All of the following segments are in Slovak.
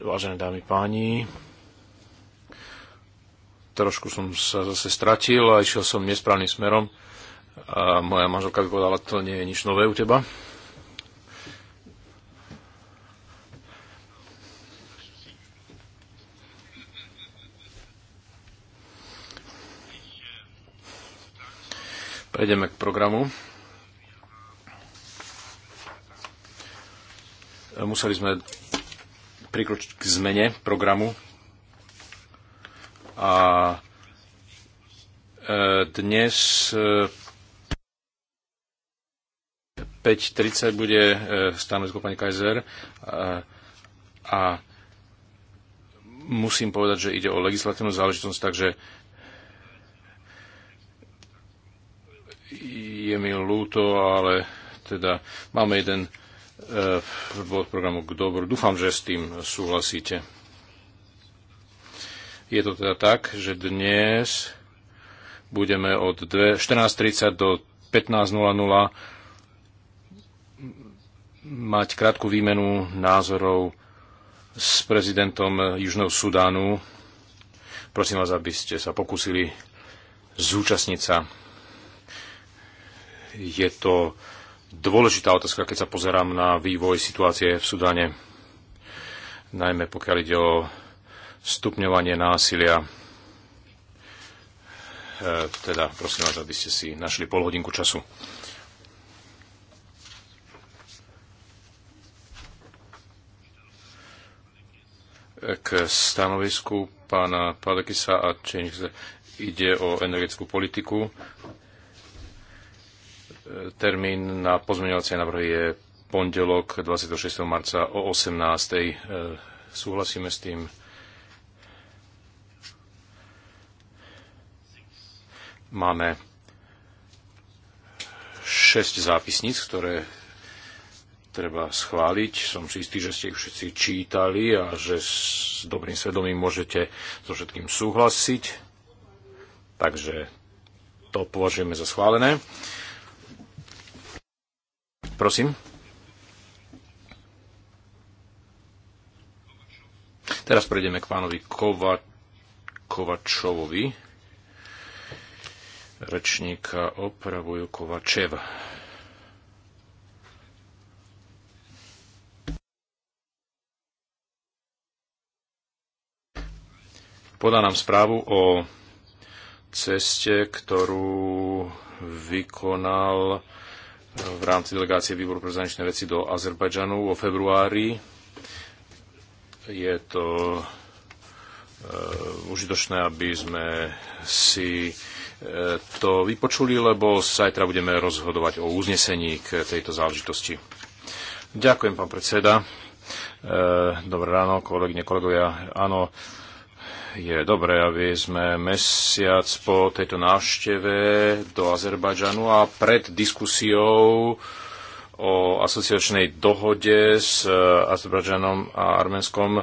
vážené dámy páni. Trošku som sa zase stratil a išiel som nesprávnym smerom. A moja manželka by povedala, to nie je nič nové u teba. Prejdeme k programu. Museli sme prikročiť k zmene programu. A e, dnes 5.30 e, bude e, stanovisko pani Kaiser a musím povedať, že ide o legislatívnu záležitosť, takže je mi ľúto, ale teda máme jeden bod programu k dobru. Dúfam, že s tým súhlasíte. Je to teda tak, že dnes budeme od 14.30 do 15.00 mať krátku výmenu názorov s prezidentom Južného Sudánu. Prosím vás, aby ste sa pokúsili zúčastniť sa. Je to dôležitá otázka, keď sa pozerám na vývoj situácie v Sudáne, najmä pokiaľ ide o stupňovanie násilia. E, teda prosím vás, aby ste si našli pol hodinku času. K stanovisku pána Palekisa a Čenich ide o energetickú politiku Termín na pozmeňovacie návrhy je pondelok 26. marca o 18. E, súhlasíme s tým. Máme 6 zápisníc, ktoré treba schváliť. Som si istý, že ste ich všetci čítali a že s dobrým svedomím môžete so všetkým súhlasiť. Takže to považujeme za schválené. Prosím. Teraz prejdeme k pánovi Kova, Kovačovovi. Rečníka opravujú Kovačeva. podá nám správu o ceste, ktorú vykonal v rámci delegácie výboru pre zahraničné veci do Azerbajdžanu vo februári. Je to e, užitočné, aby sme si e, to vypočuli, lebo zajtra budeme rozhodovať o uznesení k tejto záležitosti. Ďakujem, pán predseda. E, dobré ráno, kolegyne, kolegovia. Áno, e, je dobré, aby sme mesiac po tejto návšteve do Azerbajdžanu a pred diskusiou o asociačnej dohode s eh, Azerbajdžanom a Arménskom e,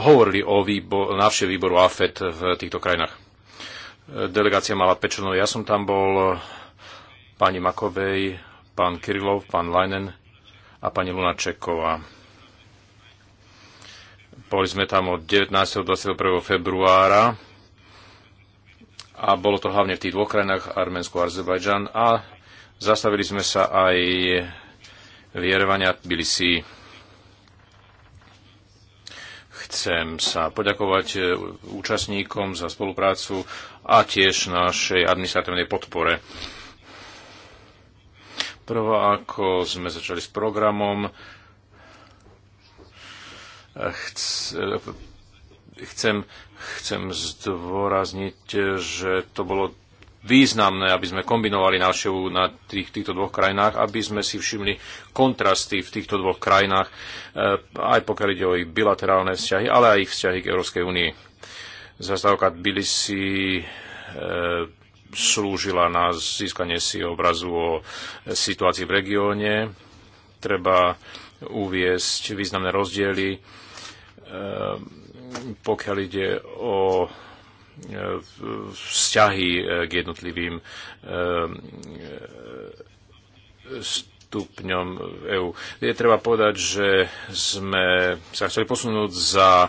hovorili o výbo- návšteve výboru AFET v týchto krajinách. Delegácia mala 5 členov. Ja som tam bol pani Makovej, pán Kirilov, pán Leinen a pani Lunačeková boli sme tam od 19. do 21. februára a bolo to hlavne v tých dvoch krajinách, Arménsko a Azerbajdžan a zastavili sme sa aj v Jerevane a Tbilisi. Chcem sa poďakovať e, účastníkom za spoluprácu a tiež našej administratívnej podpore. Prvo, ako sme začali s programom, Chcem, chcem zdôrazniť, že to bolo významné, aby sme kombinovali návštevu na tých, týchto dvoch krajinách, aby sme si všimli kontrasty v týchto dvoch krajinách, eh, aj pokiaľ ide o ich bilaterálne vzťahy, ale aj ich vzťahy k Európskej únii. Zastávka Tbilisi si eh, slúžila na získanie si obrazu o situácii v regióne. Treba uviesť významné rozdiely Ehm, pokiaľ ide o e, vzťahy e, k jednotlivým ehm, e, stupňom EÚ. Je treba povedať, že sme sa chceli posunúť za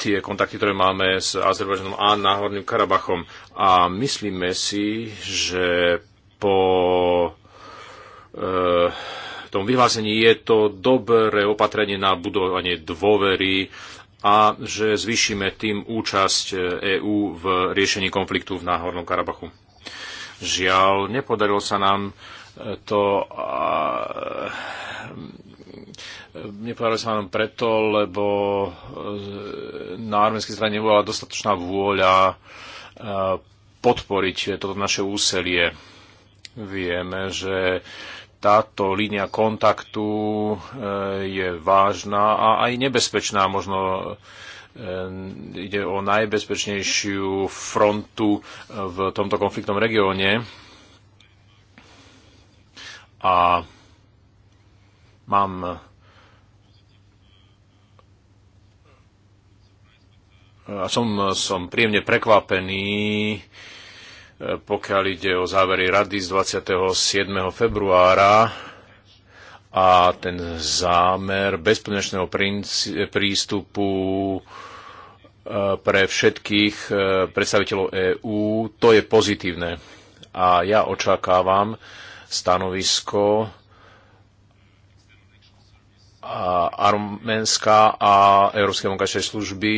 tie kontakty, ktoré máme s Azerbajdžanom a Náhorným Karabachom. A myslíme si, že po tom vyhlásení je to dobré opatrenie na budovanie dôvery a že zvýšime tým účasť EÚ v riešení konfliktu v Náhornom Karabachu. Žiaľ, nepodarilo sa nám to a, nepodarilo sa nám preto, lebo na arménskej strane nebola dostatočná vôľa podporiť toto naše úsilie. Vieme, že táto línia kontaktu eh, je vážna a aj nebezpečná. Možno eh, ide o najbezpečnejšiu frontu eh, v tomto konfliktnom regióne. A mám som, som príjemne prekvapený pokiaľ ide o závery rady z 27. februára a ten zámer bezpodmienečného prístupu e, pre všetkých e, predstaviteľov EÚ, to je pozitívne. A ja očakávam stanovisko Arménska a Európskej vonkajšej služby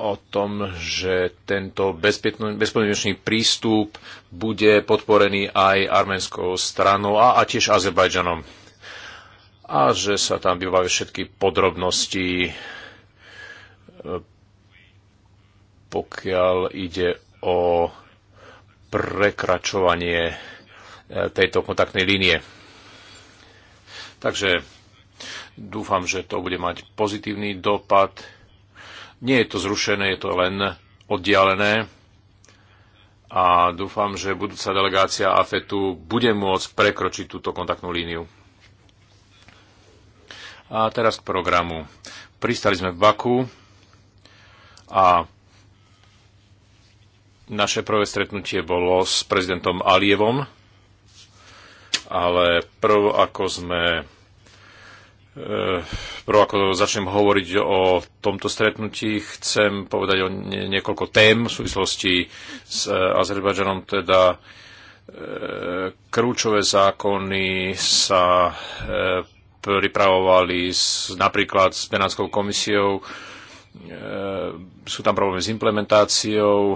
o tom, že tento bezpodmienečný prístup bude podporený aj arménskou stranou a, a tiež Azerbajdžanom. A že sa tam vybavia všetky podrobnosti, e, pokiaľ ide o prekračovanie e, tejto kontaktnej línie. Takže dúfam, že to bude mať pozitívny dopad nie je to zrušené, je to len oddialené a dúfam, že budúca delegácia AFETu bude môcť prekročiť túto kontaktnú líniu. A teraz k programu. Pristali sme v Baku a naše prvé stretnutie bolo s prezidentom Alievom, ale prv ako sme Prv ako začnem hovoriť o tomto stretnutí, chcem povedať o niekoľko tém v súvislosti s e, Azerbajdžanom, teda e, kľúčové zákony sa e, pripravovali s, napríklad s Benátskou komisiou, sú tam problémy s implementáciou,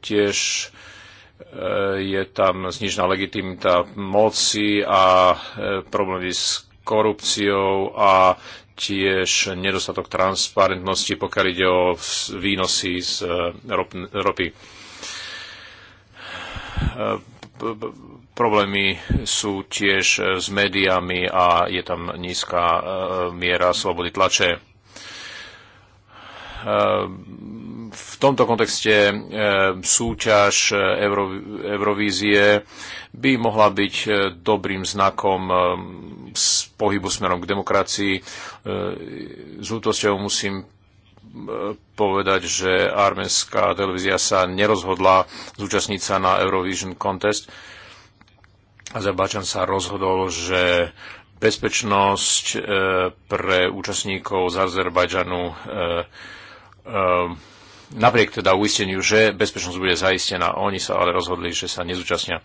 tiež je tam znižná legitimita moci a problémy s korupciou a tiež nedostatok transparentnosti, pokiaľ ide o výnosy z e, ropy. E, problémy sú tiež s médiami a je tam nízka e, miera slobody tlače v tomto kontexte e, súťaž e, Euro, Eurovízie by mohla byť e, dobrým znakom z pohybu smerom k demokracii. S útosťou musím povedať, že arménska televízia sa nerozhodla zúčastniť sa na Eurovision Contest. Azerbajčan sa rozhodol, že bezpečnosť pre účastníkov z Azerbajdžanu napriek teda uisteniu, že bezpečnosť bude zaistená, oni sa ale rozhodli, že sa nezúčastnia.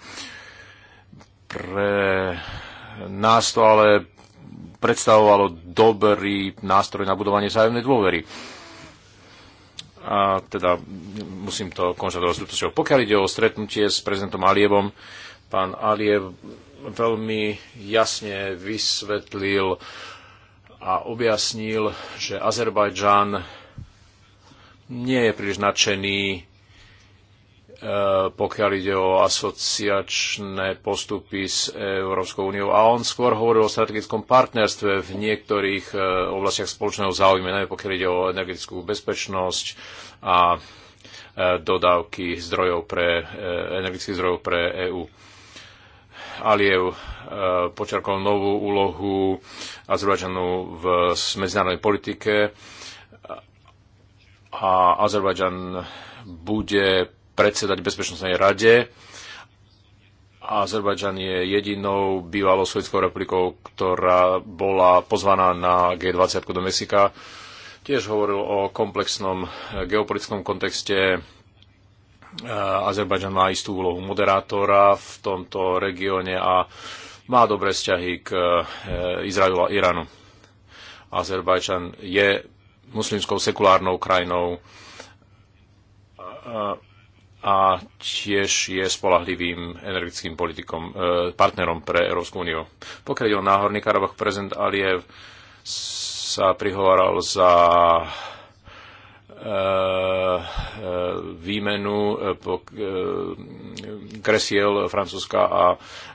Pre nás to ale predstavovalo dobrý nástroj na budovanie vzájomnej dôvery. A teda musím to konštatovať s ľudosťou. Pokiaľ ide o stretnutie s prezidentom Alievom, pán Aliev veľmi jasne vysvetlil a objasnil, že Azerbajdžan nie je príliš nadšený, e, pokiaľ ide o asociačné postupy s Európskou úniou. A on skôr hovoril o strategickom partnerstve v niektorých e, oblastiach spoločného záujmu, najmä pokiaľ ide o energetickú bezpečnosť a e, dodávky zdrojov pre, energetických zdrojov pre EÚ. Aliev počerkol novú úlohu Azerbajdžanu v medzinárodnej politike a Azerbajdžan bude predsedať Bezpečnostnej rade. Azerbajdžan je jedinou bývalou Sovjetskou republikou, ktorá bola pozvaná na G20 do Mexika. Tiež hovoril o komplexnom geopolitickom kontexte. Azerbajdžan má istú úlohu moderátora v tomto regióne a má dobré vzťahy k eh, Izraelu a Iránu. Azerbajdžan je muslimskou sekulárnou krajinou a, tiež je spolahlivým energetickým politikom, e, partnerom pre Európsku úniu. Pokiaľ o náhorný Karabach, prezident Aliev sa prihovoral za e, e, výmenu kresiel Francúzska a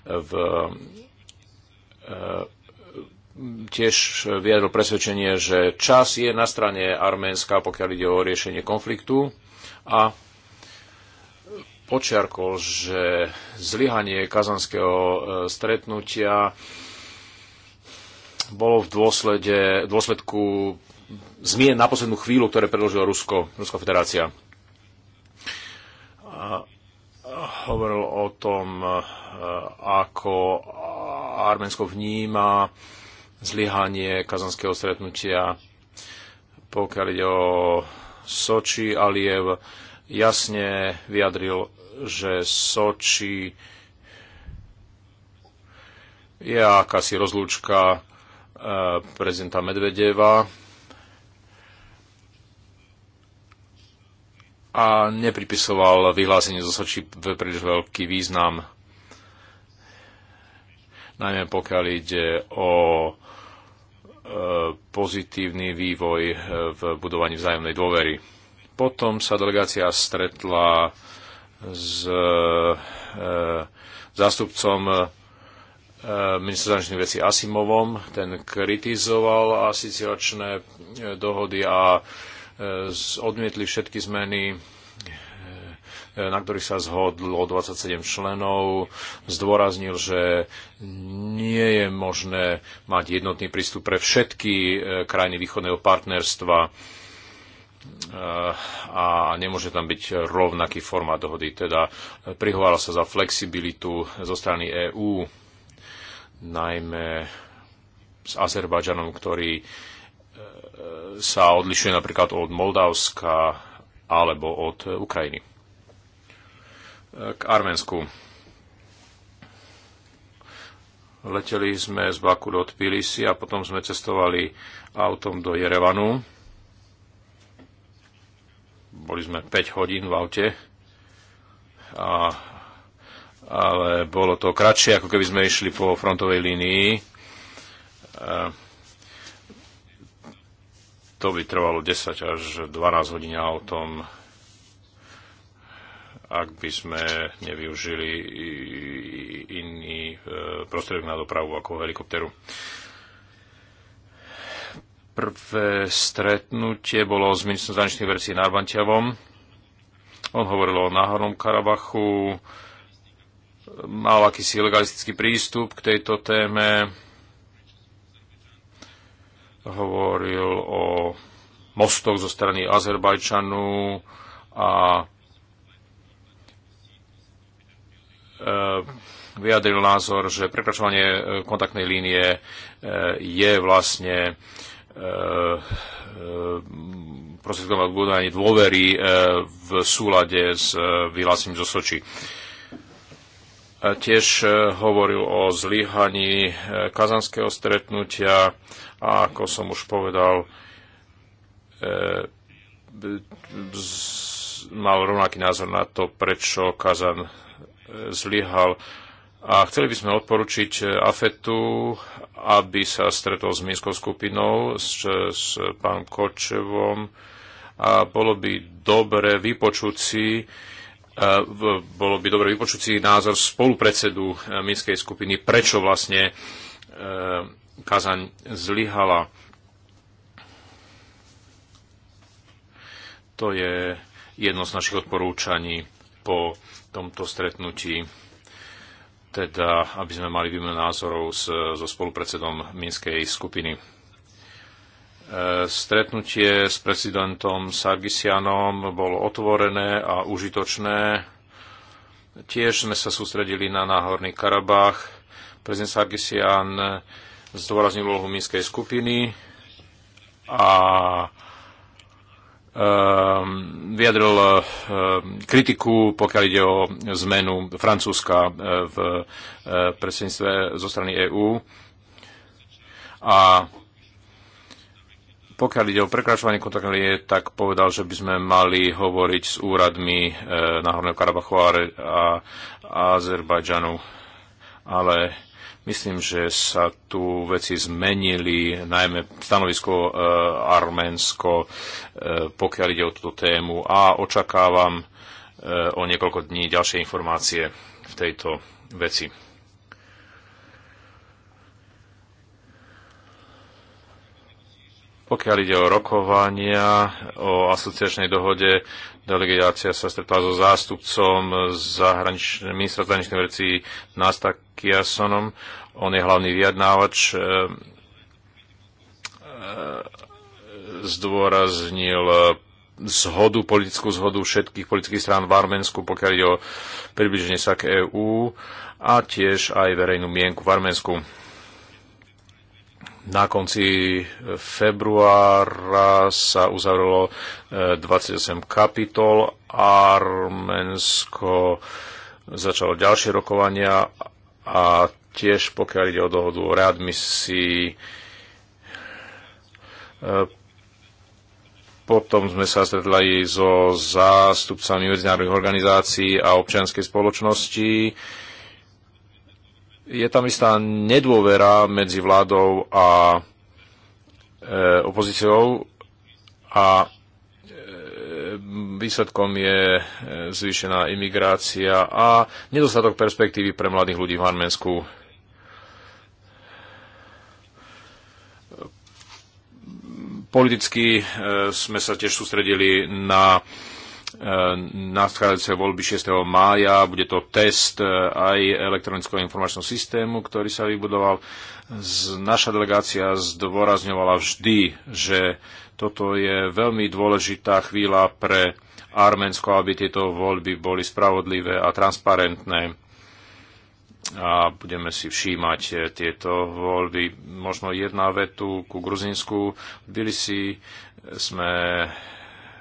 v tiež vyjadril presvedčenie, že čas je na strane Arménska, pokiaľ ide o riešenie konfliktu a počiarkol, že zlyhanie kazanského e, stretnutia bolo v, dôslede, dôsledku zmien na poslednú chvíľu, ktoré predložila Rusko, Ruská federácia. A hovoril o tom, e, ako Arménsko vníma zlyhanie kazanského stretnutia, pokiaľ ide o Soči, Aliev jasne vyjadril, že Soči je akási rozlúčka e, prezidenta Medvedeva a nepripisoval vyhlásenie zo Soči príliš veľký význam najmä pokiaľ ide o pozitívny vývoj eh, v budovaní vzájomnej dôvery. Potom sa delegácia stretla s eh, zástupcom eh, ministra zahraničných vecí Asimovom. Ten kritizoval asociačné dohody a odmietli všetky zmeny na ktorých sa zhodlo 27 členov, zdôraznil, že nie je možné mať jednotný prístup pre všetky e, krajiny východného partnerstva e, a nemôže tam byť rovnaký formát dohody. Teda e, prihovala sa za flexibilitu zo strany EÚ, najmä s Azerbajdžanom, ktorý sa odlišuje napríklad od Moldavska alebo od Ukrajiny. K Arménsku. Leteli sme z Baku do Tbilisi a potom sme cestovali autom do Jerevanu. Boli sme 5 hodín v aute, a, ale bolo to kratšie, ako keby sme išli po frontovej línii. E, to by trvalo 10 až 12 hodín autom ak by sme nevyužili iný e, prostriedok na dopravu ako helikopteru. Prvé stretnutie bolo s ministrom zahraničných vecí Narbantiavom. On hovoril o Náhornom Karabachu, mal akýsi legalistický prístup k tejto téme, hovoril o mostoch zo strany Azerbajčanu a E, vyjadril názor, že prekračovanie e, kontaktnej línie e, je vlastne prostriedkom na dôvery v súlade s vyhlásením zo Soči. Tiež hovoril o zlyhaní kazanského stretnutia a ako som už povedal, mal rovnaký názor na to, prečo Kazan zlyhal. A chceli by sme odporučiť eh, AFETu, aby sa stretol s Minskou skupinou, s, s pán Kočevom a bolo by dobre vypočuť si, eh, bolo by dobre vypočuť si názor spolupredsedu eh, Minskej skupiny, prečo vlastne Kazaň zlyhala. To je jedno z našich odporúčaní po tomto stretnutí, teda aby sme mali výmenu názorov s, so spolupredsedom Minskej skupiny. E, stretnutie s prezidentom Sargisianom bolo otvorené a užitočné. Tiež sme sa sústredili na Náhorný Karabach. Prezident Sargisian zdôraznil úlohu Minskej skupiny a Ehm, vyjadril eh, kritiku, pokiaľ ide o zmenu Francúzska eh, v eh, predsedníctve zo strany EÚ. A pokiaľ ide o prekračovanie kontaktnej linie, tak povedal, že by sme mali hovoriť s úradmi Náhorného Karabachu a Azerbajdžanu. Ale Myslím, že sa tu veci zmenili, najmä stanovisko e, Arménsko, e, pokiaľ ide o túto tému a očakávam e, o niekoľko dní ďalšie informácie v tejto veci. Pokiaľ ide o rokovania o asociačnej dohode, Delegácia sa stretla so zástupcom zahranič- ministra zahraničných vecí Nasta Kiasonom. On je hlavný vyjednávač. Eh, eh, zdôraznil eh, zhodu, politickú zhodu všetkých politických strán v Arménsku, pokiaľ ide o približenie sa k EÚ a tiež aj verejnú mienku v Arménsku na konci e, februára sa uzavrelo 28 e, kapitol. Arménsko začalo ďalšie rokovania a tiež pokiaľ ide o dohodu o readmisii, e, potom sme sa stretli so zástupcami medzinárodných organizácií a občianskej spoločnosti je tam istá nedôvera medzi vládou a e, opozíciou a e, výsledkom je e, zvýšená imigrácia a nedostatok perspektívy pre mladých ľudí v Arménsku. Politicky e, sme sa tiež sústredili na e, nadchádzajúce voľby 6. mája. Bude to test e, aj elektronického informačného systému, ktorý sa vybudoval. Naša delegácia zdôrazňovala vždy, že toto je veľmi dôležitá chvíľa pre Arménsko, aby tieto voľby boli spravodlivé a transparentné a budeme si všímať e, tieto voľby. Možno jedna vetu ku Gruzinsku. Byli si e, sme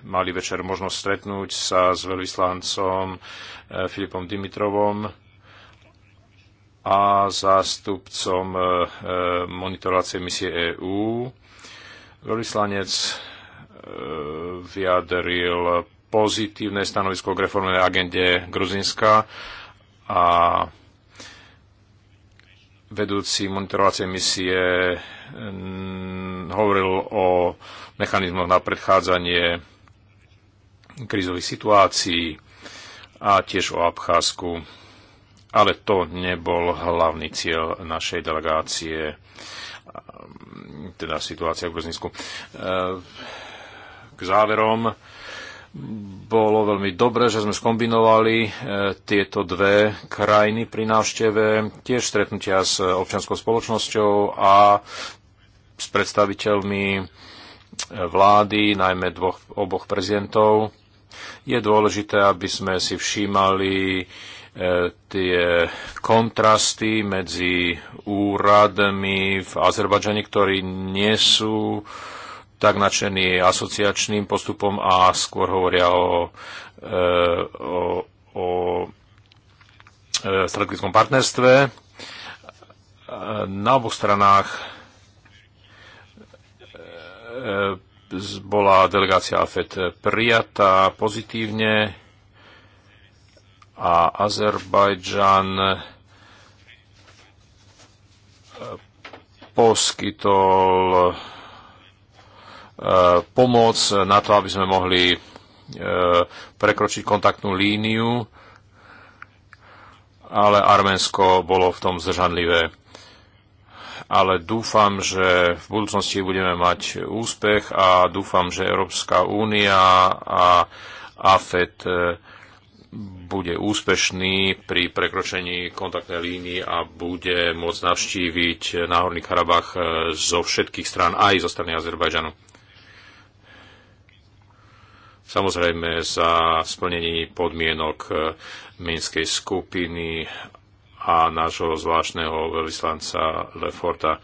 mali večer možnosť stretnúť sa s veľvyslancom e, Filipom Dimitrovom a zástupcom e, e, monitorovacej misie EÚ. Veľvyslanec vyjadril pozitívne stanovisko k reformnej agende Gruzinska a vedúci monitorovacej misie hovoril o mechanizmoch na predchádzanie krizových situácií a tiež o Abcházsku. Ale to nebol hlavný cieľ našej delegácie, teda situácia v Gruzinsku. E, k záverom bolo veľmi dobré, že sme skombinovali e, tieto dve krajiny pri návšteve, tiež stretnutia s občianskou spoločnosťou a s predstaviteľmi vlády, najmä dvoch, oboch prezidentov. Je dôležité, aby sme si všímali e, tie kontrasty medzi úradmi v Azerbajdžane, ktorí nie sú tak nadšení asociačným postupom a skôr hovoria o, e, o, o e, strategickom partnerstve. Na oboch stranách bola delegácia AFET prijatá pozitívne a Azerbajdžan e, poskytol e, pomoc na to, aby sme mohli e, prekročiť kontaktnú líniu, ale Arménsko bolo v tom zdržanlivé ale dúfam, že v budúcnosti budeme mať úspech a dúfam, že Európska únia a AFET e, bude úspešný pri prekročení kontaktnej línii a bude môcť navštíviť Náhorný Karabach e, zo všetkých strán, aj zo strany Azerbajdžanu. Samozrejme za splnení podmienok e, Minskej skupiny a nášho zvláštneho veľvyslanca Leforta.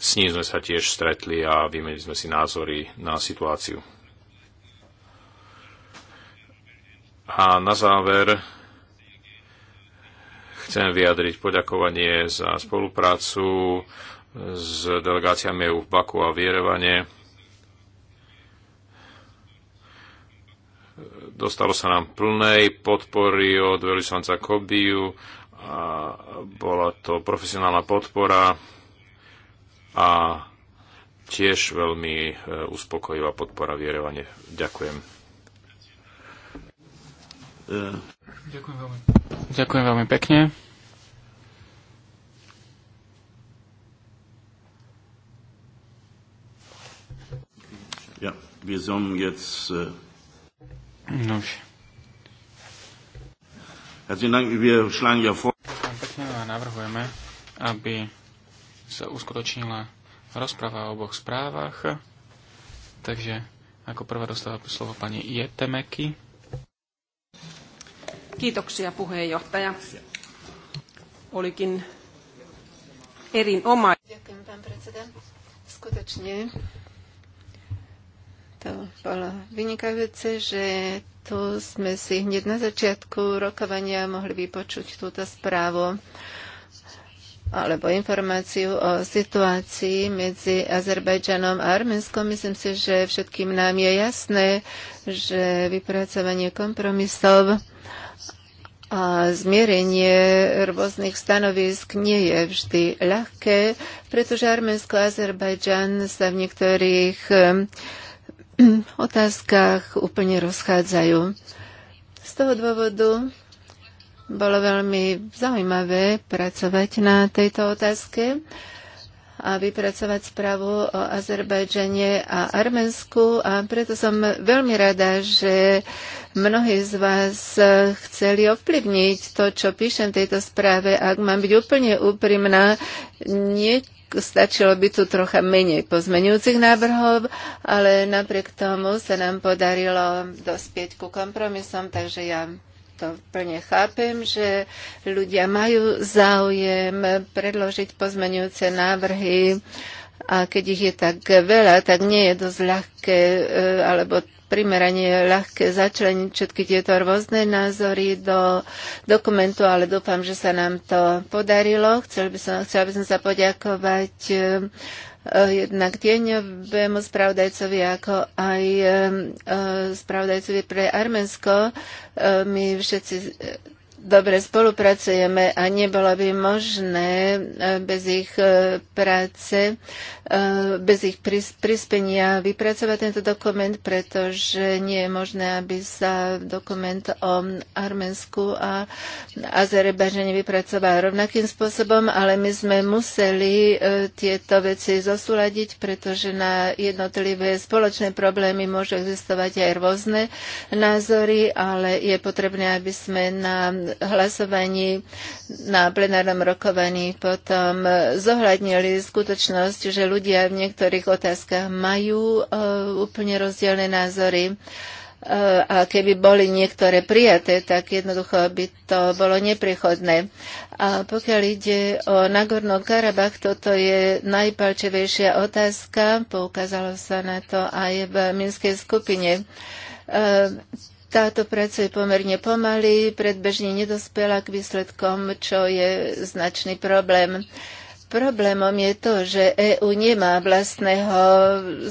S ním sme sa tiež stretli a vymenili sme si názory na situáciu. A na záver chcem vyjadriť poďakovanie za spoluprácu s delegáciami EU v Baku a vierovanie. Dostalo sa nám plnej podpory od veľvyslanca Kobiu a bola to profesionálna podpora a tiež veľmi e, uspokojivá podpora vierovanie. Ďakujem. Ďakujem veľmi. Ďakujem veľmi pekne. Ja, wir sollen jetzt... Äh, no. Herzlichen Dank, wir schlagen ja vor... No a navrhujeme, aby sa uskutočnila rozpráva o oboch správach. Takže ako prvá dostáva slovo pani Jetemeky. Kiitoksia puheenjohtaja. Olikin erinomainen. Ďakujem, pán predseda. Skutočne to bolo vynikajúce, že tu sme si hneď na začiatku rokovania mohli vypočuť túto správu alebo informáciu o situácii medzi Azerbajdžanom a Arménskom. Myslím si, že všetkým nám je jasné, že vypracovanie kompromisov a zmierenie rôznych stanovisk nie je vždy ľahké, pretože Arménsko a Azerbajdžan sa v niektorých otázkach úplne rozchádzajú. Z toho dôvodu bolo veľmi zaujímavé pracovať na tejto otázke a vypracovať správu o Azerbajdžane a Arménsku a preto som veľmi rada, že mnohí z vás chceli ovplyvniť to, čo píšem v tejto správe. Ak mám byť úplne úprimná, nie, stačilo by tu trocha menej pozmenujúcich návrhov, ale napriek tomu sa nám podarilo dospieť ku kompromisom, takže ja to plne chápem, že ľudia majú záujem predložiť pozmenujúce návrhy a keď ich je tak veľa, tak nie je dosť ľahké e, alebo primerane ľahké začleniť všetky tieto rôzne názory do dokumentu, ale dúfam, že sa nám to podarilo. Chcel by som, chcela by som sa poďakovať eh, eh, jednak tieňovému spravodajcovi, ako aj eh, spravodajcovi pre Arménsko. My všetci dobre spolupracujeme a nebolo by možné e, bez ich e, práce, e, bez ich prispenia vypracovať tento dokument, pretože nie je možné, aby sa dokument o Arménsku a Azerbažane vypracoval rovnakým spôsobom, ale my sme museli tieto veci zosúľadiť, pretože na jednotlivé spoločné problémy môžu existovať aj rôzne názory, ale je potrebné, aby sme na hlasovaní na plenárnom rokovaní potom zohľadnili skutočnosť, že ľudia v niektorých otázkach majú e, úplne rozdielne názory e, a keby boli niektoré prijaté, tak jednoducho by to bolo neprichodné. A pokiaľ ide o Nagorno Karabach, toto je najpalčevejšia otázka, poukázalo sa na to aj v Minskej skupine e, táto práca je pomerne pomaly, predbežne nedospela k výsledkom, čo je značný problém. Problémom je to, že EÚ nemá vlastného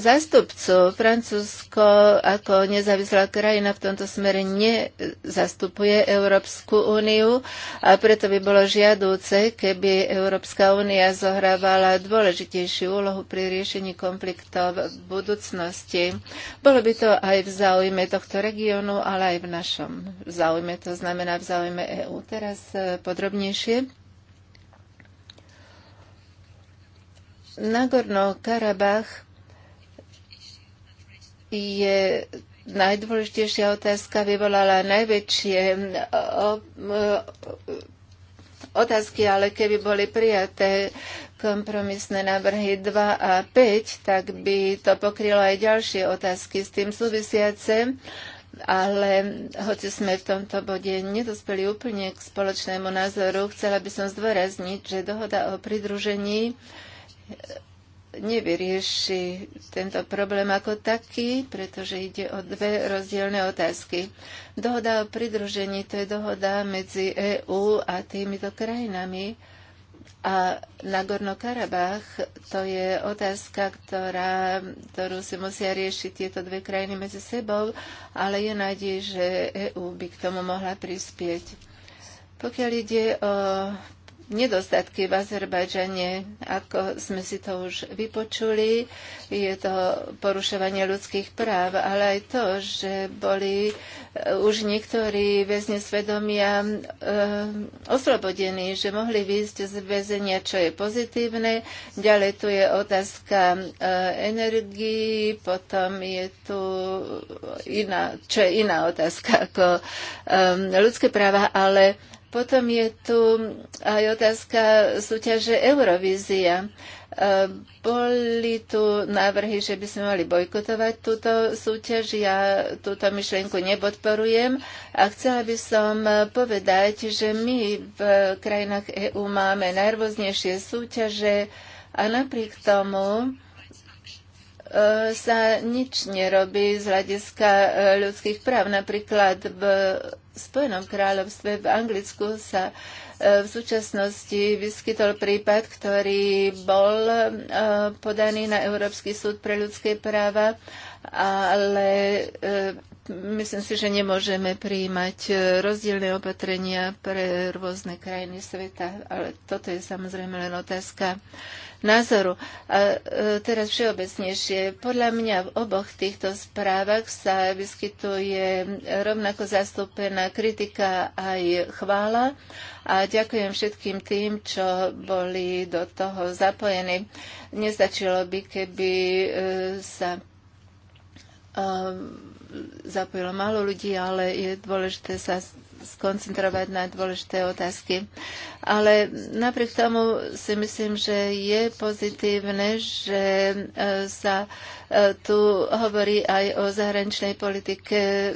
zastupcu. Francúzsko ako nezávislá krajina v tomto smere nezastupuje Európsku úniu a preto by bolo žiadúce, keby Európska únia zohrávala dôležitejšiu úlohu pri riešení konfliktov v budúcnosti. Bolo by to aj v záujme tohto regiónu, ale aj v našom záujme, to znamená v záujme EÚ. Teraz eh, podrobnejšie. Nagorno-Karabach je najdôležitejšia otázka, vyvolala najväčšie otázky, ale keby boli prijaté kompromisné návrhy 2 a 5, tak by to pokrylo aj ďalšie otázky s tým súvisiace. Ale hoci sme v tomto bode nedospeli úplne k spoločnému názoru, chcela by som zdôrazniť, že dohoda o pridružení nevyrieši tento problém ako taký, pretože ide o dve rozdielne otázky. Dohoda o pridružení to je dohoda medzi EÚ a týmito krajinami. A Nagorno-Karabach to je otázka, ktorá, ktorú si musia riešiť tieto dve krajiny medzi sebou, ale je nádej, že EÚ by k tomu mohla prispieť. Pokiaľ ide o nedostatky v Azerbajdžane, ako sme si to už vypočuli. Je to porušovanie ľudských práv, ale aj to, že boli eh, už niektorí väzne svedomia e, oslobodení, že mohli výjsť z väzenia, čo je pozitívne. Ďalej tu je otázka e, energii, potom je tu iná, čo je iná otázka ako e, ľudské práva, ale potom je tu aj otázka súťaže Eurovízia. E, boli tu návrhy, že by sme mali bojkotovať túto súťaž. Ja túto myšlienku nepodporujem a chcela by som povedať, že my v krajinách EÚ máme najrôznejšie súťaže a napriek tomu E, sa nič nerobí z hľadiska e, ľudských práv. Napríklad v Spojenom kráľovstve, v Anglicku sa e, v súčasnosti vyskytol prípad, ktorý bol podaný na Európsky súd pre ľudské práva, ale myslím si, že nemôžeme prijímať rozdielne opatrenia pre rôzne krajiny sveta, ale toto je samozrejme len otázka názoru. A e, teraz všeobecnejšie. Podľa mňa v oboch týchto správach sa vyskytuje rovnako zastúpená kritika aj chvála a ďakujem všetkým tým, čo boli do toho zapojení. Nestačilo by, keby e, sa e, zapojilo málo ľudí, ale je dôležité sa skoncentrovať na dôležité otázky. Ale napriek tomu si myslím, že je pozitívne, že e, sa e, tu hovorí aj o zahraničnej politike e,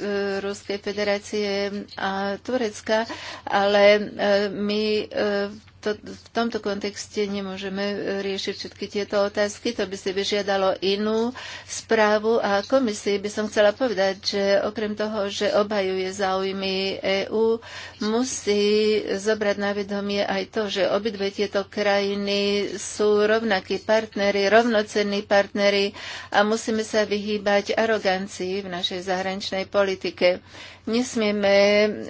Ruskej federácie a Turecka, ale my v to, v tomto kontexte nemôžeme e, riešiť všetky tieto otázky, to by si vyžiadalo inú správu a komisii by som chcela povedať, že okrem toho, že obhajuje záujmy EÚ, musí zobrať na vedomie aj to, že obidve tieto krajiny sú rovnakí partnery, rovnocenní partnery a musíme sa vyhýbať arogancii v našej zahraničnej politike. Nesmieme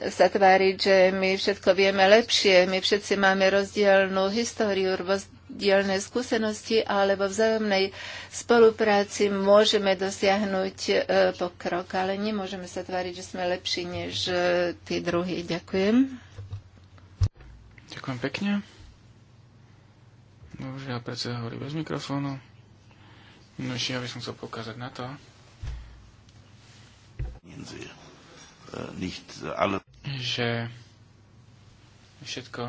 sa tváriť, že my všetko vieme lepšie, my všetci máme rozdielnú históriu, rozdielne skúsenosti, ale vo vzájomnej spolupráci môžeme dosiahnuť e, pokrok, ale nemôžeme sa tváriť, že sme lepší než e, tí druhí. Ďakujem. Ďakujem pekne. Dobre, ja predsa hovorí bez mikrofónu. No ešte ja by som chcel pokázať na to. Między nicht alle... Že všetko,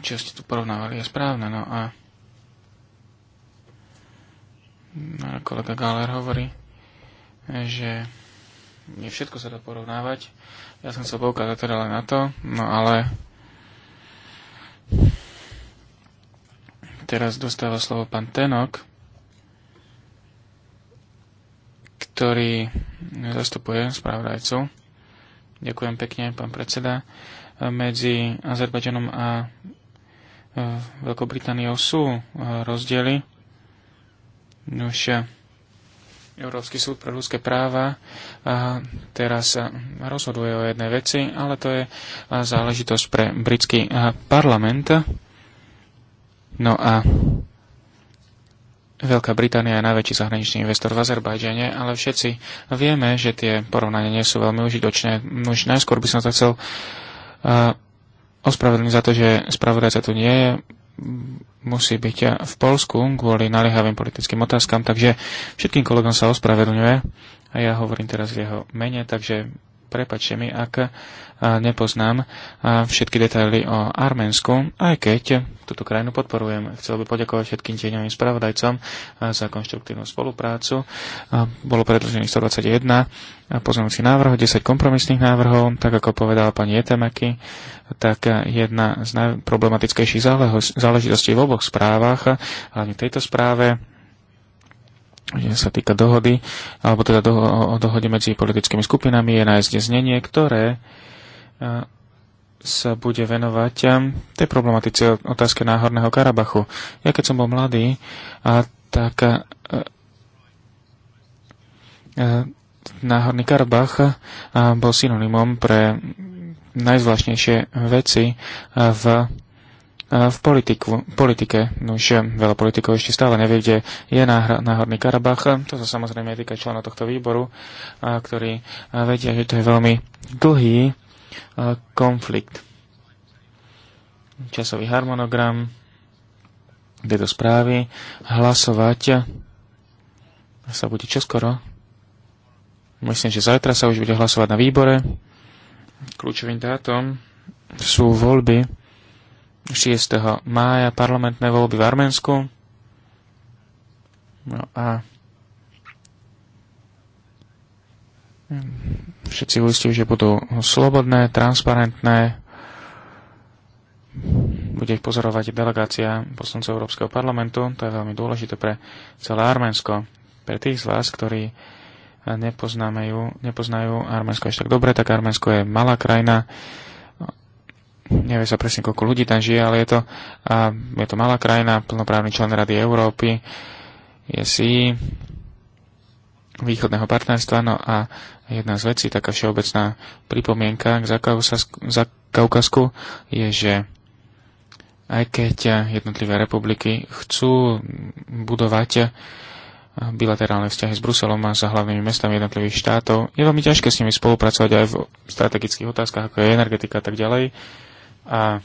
čo ste tu porovnávali, je správne. No a kolega Galer hovorí, že nie všetko sa dá porovnávať. Ja som chcel poukázať teda len na to, no ale teraz dostáva slovo pán Tenok ktorý eh, zastupuje spravodajcu. Ďakujem pekne, pán predseda. Eh, medzi Azerbaďanom a eh, Veľkou Britániou sú rozdiely. Už Európsky súd pre ľudské práva a teraz rozhoduje o jednej veci, ale to je záležitosť pre britský parlament. No a Veľká Británia je najväčší zahraničný investor v Azerbajdžane, ale všetci vieme, že tie porovnania nie sú veľmi užitočné. Už najskôr by som sa chcel uh, ospravedlniť za to, že spravodajca tu nie je. Musí byť eh, v Polsku kvôli naliehavým politickým otázkam, takže všetkým kolegom sa ospravedlňuje a ja hovorím teraz v jeho mene, takže prepačte mi, ak nepoznám všetky detaily o Arménsku, aj keď túto krajinu podporujem. Chcel by poďakovať všetkým tieňovým spravodajcom za konštruktívnu spoluprácu. Bolo predložených 121 pozornúcich návrhov, 10 kompromisných návrhov, tak ako povedala pani Jetemaki, tak jedna z najproblematickejších záležitostí v oboch správach, hlavne v tejto správe, že sa týka dohody, alebo teda doho- dohode medzi politickými skupinami, je nájsť znenie, ktoré e, sa bude venovať e, tej problematice otázke Náhorného Karabachu. Ja keď som bol mladý, a tak a, e, a, Náhorný Karabach a, bol synonymom pre najzvláštnejšie veci v v politiku, politike. No už veľa politikov ešte stále nevie, kde je náhodný Karabach. To sa samozrejme týka člena tohto výboru, ktorí vedia, že to je veľmi dlhý konflikt. Časový harmonogram tejto správy hlasovať sa bude čoskoro. Myslím, že zajtra sa už bude hlasovať na výbore. Kľúčovým dátom sú voľby 6. mája parlamentné voľby v Arménsku. No a všetci uistili, že budú slobodné, transparentné. Bude ich pozorovať delegácia poslancov Európskeho parlamentu. To je veľmi dôležité pre celé Arménsko. Pre tých z vás, ktorí nepoznajú, nepoznajú Arménsko až tak dobre, tak Arménsko je malá krajina, nevie sa presne, koľko ľudí tam žije, ale je to, a je to malá krajina, plnoprávny člen Rady Európy, je si východného partnerstva, no a jedna z vecí, taká všeobecná pripomienka k Zakaukasku je, že aj keď jednotlivé republiky chcú budovať bilaterálne vzťahy s Bruselom a za hlavnými mestami jednotlivých štátov, je veľmi ťažké s nimi spolupracovať aj v strategických otázkach, ako je energetika a tak ďalej, a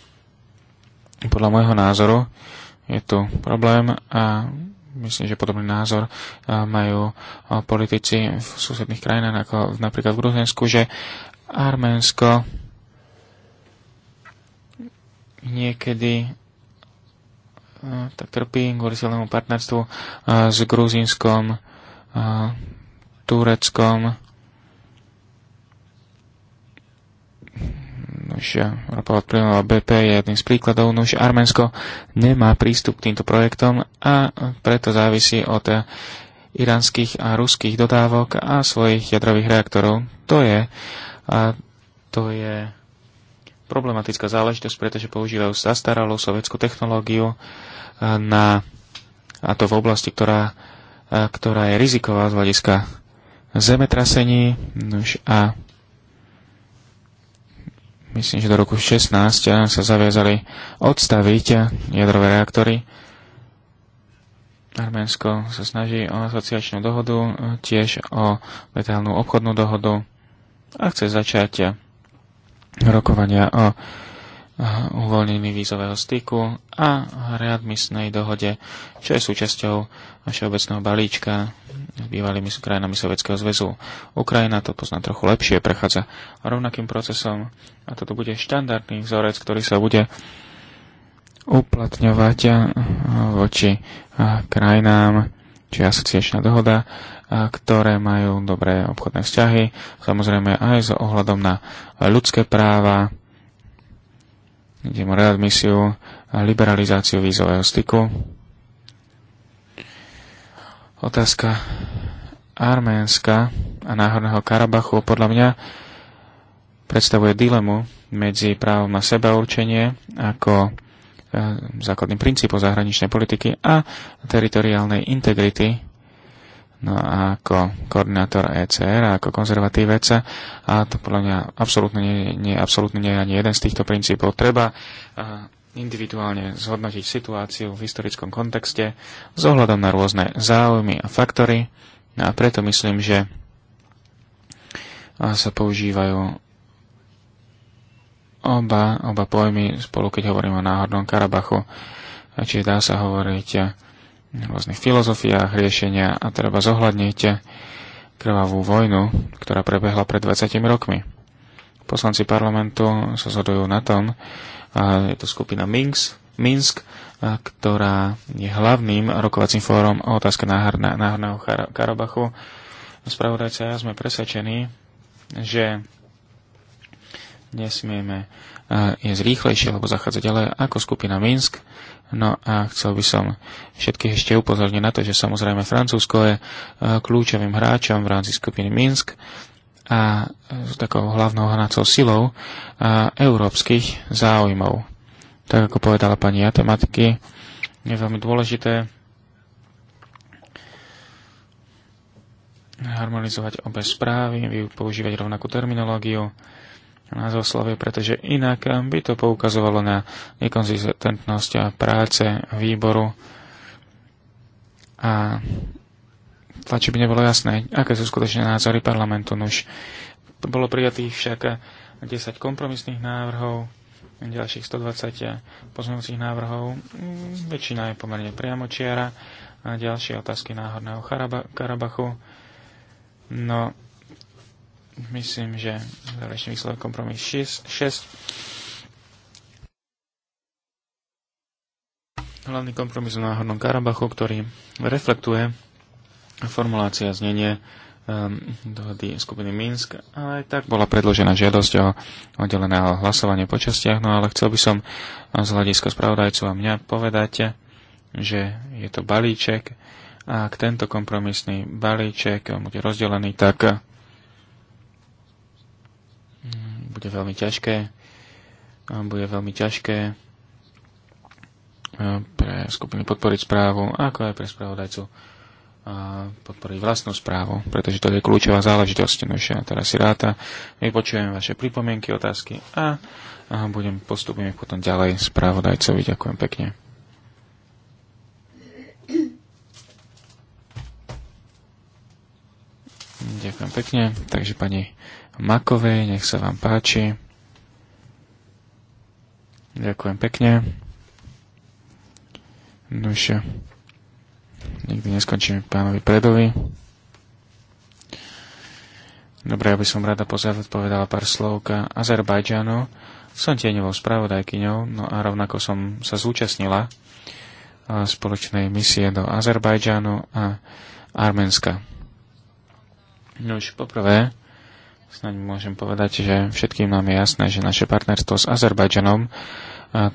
podľa môjho názoru je tu problém a myslím, že podobný názor majú politici v susedných krajinách, ako napríklad v Gruzensku, že Arménsko niekedy tak trpí kvôli silnému partnerstvu s Gruzínskom, Tureckom, Nuž, ropovod plynul BP je jedným z príkladov, nož Arménsko nemá prístup k týmto projektom a preto závisí od iránskych a ruských dodávok a svojich jadrových reaktorov. To je, a to je problematická záležitosť, pretože používajú zastaralú sovietskú technológiu na, a to v oblasti, ktorá, ktorá je riziková z hľadiska zemetrasení. Nož a myslím, že do roku 16 eh, sa zaviazali odstaviť eh, jadrové reaktory. Arménsko sa snaží o asociačnú dohodu, eh, tiež o letálnu obchodnú dohodu a chce začať rokovania o uvoľnení vízového styku a readmisnej dohode, čo je súčasťou všeobecného balíčka s bývalými krajinami Sovjetského zväzu. Ukrajina to pozná trochu lepšie, prechádza rovnakým procesom a toto bude štandardný vzorec, ktorý sa bude uplatňovať voči krajinám, či asociačná dohoda, ktoré majú dobré obchodné vzťahy, samozrejme aj s ohľadom na ľudské práva, ide o readmisiu a liberalizáciu vízového styku. Otázka Arménska a Náhorného Karabachu podľa mňa predstavuje dilemu medzi právom na sebaurčenie ako eh, základným princípom zahraničnej politiky a teritoriálnej integrity No a ako koordinátor ECR a ako konzervatívec, a to podľa mňa absolútne nie, nie, absolútne nie je ani jeden z týchto princípov. Treba individuálne zhodnotiť situáciu v historickom kontexte s ohľadom na rôzne záujmy a faktory. No a preto myslím, že sa používajú oba, oba pojmy spolu, keď hovorím o náhodnom Karabachu. Čiže dá sa hovoriť rôznych filozofiách riešenia a treba zohľadnite krvavú vojnu, ktorá prebehla pred 20 rokmi. Poslanci parlamentu sa zhodujú na tom, a je to skupina Minsk, Minsk ktorá je hlavným rokovacím fórom o otázke Náhorného Karabachu. Spravodajca ja sme presvedčení, že nesmieme ísť rýchlejšie alebo zachádzať ďalej ako skupina Minsk No a chcel by som všetkých ešte upozorniť na to, že samozrejme Francúzsko je e, kľúčovým hráčom v rámci skupiny Minsk a e, takou hlavnou hnacou silou e, európskych záujmov. Tak ako povedala pani Atematiky, je veľmi dôležité harmonizovať obe správy, používať rovnakú terminológiu, nás oslovuje, pretože inak by to poukazovalo na nekonzistentnosť práce výboru a tlači by nebolo jasné, aké sú skutočné názory parlamentu. Nuž bolo prijatých však 10 kompromisných návrhov, ďalších 120 pozmeňujúcich návrhov, väčšina je pomerne priamočiara a ďalšie otázky náhodného Karabachu. No, Myslím, že záverečný výsledok kompromis 6. Hlavný kompromis v náhodnom Karabachu, ktorý reflektuje formulácia znenie um, dohody skupiny Minsk, ale aj tak bola predložená žiadosť o oddelené hlasovanie po častiach, no ale chcel by som z hľadiska spravodajcu a mňa povedať, že je to balíček a ak tento kompromisný balíček bude rozdelený, tak bude veľmi ťažké, bude veľmi ťažké e, pre skupinu podporiť správu, ako aj pre spravodajcu e, podporiť vlastnú správu, pretože to je kľúčová záležitosť. No a teraz si ráta, vypočujem vaše pripomienky, otázky a, budem postupne potom ďalej správodajcovi. Ďakujem pekne. Ďakujem pekne. Takže pani Makovej. Nech sa vám páči. Ďakujem pekne. Nože, nikdy neskončíme pánovi Predovi. Dobre, ja by som rada povedala pár slov k Azerbajdžanu. Som tieňovou spravodajkyňou, no a rovnako som sa zúčastnila spoločnej misie do Azerbajdžanu a Arménska. No už poprvé, Snaď môžem povedať, že všetkým nám je jasné, že naše partnerstvo s Azerbajdžanom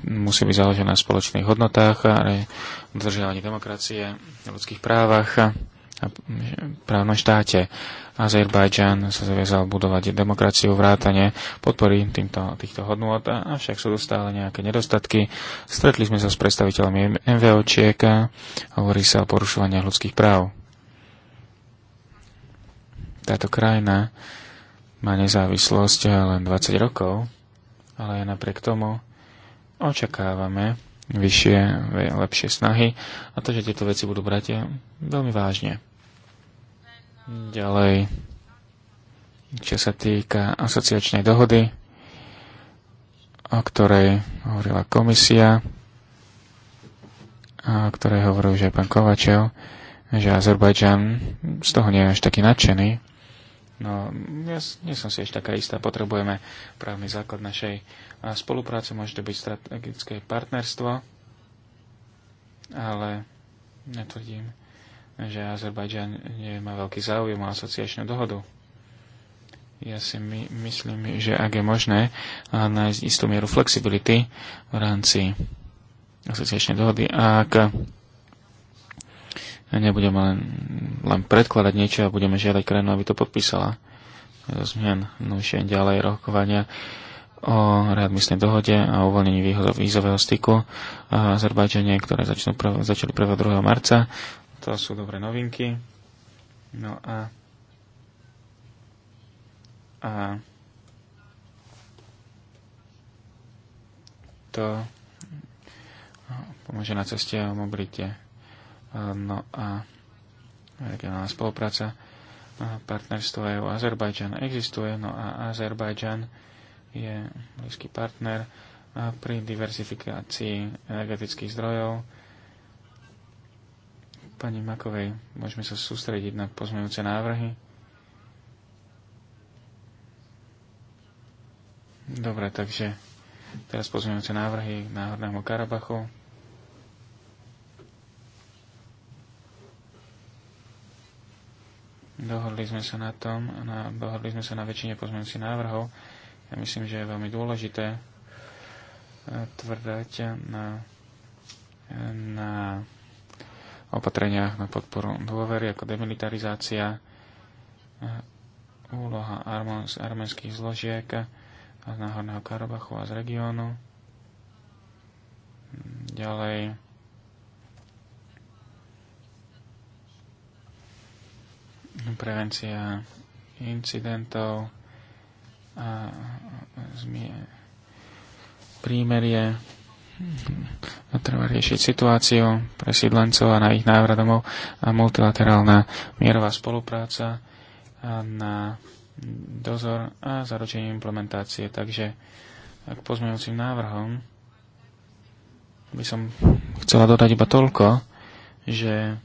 musí byť založené na spoločných hodnotách, ale udržiavaní demokracie, ľudských právach a právnom štáte. Azerbajdžan sa zaviazal budovať demokraciu, vrátane podpory týmto, týchto hodnot, avšak sú tu stále nejaké nedostatky. Stretli sme sa s predstaviteľmi MVOčiek a hovorí sa o porušovaní ľudských práv. Táto krajina má nezávislosť eh, len 20 rokov, ale aj napriek tomu očakávame vyššie, lepšie snahy a to, že tieto veci budú brať veľmi vážne. Ďalej, čo sa týka asociačnej dohody, o ktorej hovorila komisia a o ktorej hovoril už aj pán Kovačev, že Azerbajdžan z toho nie je až taký nadšený. No, ja nie som si ešte taká istá. Potrebujeme právny základ našej spolupráce. Môže to byť strategické partnerstvo, ale netvrdím, že Azerbajdžan nemá veľký záujem o asociačnú dohodu. Ja si my, myslím, že ak je možné nájsť istú mieru flexibility v rámci asociačnej dohody, ak nebudeme len, len predkladať niečo a budeme žiadať krajinu, aby to podpísala. Zmien, no ďalej rokovania o readmisnej dohode a uvoľnení vízového styku a Azerbajdžane, ktoré začnú, začali 1. 2. marca. To sú dobré novinky. No a, a to pomôže na ceste a mobilite no a regionálna spolupráca partnerstvo EU Azerbajdžan existuje, no a Azerbajdžan je blízky partner pri diversifikácii energetických zdrojov. Pani Makovej, môžeme sa sústrediť na pozmeňujúce návrhy. Dobre, takže teraz pozmeňujúce návrhy Náhorného Karabachu. Dohodli sme sa na tom, na, dohodli sme sa na väčšine pozmeňujúcich návrhov. Ja myslím, že je veľmi dôležité e, tvrdať na, na opatreniach na podporu dôvery ako demilitarizácia, e, úloha arménskych zložiek z Náhorného Karabachu a z regiónu. Ďalej prevencia incidentov a zmie, prímerie a treba riešiť situáciu pre sídlencov a na ich návrat domov a multilaterálna mierová spolupráca a na dozor a zaručenie implementácie. Takže k pozmeňujúcim návrhom by som chcela dodať iba toľko, že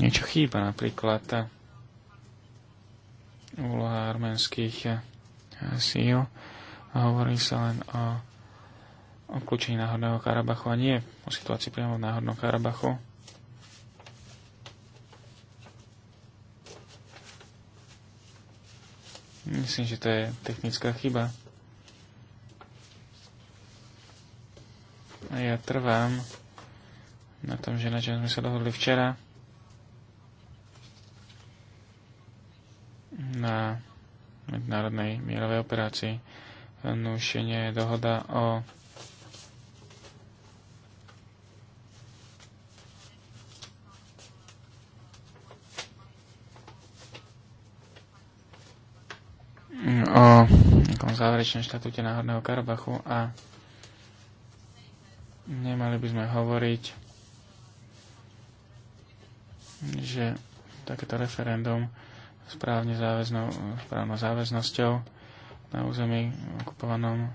niečo chýba, napríklad eh, úloha arménskych eh, síl. Hovorí sa len o obklúčení Náhodného Karabachu a nie o situácii priamo v Náhodnom Karabachu. Myslím, že to je technická chyba. A ja trvám na tom, že na čom sme sa dohodli včera, na medzinárodnej mierovej operácii. Nušenie dohoda o o nejakom záverečnom štatúte Náhodného Karabachu a nemali by sme hovoriť, že takéto referendum správne záväznou, správnou záväznosťou na území okupovanom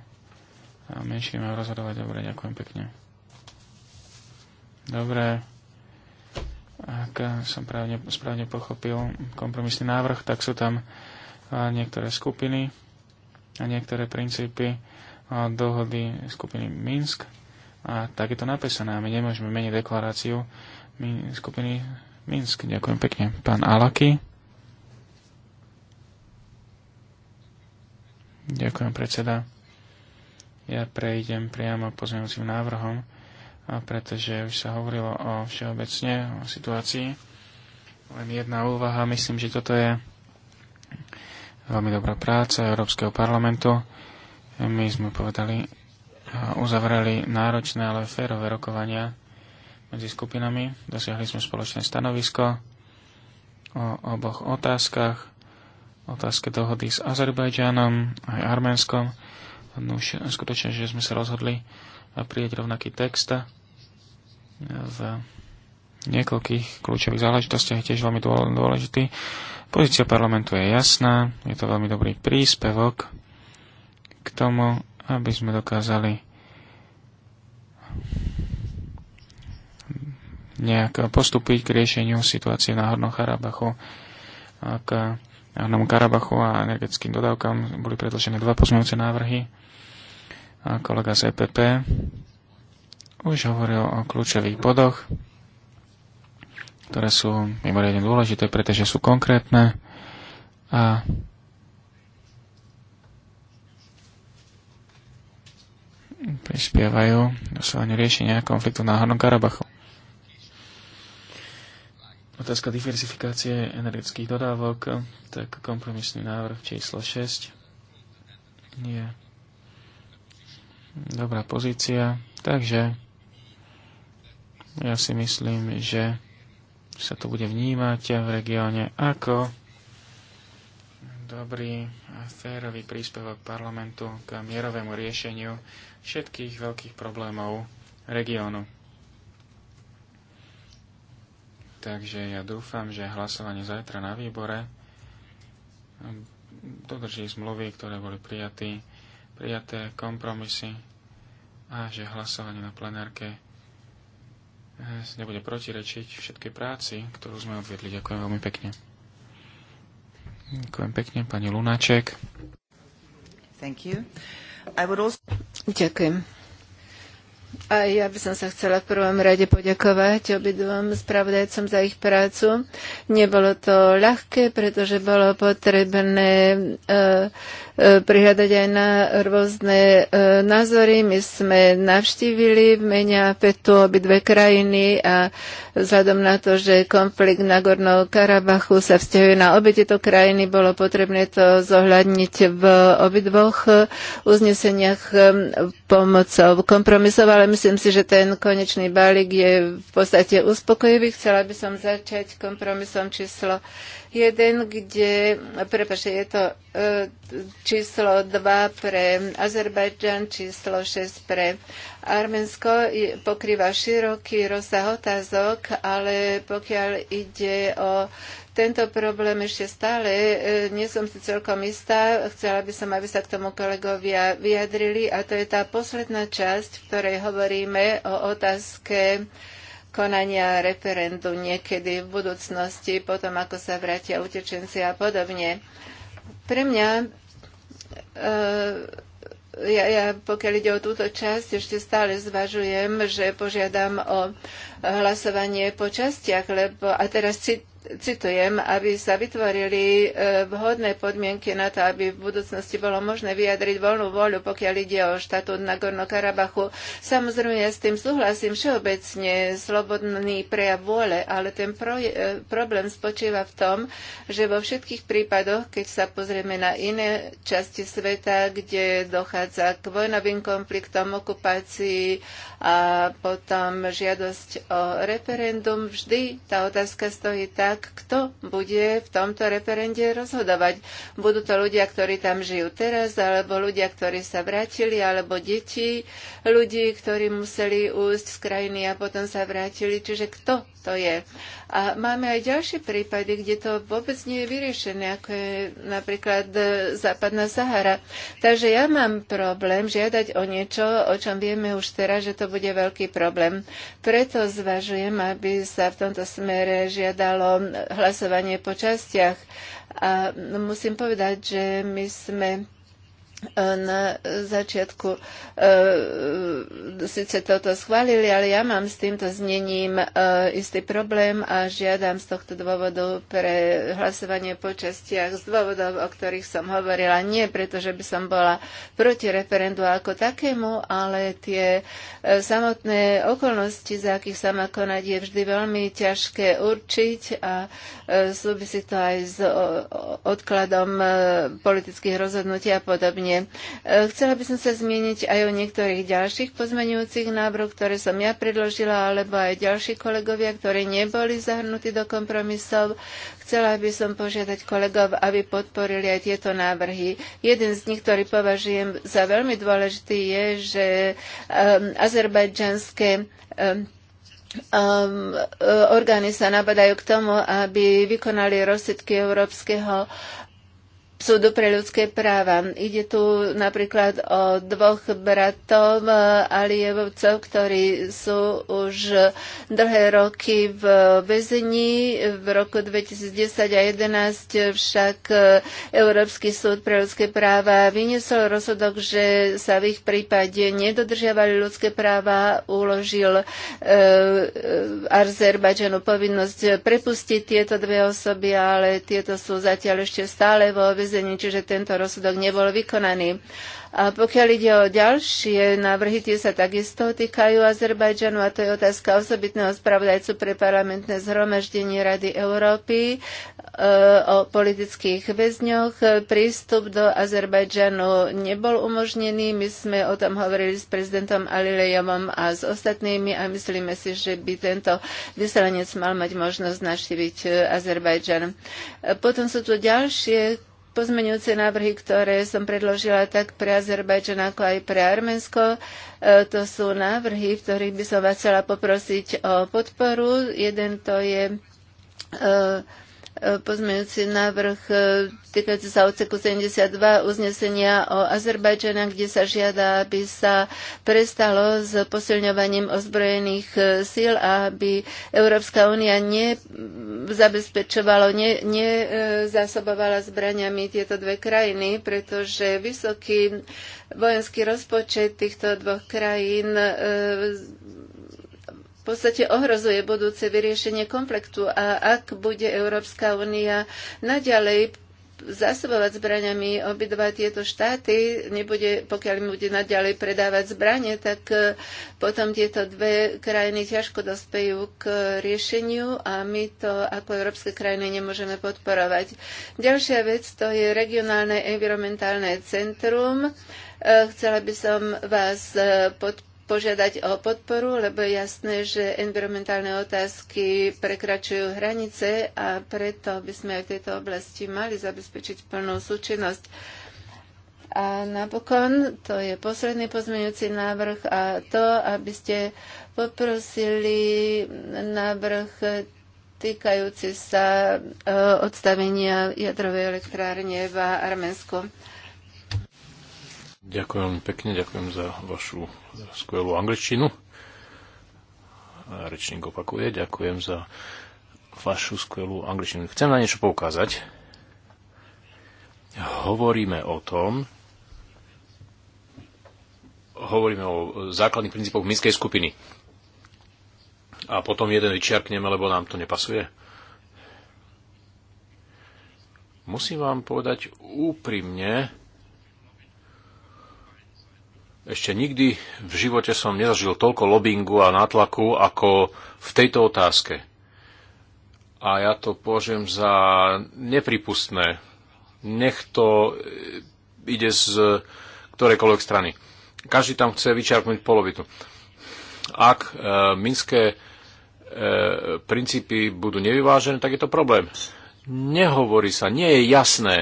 a menšie majú rozhodovať. Dobre, ďakujem pekne. Dobre. Ak som právne, správne pochopil kompromisný návrh, tak sú tam niektoré skupiny a niektoré princípy a dohody skupiny Minsk. A tak je to napísané. My nemôžeme meniť deklaráciu skupiny Minsk. Ďakujem pekne. Pán Alaky. Ďakujem, predseda. Ja prejdem priamo pozmeňujúcim návrhom, a pretože už sa hovorilo o všeobecne, o situácii. Len jedna úvaha, myslím, že toto je veľmi dobrá práca Európskeho parlamentu. My sme povedali, uzavreli náročné, ale férové rokovania medzi skupinami. Dosiahli sme spoločné stanovisko o oboch otázkach otázke dohody s Azerbajdžánom aj Arménskom. No už skutočne, že sme sa rozhodli prijať rovnaký text v niekoľkých kľúčových záležitostiach je tiež veľmi dôležitý. Pozícia parlamentu je jasná, je to veľmi dobrý príspevok k tomu, aby sme dokázali nejak postúpiť k riešeniu situácie v Náhornom Karabachu. Ak Námu Karabachu a energetickým dodávkam boli predložené dva pozmeňujúce návrhy. A kolega z EPP už hovoril o kľúčových bodoch, ktoré sú mimoriadne dôležité, pretože sú konkrétne a prispievajú svojho riešenia konfliktu na Hornom Karabachu otázka diversifikácie energetických dodávok, tak kompromisný návrh číslo 6 je dobrá pozícia, takže ja si myslím, že sa to bude vnímať v regióne ako dobrý a férový príspevok parlamentu k mierovému riešeniu všetkých veľkých problémov regiónu takže ja dúfam, že hlasovanie zajtra na výbore dodrží zmluvy, ktoré boli prijaté, prijaté kompromisy a že hlasovanie na plenárke eh, nebude protirečiť všetkej práci, ktorú sme odvedli. Ďakujem veľmi pekne. Ďakujem pekne, pani Lunáček. Thank you. I would also... Ďakujem. A ja by som sa chcela v prvom rade poďakovať obidvom spravodajcom za ich prácu. Nebolo to ľahké, pretože bolo potrebné e, e, prihľadať aj na rôzne e, názory. My sme navštívili v mene Petu obidve krajiny a vzhľadom na to, že konflikt na Gornou Karabachu sa vzťahuje na obe tieto krajiny, bolo potrebné to zohľadniť v obidvoch uzneseniach pomocou kompromisov, ale myslím si, že ten konečný balík je v podstate uspokojivý. Chcela by som začať kompromisom číslo 1, kde, prepáčte, je to e, číslo 2 pre Azerbajdžan, číslo 6 pre Arménsko. Pokrýva široký rozsah otázok, ale pokiaľ ide o tento problém ešte stále, e, nie som si celkom istá, chcela by som, aby sa k tomu kolegovia vyjadrili a to je tá posledná časť, v ktorej hovoríme o otázke konania referendu niekedy v budúcnosti, potom ako sa vrátia utečenci a podobne. Pre mňa e, ja, ja pokiaľ ide o túto časť, ešte stále zvažujem, že požiadam o hlasovanie po častiach, lebo, a teraz cit, citujem, aby sa vytvorili e, vhodné podmienky na to, aby v budúcnosti bolo možné vyjadriť voľnú voľu, pokiaľ ide o štatút Nagorno-Karabachu. Samozrejme, ja s tým súhlasím všeobecne, slobodný prejav vôle, ale ten proje, e, problém spočíva v tom, že vo všetkých prípadoch, keď sa pozrieme na iné časti sveta, kde dochádza k vojnovým konfliktom, okupácii a potom žiadosť o referendum, vždy tá otázka stojí tak, tak kto bude v tomto referende rozhodovať? Budú to ľudia, ktorí tam žijú teraz, alebo ľudia, ktorí sa vrátili, alebo deti ľudí, ktorí museli újsť z krajiny a potom sa vrátili. Čiže kto to je. A máme aj ďalšie prípady, kde to vôbec nie je vyriešené, ako je napríklad e, západná Sahara. Takže ja mám problém žiadať o niečo, o čom vieme už teraz, že to bude veľký problém. Preto zvažujem, aby sa v tomto smere žiadalo hlasovanie po častiach. A musím povedať, že my sme na začiatku e, síce toto schválili, ale ja mám s týmto znením e, istý problém a žiadam z tohto dôvodu pre hlasovanie po častiach z dôvodov, o ktorých som hovorila. Nie preto, že by som bola proti referendu ako takému, ale tie e, samotné okolnosti, za akých sa má konať, je vždy veľmi ťažké určiť a súvisí to aj s odkladom politických rozhodnutí a podobne riadenie. E, chcela by som sa zmieniť aj o niektorých ďalších pozmenujúcich návrh, ktoré som ja predložila, alebo aj ďalší kolegovia, ktorí neboli zahrnutí do kompromisov. Chcela by som požiadať kolegov, aby podporili aj tieto návrhy. Jeden z nich, ktorý považujem za veľmi dôležitý, je, že um, azerbajdžanské um, um, orgány sa nabadajú k tomu, aby vykonali rozsudky Európskeho súdu pre ľudské práva. Ide tu napríklad o dvoch bratov e, Alievovcov, ktorí sú už dlhé roky v väzení. V roku 2010 a 2011 však e, Európsky súd pre ľudské práva vyniesol rozsudok, že sa v ich prípade nedodržiavali ľudské práva, uložil e, Azerbajdžanu povinnosť prepustiť tieto dve osoby, ale tieto sú zatiaľ ešte stále vo väzení väzení, čiže tento rozsudok nebol vykonaný. A pokiaľ ide o ďalšie návrhy, tie sa takisto týkajú Azerbajdžanu a to je otázka osobitného spravodajcu pre parlamentné zhromaždenie Rady Európy e, o politických väzňoch. Prístup do Azerbajdžanu nebol umožnený. My sme o tom hovorili s prezidentom Alilejovom a s ostatnými a myslíme si, že by tento vyslanec mal mať možnosť navštíviť e, Azerbajdžan. E, potom sú tu ďalšie Pozmeňujúce návrhy, ktoré som predložila tak pre Azerbajdžan ako aj pre Arménsko, e, to sú návrhy, v ktorých by som vás chcela poprosiť o podporu. Jeden to je uh, pozmeňujúci návrh e, týkajúci sa odseku 72 uznesenia o Azerbajdžana, kde sa žiada, aby sa prestalo s posilňovaním ozbrojených e, síl a aby Európska únia nezabezpečovala, ne, e, zbraniami tieto dve krajiny, pretože vysoký vojenský rozpočet týchto dvoch krajín podstate ohrozuje budúce vyriešenie konfliktu a ak bude Európska únia naďalej zásobovať zbraniami obidva tieto štáty, nebude, pokiaľ im bude naďalej predávať zbranie, tak e, potom tieto dve krajiny ťažko dospejú k riešeniu a my to ako európske krajiny nemôžeme podporovať. Ďalšia vec to je regionálne environmentálne centrum. E, chcela by som vás e, podporovať požiadať o podporu, lebo je jasné, že environmentálne otázky prekračujú hranice a preto by sme aj v tejto oblasti mali zabezpečiť plnú súčinnosť. A napokon, to je posledný pozmeňujúci návrh a to, aby ste poprosili návrh týkajúci sa e, odstavenia jadrovej elektrárne v Arménsku. Ďakujem pekne, ďakujem za vašu skvelú angličtinu. Rečník opakuje, ďakujem za vašu skvelú angličtinu. Chcem na niečo poukázať. Hovoríme o tom, hovoríme o základných princípoch minskej skupiny. A potom jeden vyčiarkneme, lebo nám to nepasuje. Musím vám povedať úprimne, ešte nikdy v živote som nezažil toľko lobingu a nátlaku ako v tejto otázke. A ja to považujem za nepripustné. Nech to e, ide z ktorejkoľvek strany. Každý tam chce vyčerpnúť polovitu. Ak e, minské e, princípy budú nevyvážené, tak je to problém. Nehovorí sa, nie je jasné,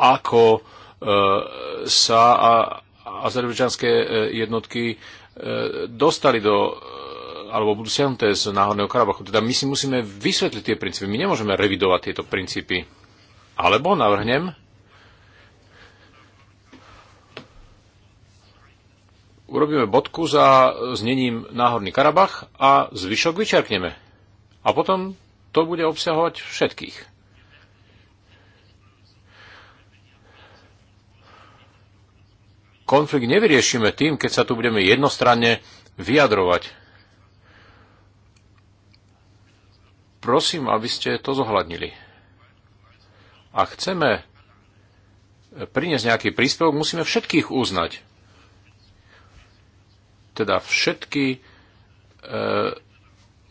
ako sa a azerbajdžanské e, jednotky e, dostali do e, alebo budú siahnuté z Náhorného Karabachu. Teda my si musíme vysvetliť tie princípy. My nemôžeme revidovať tieto princípy. Alebo navrhnem, urobíme bodku za znením Náhorný Karabach a zvyšok vyčerkneme. A potom to bude obsahovať všetkých. konflikt nevyriešime tým, keď sa tu budeme jednostranne vyjadrovať. Prosím, aby ste to zohľadnili. A chceme priniesť nejaký príspevok, musíme všetkých uznať. Teda všetky e,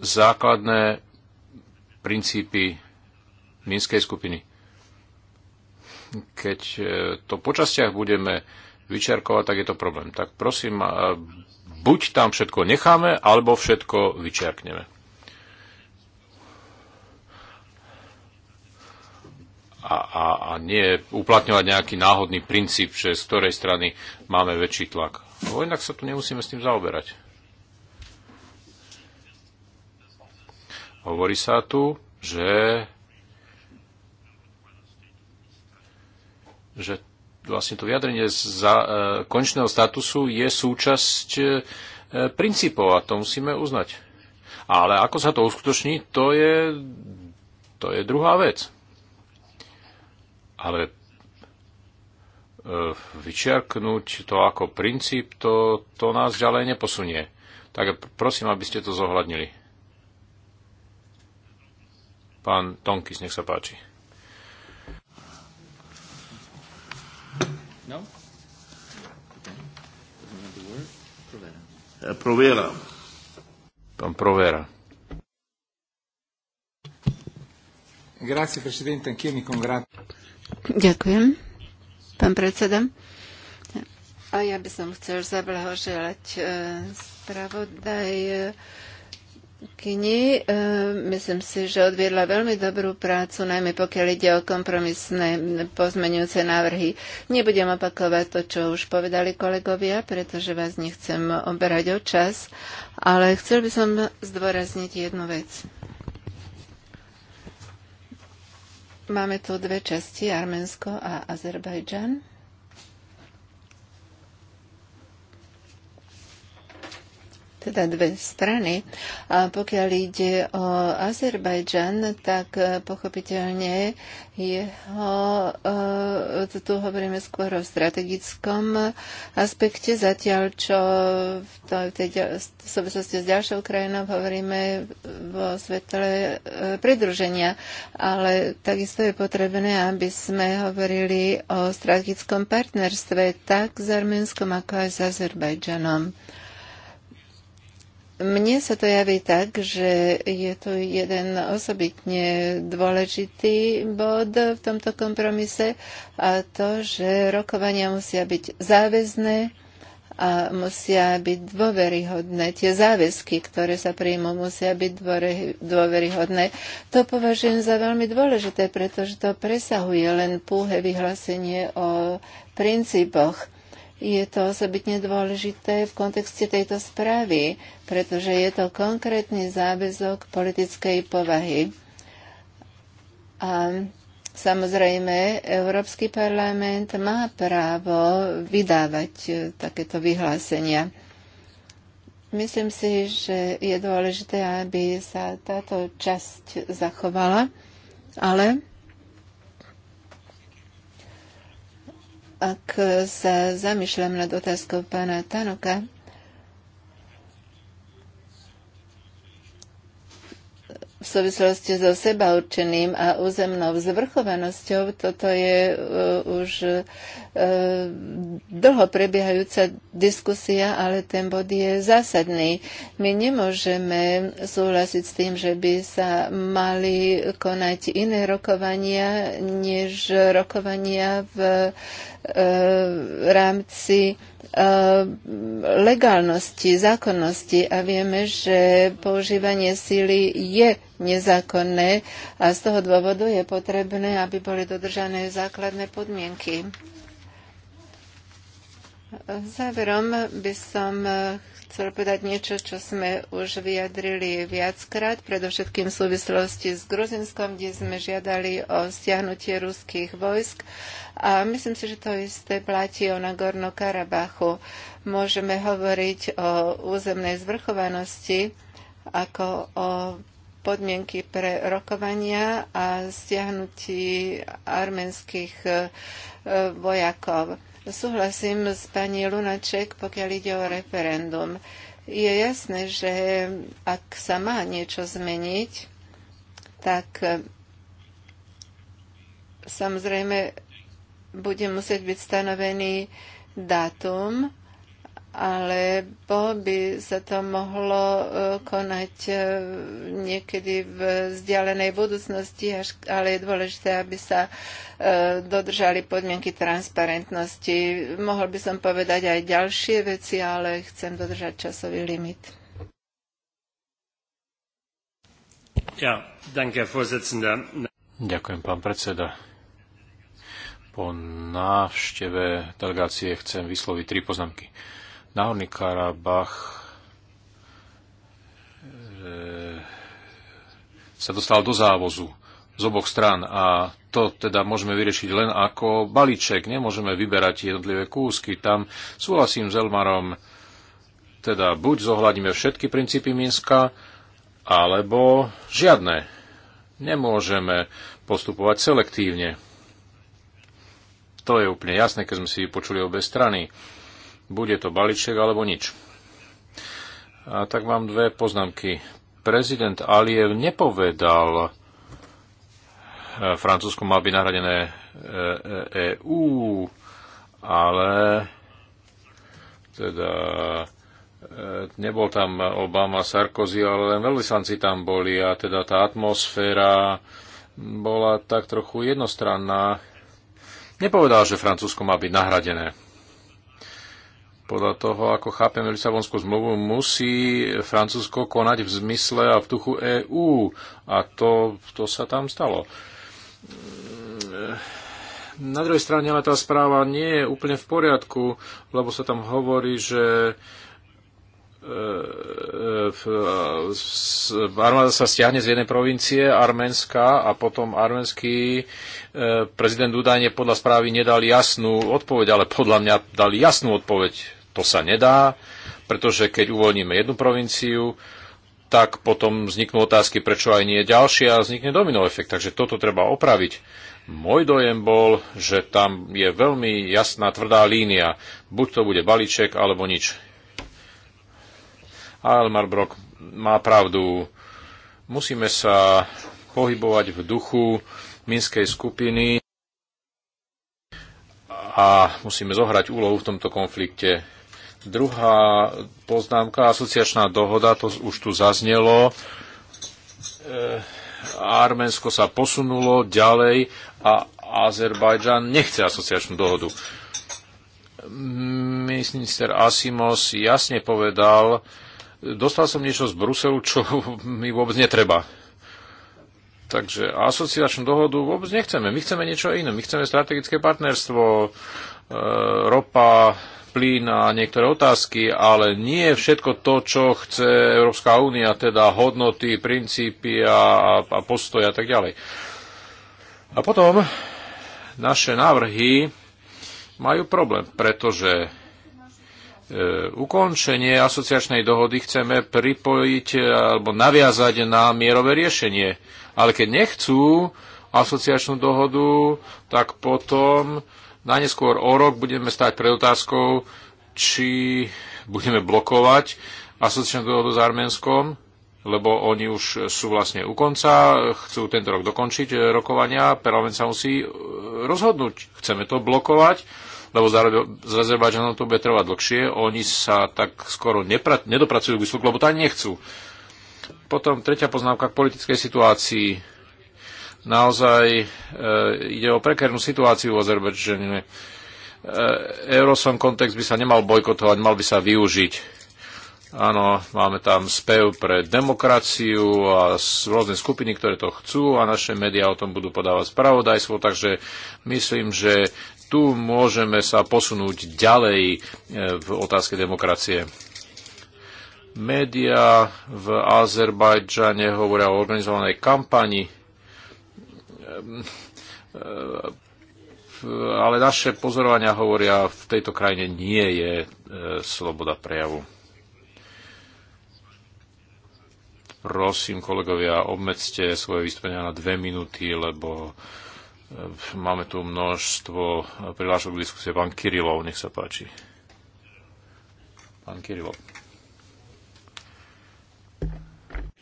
základné princípy Minskej skupiny. Keď e, to po častiach budeme vyčerkovať, tak je to problém. Tak prosím, e, buď tam všetko necháme, alebo všetko vyčerkneme. a, a, a nie uplatňovať nejaký náhodný princíp, že z ktorej strany máme väčší tlak. No inak sa tu nemusíme s tým zaoberať. Hovorí sa tu, že že vlastne to vyjadrenie za, e, končného statusu je súčasť e, princípov a to musíme uznať. Ale ako sa to uskutoční, to je, to je druhá vec. Ale e, vyčiarknúť to ako princíp, to, to nás ďalej neposunie. Tak prosím, aby ste to zohľadnili. Pán Tonkis, nech sa páči. Provera. Pán Provera. Ďakujem, pán predseda. A ja by som chcel zablahoželať eh, spravodaj eh, Kni, eh, myslím si, že odviedla veľmi dobrú prácu, najmä pokiaľ ide o kompromisné pozmenujúce návrhy. Nebudem opakovať to, čo už povedali kolegovia, pretože vás nechcem oberať o čas, ale chcel by som zdôrazniť jednu vec. Máme tu dve časti, Arménsko a Azerbajdžan. teda dve strany. A pokiaľ ide o Azerbajdžan, tak e, pochopiteľne jeho, e, tu, tu hovoríme skôr o strategickom e, aspekte, zatiaľ čo v, to, v tej v súvislosti s ďalšou krajinou hovoríme vo svetle pridruženia, ale takisto je potrebné, aby sme hovorili o strategickom partnerstve tak s Arménskom, ako aj s Azerbajdžanom. Mne sa to javí tak, že je tu jeden osobitne dôležitý bod v tomto kompromise a to, že rokovania musia byť záväzné a musia byť dôveryhodné. Tie záväzky, ktoré sa príjmú, musia byť dôveryhodné. To považujem za veľmi dôležité, pretože to presahuje len púhe vyhlásenie o princípoch je to osobitne dôležité v kontexte tejto správy, pretože je to konkrétny záväzok politickej povahy. A samozrejme, Európsky parlament má právo vydávať e, takéto vyhlásenia. Myslím si, že je dôležité, aby sa táto časť zachovala, ale Ak sa zamýšľam nad otázkou pána Tanoka, v súvislosti so sebaurčeným a územnou zvrchovanosťou, toto je uh, už Ehm, dlho prebiehajúca diskusia, ale ten bod je zásadný. My nemôžeme súhlasiť s tým, že by sa mali konať iné rokovania, než rokovania v e, rámci e, legálnosti, zákonnosti a vieme, že používanie síly je nezákonné a z toho dôvodu je potrebné, aby boli dodržané základné podmienky. Záverom by som eh, chcel povedať niečo, čo sme už vyjadrili viackrát, predovšetkým v súvislosti s Gruzinskom, kde sme žiadali o stiahnutie ruských vojsk. A myslím si, že to isté platí o Nagorno-Karabachu. Môžeme hovoriť o územnej zvrchovanosti ako o podmienky pre rokovania a stiahnutí arménskych eh, vojakov. Súhlasím s pani Lunaček, pokiaľ ide o referendum. Je jasné, že ak sa má niečo zmeniť, tak eh, samozrejme bude musieť byť stanovený dátum, ale bol by sa to mohlo e, konať e, niekedy v vzdialenej budúcnosti, ale je dôležité, aby sa e, dodržali podmienky transparentnosti. Mohol by som povedať aj ďalšie veci, ale chcem dodržať časový limit. Ja, danke, Ďakujem, pán predseda. Po návšteve delegácie chcem vysloviť tri poznámky. Náhorný Karabach sa dostal do závozu z oboch strán a to teda môžeme vyriešiť len ako balíček. Nemôžeme vyberať jednotlivé kúsky. Tam súhlasím s Elmarom, teda buď zohľadíme všetky princípy Minska, alebo žiadne. Nemôžeme postupovať selektívne. To je úplne jasné, keď sme si počuli obe strany. Bude to balíček alebo nič. A tak mám dve poznámky. Prezident Aliev nepovedal e, Francúzsko mal byť nahradené EÚ, e, e ale teda nebol tam Obama, Sarkozy, ale len veľvyslanci tam boli a teda tá atmosféra bola tak trochu jednostranná. Nepovedal, že Francúzsko má byť nahradené podľa toho, ako chápeme Lisabonskú zmluvu, musí Francúzsko konať v zmysle a v duchu EÚ. A to, to sa tam stalo. Na druhej strane ale tá správa nie je úplne v poriadku, lebo sa tam hovorí, že e, e, armáda sa stiahne z jednej provincie, Arménska, a potom arménsky e, prezident údajne podľa správy nedal jasnú odpoveď, ale podľa mňa dal jasnú odpoveď to sa nedá, pretože keď uvoľníme jednu provinciu, tak potom vzniknú otázky, prečo aj nie ďalšia a vznikne domino efekt. Takže toto treba opraviť. Môj dojem bol, že tam je veľmi jasná, tvrdá línia. Buď to bude balíček, alebo nič. A Elmar Brock má pravdu. Musíme sa pohybovať v duchu Minskej skupiny a musíme zohrať úlohu v tomto konflikte Druhá poznámka, asociačná dohoda, to už tu zaznelo. E, Arménsko sa posunulo ďalej a Azerbajdžan nechce asociačnú dohodu. Minister Asimos jasne povedal, dostal som niečo z Bruselu, čo mi vôbec netreba. Takže asociačnú dohodu vôbec nechceme. My chceme niečo iné. My chceme strategické partnerstvo, e, ropa, plyn a niektoré otázky, ale nie všetko to, čo chce Európska únia, teda hodnoty, princípy a, a postoj a tak ďalej. A potom naše návrhy majú problém, pretože e, ukončenie asociačnej dohody chceme pripojiť e, alebo naviazať na mierové riešenie. Ale keď nechcú asociačnú dohodu, tak potom Najneskôr o rok budeme stať pred otázkou, či budeme blokovať asociačnú dohodu s Arménskom, lebo oni už sú vlastne u konca, chcú tento rok dokončiť eh, rokovania, parlament sa musí eh, rozhodnúť, chceme to blokovať, lebo s Azerbajdžanom to bude trvať dlhšie, oni sa tak skoro nedopracujú k výsledku, lebo to ani nechcú. Potom tretia poznámka k politickej situácii Naozaj e, ide o prekernú situáciu v Azerbajdžane. E, Eurosom kontext by sa nemal bojkotovať, mal by sa využiť. Áno, máme tam spev pre demokraciu a rôzne skupiny, ktoré to chcú a naše médiá o tom budú podávať spravodajstvo, takže myslím, že tu môžeme sa posunúť ďalej e, v otázke demokracie. Média v Azerbajdžane hovoria o organizovanej kampani Ehm, ehm, ale naše pozorovania hovoria, v tejto krajine nie je e, sloboda prejavu. Prosím, kolegovia, obmedzte svoje vystúpenia na dve minúty, lebo e, máme tu množstvo prihlášok k diskusie. Pán Kirilov, nech sa páči. Pán Kirilov.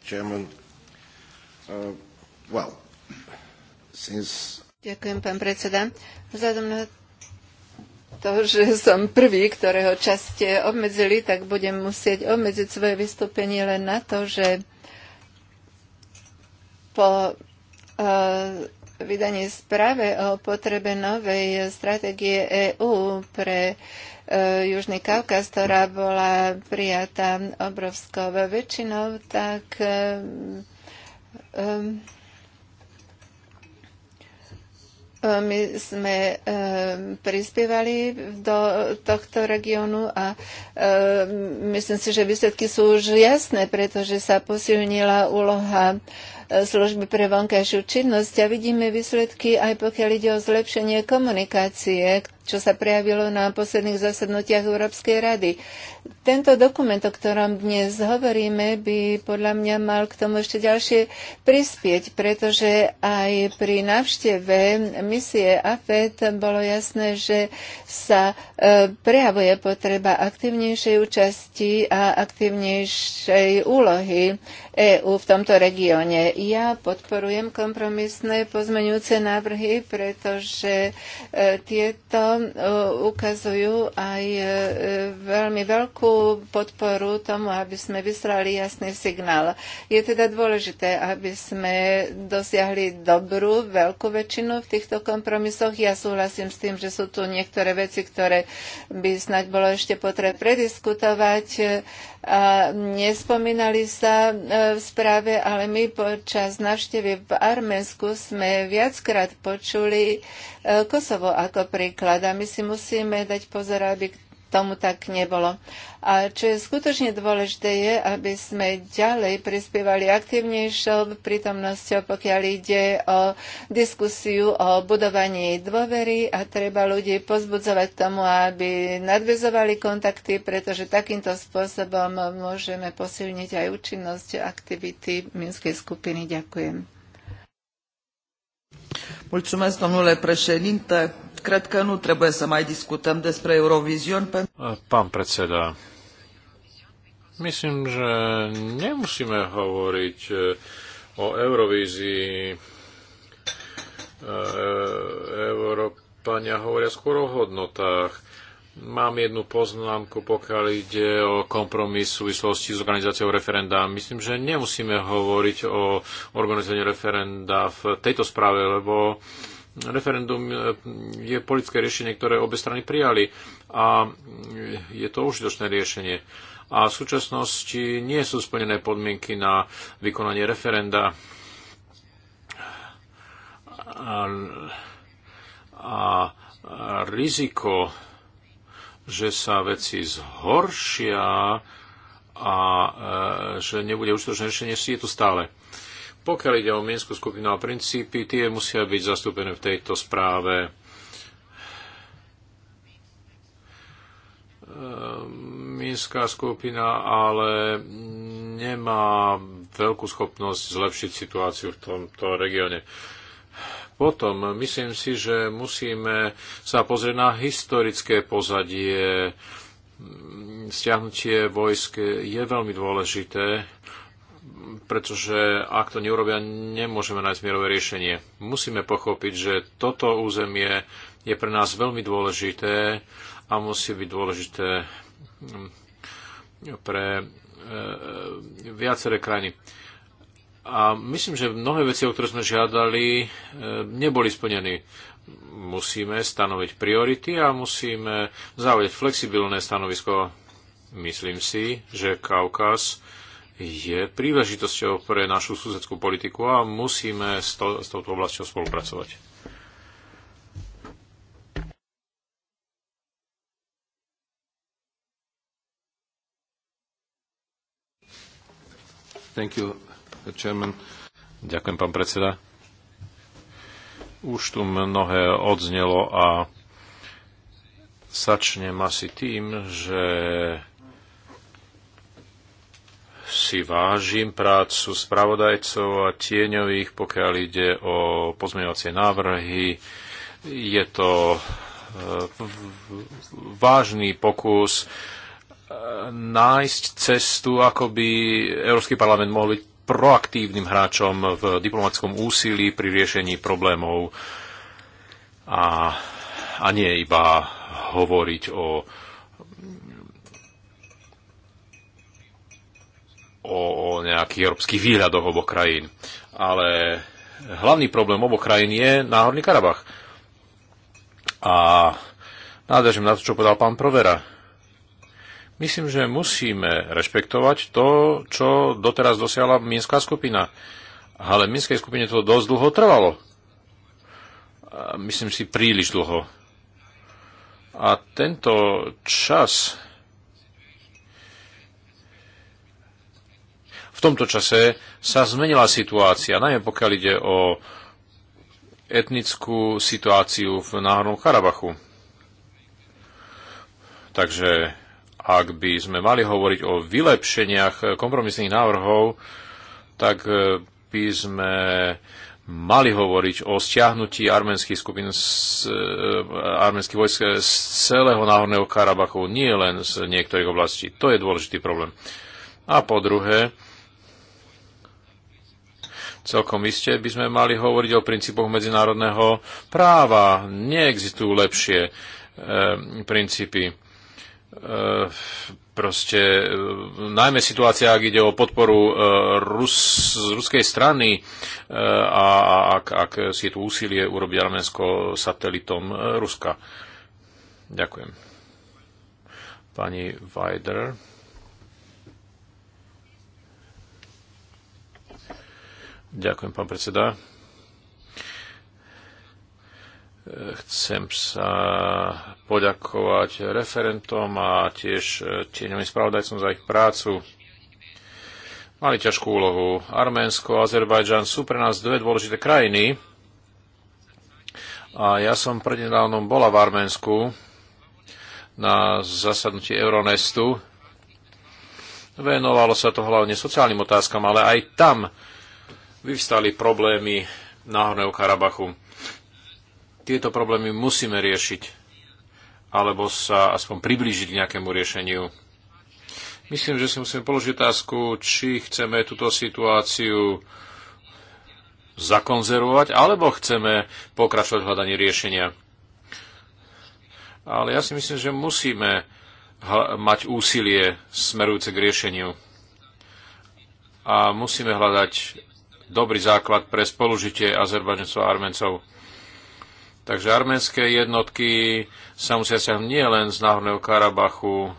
Chairman, uh, well, since... Ďakujem, pán predseda. Vzhľadom na to, že som prvý, ktorého čas ste obmedzili, tak budem musieť obmedziť svoje vystúpenie len na to, že po eh, vydaní správe o potrebe novej stratégie EÚ pre eh, Južný Kaukaz, ktorá bola prijatá obrovskou väčšinou, tak um, My sme eh, prispievali do tohto regiónu a eh, myslím si, že výsledky sú už jasné, pretože sa posilnila úloha eh, služby pre vonkajšiu činnosť a vidíme výsledky aj pokiaľ ide o zlepšenie komunikácie, čo sa prejavilo na posledných zasadnutiach Európskej rady. Tento dokument, o ktorom dnes hovoríme, by podľa mňa mal k tomu ešte ďalšie prispieť, pretože aj pri návšteve misie AFET bolo jasné, že sa e, prejavuje potreba aktivnejšej účasti a aktivnejšej úlohy EÚ v tomto regióne. Ja podporujem kompromisné pozmeňujúce návrhy, pretože e, tieto E, ukazujú aj e, veľmi veľkú podporu tomu, aby sme vyslali jasný signál. Je teda dôležité, aby sme dosiahli dobrú, veľkú väčšinu v týchto kompromisoch. Ja súhlasím s tým, že sú tu niektoré veci, ktoré by snaď bolo ešte potrebné prediskutovať a nespomínali sa e, v správe, ale my počas navštevy v Arménsku sme viackrát počuli e, Kosovo ako príklad a my si musíme dať pozor, aby k tomu tak nebolo. A čo je skutočne dôležité je, aby sme ďalej prispievali aktivnejšou prítomnosťou, pokiaľ ide o diskusiu o budovaní dôvery a treba ľudí pozbudzovať tomu, aby nadvezovali kontakty, pretože takýmto spôsobom môžeme posilniť aj účinnosť aktivity Minskej skupiny. Ďakujem. Mulțumesc, domnule președinte. Cred că nu trebuie să mai discutăm despre Eurovision. Pán predseda, myslím, že nemusíme hovoriť e, o Eurovízii. E, Európania hovoria skôr o hodnotách Mám jednu poznámku, pokiaľ ide o kompromis v súvislosti s organizáciou referenda. Myslím, že nemusíme hovoriť o organizovaní referenda v tejto správe, lebo referendum e, je politické riešenie, ktoré obe strany prijali a je to užitočné riešenie. A v súčasnosti nie sú splnené podmienky na vykonanie referenda. A, a riziko že sa veci zhoršia a e, že nebude užitočné riešenie, si je tu stále. Pokiaľ ide o Mienskú skupinu a princípy, tie musia byť zastúpené v tejto správe. E, Minská skupina ale nemá veľkú schopnosť zlepšiť situáciu v tomto regióne. E, potom myslím si, že musíme sa pozrieť na historické pozadie. Stiahnutie vojsk je veľmi dôležité, pretože ak to neurobia, nemôžeme nájsť mierové riešenie. Musíme pochopiť, že toto územie je pre nás veľmi dôležité a musí byť dôležité mm, pre e, viaceré krajiny. A myslím, že mnohé veci, o ktoré sme žiadali, e, neboli splnené. Musíme stanoviť priority a musíme zaujať flexibilné stanovisko. Myslím si, že Kaukaz je príležitosťou pre našu susedskú politiku a musíme s, to, s touto oblasťou spolupracovať. Thank you. Ďakujem, pán predseda. Už tu mnohé odznelo a začnem asi tým, že si vážim prácu spravodajcov a tieňových, pokiaľ ide o pozmeňovacie návrhy. Je to eh, vážny pokus eh, nájsť cestu, ako by Európsky parlament mohol byť proaktívnym hráčom v diplomatickom úsilí pri riešení problémov a, a nie iba hovoriť o, o, o nejakých európskych výhľadoch oboch krajín. Ale hlavný problém oboch krajín je Náhorný Karabach. A nádržím na to, čo povedal pán Provera Myslím, že musíme rešpektovať to, čo doteraz dosiahla Minská skupina. Ale v Minskej skupine to dosť dlho trvalo. Myslím si príliš dlho. A tento čas v tomto čase sa zmenila situácia, najmä pokiaľ ide o etnickú situáciu v Náhornom Karabachu. Takže ak by sme mali hovoriť o vylepšeniach kompromisných návrhov, tak e, by sme mali hovoriť o stiahnutí arménskych skupín e, arménskych vojsk z celého Náhorného Karabachu, nie len z niektorých oblastí. To je dôležitý problém. A po druhé, celkom iste by sme mali hovoriť o princípoch medzinárodného práva. Neexistujú lepšie e, princípy E, proste, e, najmä situácia, ak ide o podporu e, Rus, z ruskej strany a, a ak, ak si je tu úsilie urobiť Arménsko satelitom Ruska. Ďakujem. Pani Weider. Ďakujem, pán predseda. Chcem sa poďakovať referentom a tiež tieňovým spravodajcom za ich prácu. Mali ťažkú úlohu. Arménsko a Azerbajdžan sú pre nás dve dôležité krajiny. A ja som prednedávnom bola v Arménsku na zasadnutí Euronestu. Venovalo sa to hlavne sociálnym otázkam, ale aj tam vyvstali problémy Náhorného Karabachu tieto problémy musíme riešiť alebo sa aspoň priblížiť k nejakému riešeniu. Myslím, že si musíme položiť otázku, či chceme túto situáciu zakonzervovať, alebo chceme pokračovať v hľadaní riešenia. Ale ja si myslím, že musíme mať úsilie smerujúce k riešeniu. A musíme hľadať dobrý základ pre spolužitie Azerbajdžancov a Armencov. Takže arménske jednotky sa musia sa nie len z Náhorného Karabachu,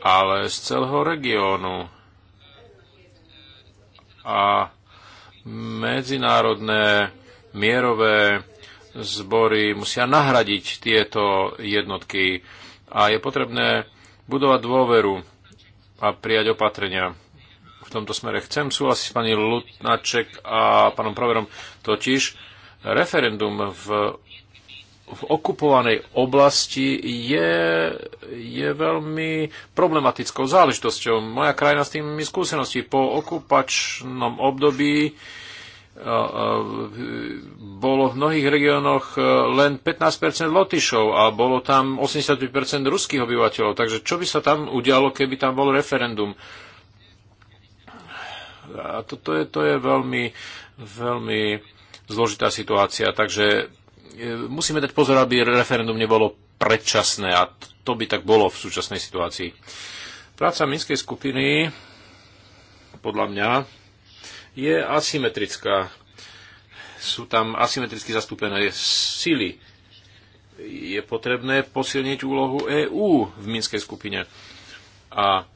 ale z celého regiónu. A medzinárodné mierové zbory musia nahradiť tieto jednotky a je potrebné budovať dôveru a prijať opatrenia v tomto smere. Chcem súhlasiť s pani Lutnaček a pánom Proverom, totiž referendum v, v okupovanej oblasti je, je veľmi problematickou záležitosťou. Moja krajina s tými skúsenosti po okupačnom období e, e, bolo v mnohých regiónoch e, len 15% Lotyšov a bolo tam 85% ruských obyvateľov. Takže čo by sa tam udialo, keby tam bol referendum? A to, to, je, to je veľmi, veľmi zložitá situácia, takže e, musíme dať pozor, aby referendum nebolo predčasné a to by tak bolo v súčasnej situácii. Práca Minskej skupiny podľa mňa je asymetrická. Sú tam asymetricky zastúpené sily. Je potrebné posilniť úlohu EÚ v Minskej skupine. A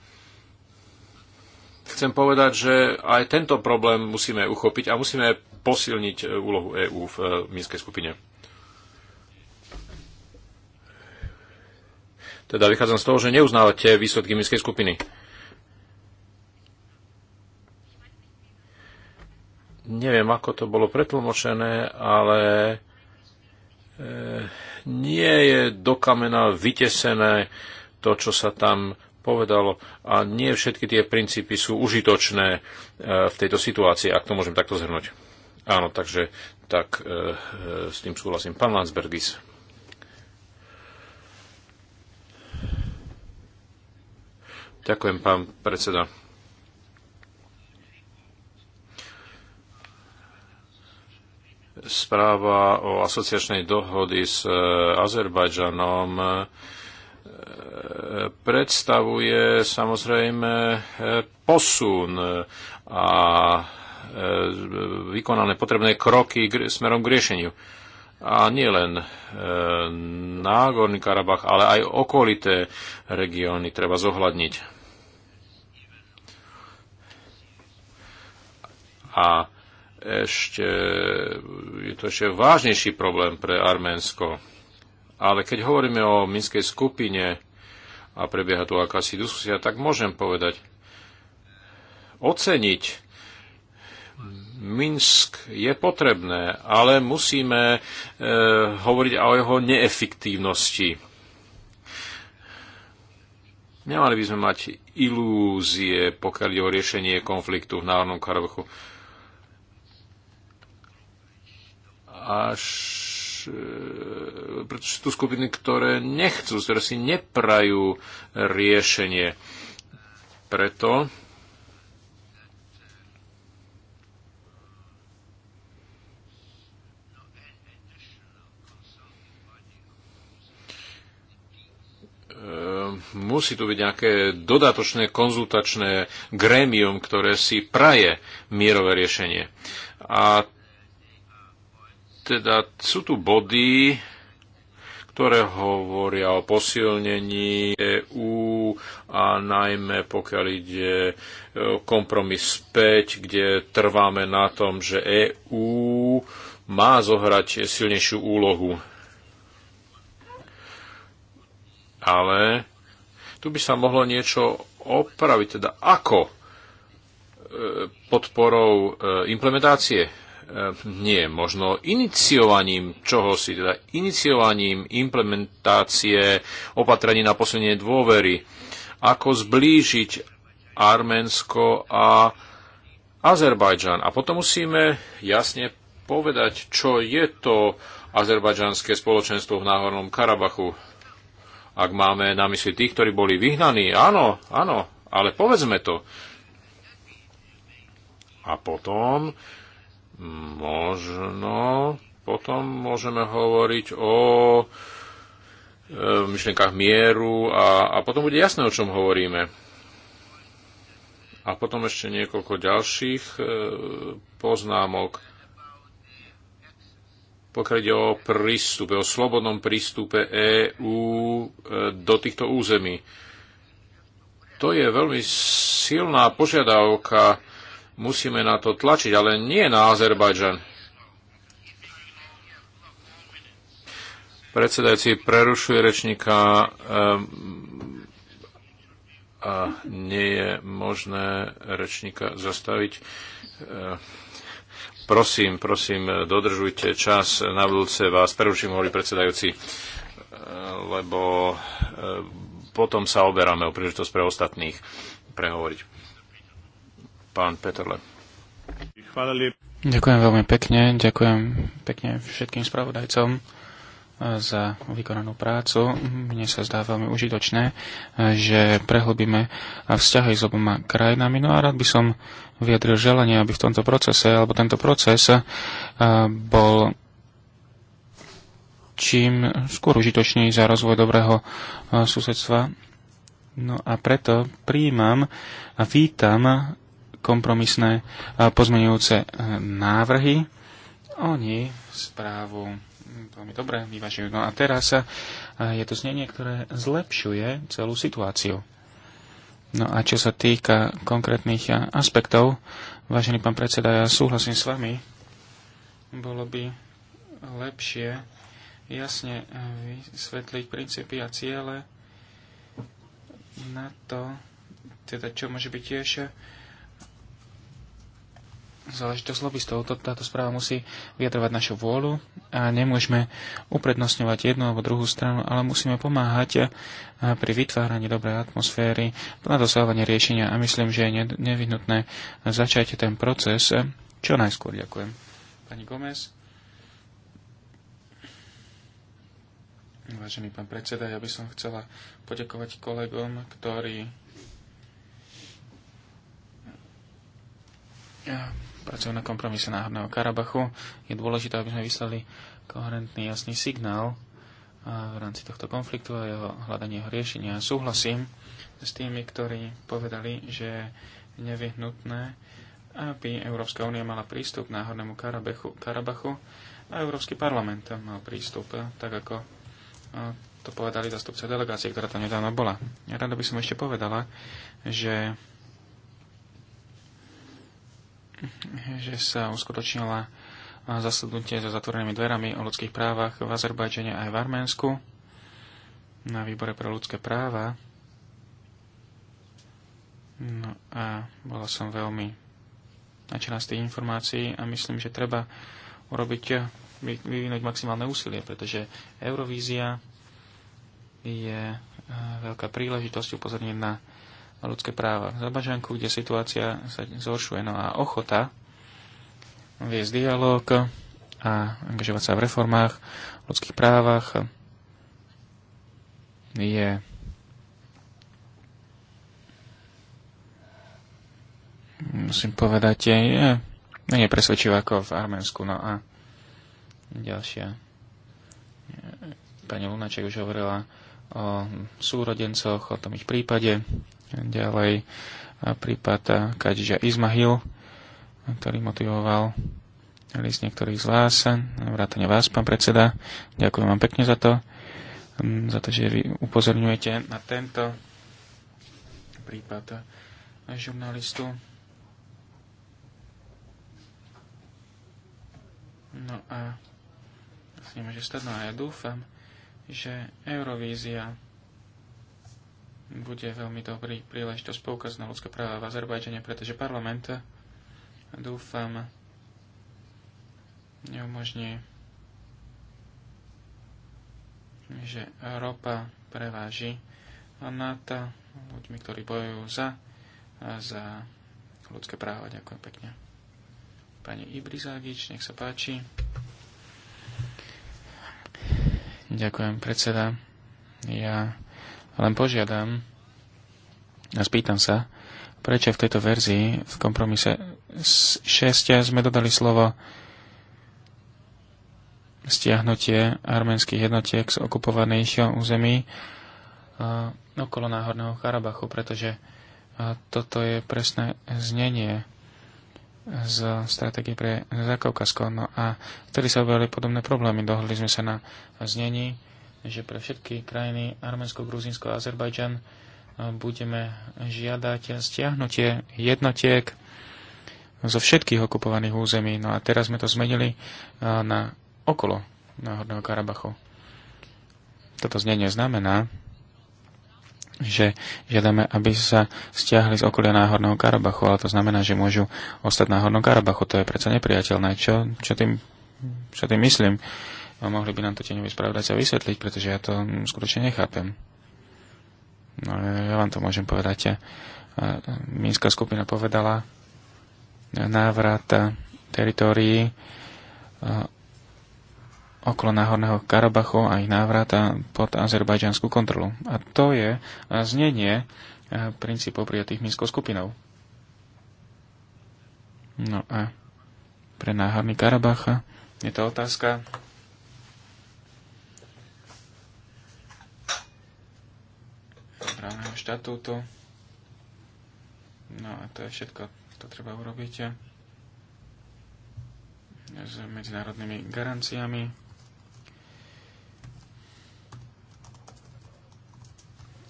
chcem povedať, že aj tento problém musíme uchopiť a musíme posilniť e, úlohu EÚ v e, Minskej skupine. Teda vychádzam z toho, že neuznávate výsledky Minskej skupiny. Neviem, ako to bolo pretlmočené, ale e, nie je do kamena vytesené to, čo sa tam povedalo a nie všetky tie princípy sú užitočné e, v tejto situácii, ak to môžem takto zhrnúť. Áno, takže tak e, e, s tým súhlasím. Pán Landsbergis. Ďakujem, pán predseda. Správa o asociačnej dohody s Azerbajdžanom e, predstavuje samozrejme e, posun a e, vykonané potrebné kroky smerom k riešeniu. A nie len e, Nágorný Karabach, ale aj okolité regióny treba zohľadniť. A ešte, je to ešte vážnejší problém pre Arménsko ale keď hovoríme o Minskej skupine a prebieha tu akási diskusia, tak môžem povedať, oceniť Minsk je potrebné, ale musíme e, hovoriť o jeho neefektívnosti. Nemali by sme mať ilúzie, pokiaľ ide o riešenie konfliktu v Národnom Karabachu. Až E, pretože sú tu skupiny, ktoré nechcú, ktoré si neprajú riešenie. Preto e, musí tu byť nejaké dodatočné konzultačné grémium, ktoré si praje mierové riešenie. A teda sú tu body, ktoré hovoria o posilnení EÚ a najmä pokiaľ ide e, kompromis 5, kde trváme na tom, že EÚ má zohrať silnejšiu úlohu. Ale tu by sa mohlo niečo opraviť, teda ako e, podporou e, implementácie Eh, nie, možno iniciovaním čohosi, teda iniciovaním implementácie opatrení na posilnenie dôvery, ako zblížiť Arménsko a Azerbajdžan. A potom musíme jasne povedať, čo je to azerbajdžanské spoločenstvo v Náhornom Karabachu. Ak máme na mysli tých, ktorí boli vyhnaní, áno, áno, ale povedzme to. A potom možno potom môžeme hovoriť o e, myšlenkách mieru a, a potom bude jasné, o čom hovoríme. A potom ešte niekoľko ďalších e, poznámok. Pokiaľ ide o prístupe, o slobodnom prístupe EÚ e, do týchto území. To je veľmi silná požiadavka Musíme na to tlačiť, ale nie na Azerbajdžan. Predsedajúci prerušuje rečníka ehm, a nie je možné rečníka zastaviť. Ehm, prosím, prosím, dodržujte čas. Na budúce vás preruším, hovorí predsedajúci, ehm, lebo potom sa oberáme o príležitosť pre ostatných prehovoriť pán Petrle. Ďakujem veľmi pekne, ďakujem pekne všetkým spravodajcom eh, za vykonanú prácu. Mne sa zdá veľmi užitočné, eh, že prehlbíme eh, vzťahy s oboma krajinami. No a rád by som vyjadril želanie, aby v tomto procese, alebo tento proces bol čím skôr užitočný za rozvoj dobrého susedstva. No a preto príjmam a vítam kompromisné eh, pozmenujúce eh, návrhy. Oni správu mm, veľmi dobre vyvažujú. No a teraz eh, je to znenie, ktoré zlepšuje celú situáciu. No a čo sa týka konkrétnych aspektov, vážený pán predseda, ja súhlasím s vami, bolo by lepšie jasne vysvetliť princípy a ciele na to, teda čo môže byť tiež záležitosť lobbystov. Táto správa musí vyjadrovať našu vôľu a nemôžeme uprednostňovať jednu alebo druhú stranu, ale musíme pomáhať pri vytváraní dobrej atmosféry na dosávanie riešenia a myslím, že je nevyhnutné začať ten proces čo najskôr. Ďakujem. Pani Gomez. Vážený pán predseda, ja by som chcela poďakovať kolegom, ktorí pracujú na kompromise Náhodného Karabachu. Je dôležité, aby sme vyslali koherentný, jasný signál v rámci tohto konfliktu a jeho hľadanie jeho riešenia. Súhlasím s tými, ktorí povedali, že je nevyhnutné, aby Európska únia mala prístup k Náhornému Karabachu, Karabachu a Európsky parlament mal prístup, tak ako to povedali zastupce delegácie, ktorá tam nedávno bola. Rada by som ešte povedala, že že sa uskutočnila zasadnutie so zatvorenými dverami o ľudských právach v Azerbajdžane aj v Arménsku na výbore pre ľudské práva. No a bola som veľmi načená z tých informácií a myslím, že treba urobiť, vyvinúť maximálne úsilie, pretože Eurovízia je eh, veľká príležitosť upozorniť na a ľudské práva v Zabažanku, kde situácia sa zhoršuje. No a ochota viesť dialog a angažovať sa v reformách, ľudských právach je musím povedať, je menej presvedčivá ako v Arménsku. No a ďalšia. Pani Lunaček už hovorila o súrodencoch, o tom ich prípade. Ďalej e, prípad e, Kadžia Izmahil, ktorý motivoval list niektorých z vás, vrátane vás, pán predseda. Ďakujem vám pekne za to, za to, že vy upozorňujete na tento prípad e, žurnalistu. No a nemôže stať, no a ja dúfam, že Eurovízia bude veľmi dobrý príležitosť poukaz na ľudské práva v Azerbajdžane, pretože parlament, dúfam, neumožní, že ropa preváži nad ľuďmi, ktorí bojujú za, za ľudské práva. Ďakujem pekne. Pani Ibrizagič, nech sa páči. Ďakujem, predseda. Ja len požiadam a spýtam sa, prečo v tejto verzii v kompromise 6 sme dodali slovo stiahnutie arménskych jednotiek z okupovanejšieho území e, okolo Náhorného Karabachu, pretože e, toto je presné znenie z stratégie pre Zakaukasko. No a vtedy sa objavili podobné problémy. Dohodli sme sa na znení že pre všetky krajiny Arménsko, Gruzinsko a Azerbajdžan e, budeme žiadať stiahnutie jednotiek zo všetkých okupovaných území. No a teraz sme to zmenili e, na okolo Náhodného Karabachu. Toto znenie znamená, že žiadame, aby sa stiahli z okolia Náhorného Karabachu, ale to znamená, že môžu ostať na Karabachu. To je predsa nepriateľné. Čo, čo, tým, čo tým myslím? A mohli by nám to tieňoví spravodajca vysvetliť, pretože ja to skutočne nechápem. No, ja vám to môžem povedať. Minská skupina povedala e, návrat teritórií e, okolo Náhorného Karabachu a ich návrata pod azerbajdžanskú kontrolu. A to je e, znenie princípov prijatých Minskou skupinou. No a pre Náhorný Karabach, je to otázka štatútu. No a to je všetko, to treba urobiť s medzinárodnými garanciami.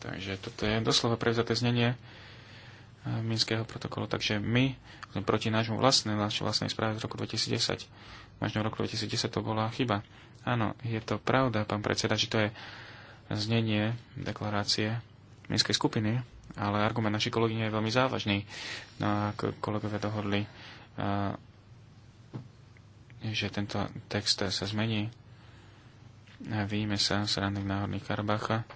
Takže toto je doslova prevzaté znenie Minského protokolu. Takže my sme proti nášmu vlastnej, našej vlastnej správe z roku 2010. Možno v roku 2010 to bola chyba. Áno, je to pravda, pán predseda, že to je znenie deklarácie mestskej skupiny, ale argument našej kolegyne je veľmi závažný. No a kolegovia dohodli, eh, že tento text sa zmení. Víme sa z ranných náhodných Karabacha.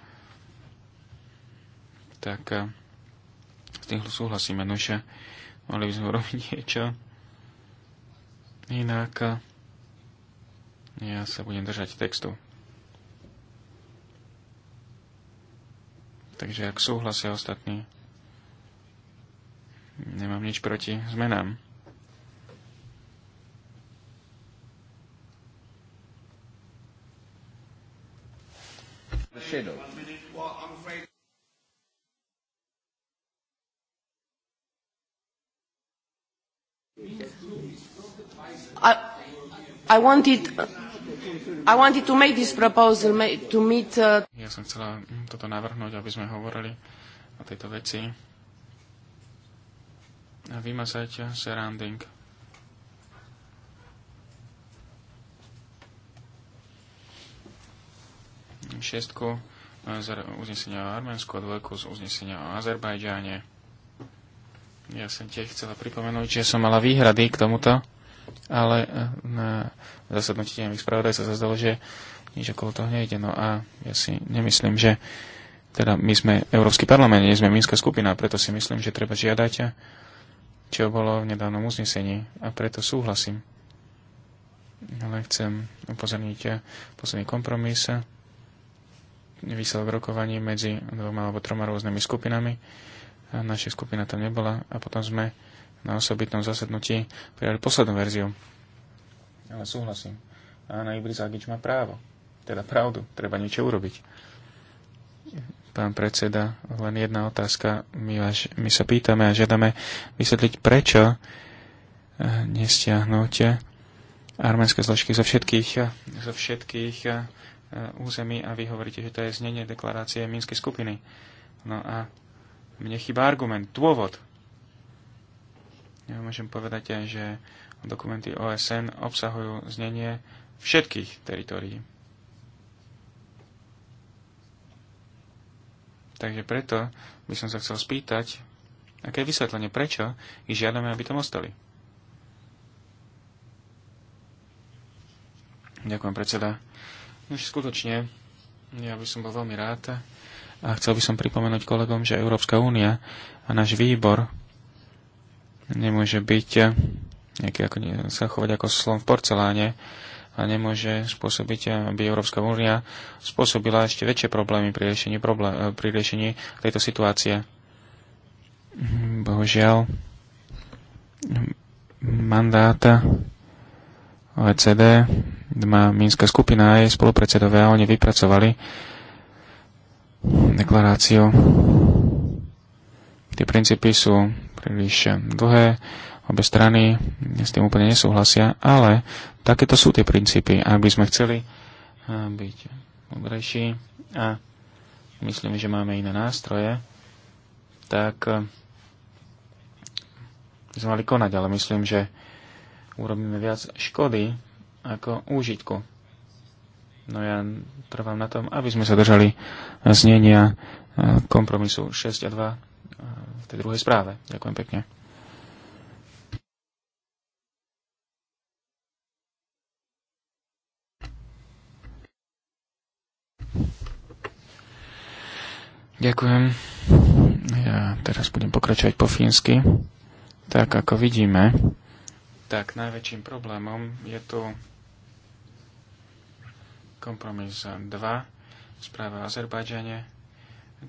Tak eh, s tým súhlasíme, no že mohli by sme urobiť niečo. Inak eh, ja sa budem držať textu. Takže ak súhlasia ostatní, nemám nič proti zmenám. I, I wanted i wanted to make this proposal to meet... Uh... Ja som chcela toto navrhnúť, aby sme hovorili o tejto veci. A vymazať surrounding. Šestku eh, z uznesenia o Arménsku a dvojku z uznesenia o Azerbajdžáne. Ja som tiež chcela pripomenúť, že som mala výhrady k tomuto ale eh, na zasadnutí tieňových spravodaj sa zazdalo, že nič okolo toho nejde. No a ja si nemyslím, že teda my sme Európsky parlament, nie sme Minská skupina, preto si myslím, že treba žiadať, eh, čo bolo v nedávnom uznesení a preto súhlasím. Ale chcem upozorniť eh, posledný kompromis, výsledok rokovaní medzi dvoma alebo troma rôznymi skupinami. A naša skupina tam nebola a potom sme na osobitnom zasadnutí prijali poslednú verziu. Ale súhlasím. Áno, Ibris Agič má právo. Teda pravdu. Treba niečo urobiť. Pán predseda, len jedna otázka. My, vaš, my sa pýtame a žiadame vysvetliť, prečo eh, nestiahnuť arménske zložky zo všetkých, zo všetkých eh, území a vy hovoríte, že to je znenie deklarácie Minskej skupiny. No a mne chýba argument, dôvod, ja môžem povedať aj, že dokumenty OSN obsahujú znenie všetkých teritorií. Takže preto by som sa chcel spýtať, aké je vysvetlenie, prečo ich žiadame, aby tam ostali. Ďakujem, predseda. No, skutočne, ja by som bol veľmi rád a chcel by som pripomenúť kolegom, že Európska únia a náš výbor nemôže byť eh, nejaký, ako, sa chovať ako slon v porceláne a nemôže spôsobiť, eh, aby Európska únia spôsobila ešte väčšie problémy pri riešení, problém, eh, pri riešení tejto situácie. Bohužiaľ, mandáta OECD má Minská skupina a jej spolupredsedovia, oni vypracovali deklaráciu. Tie princípy sú príliš eh, dlhé. Obe strany s tým úplne nesúhlasia, ale takéto sú tie princípy. Ak by sme chceli eh, byť múdrejší a myslím, že máme iné nástroje, tak eh, by sme mali konať, ale myslím, že urobíme viac škody ako úžitku. No ja trvám na tom, aby sme sa držali znenia kompromisu 6 a 2 v tej druhej správe. Ďakujem pekne. Ďakujem. Ja teraz budem pokračovať po fínsky. Tak ako vidíme, tak najväčším problémom je tu kompromis 2 správa o Azerbajdžane,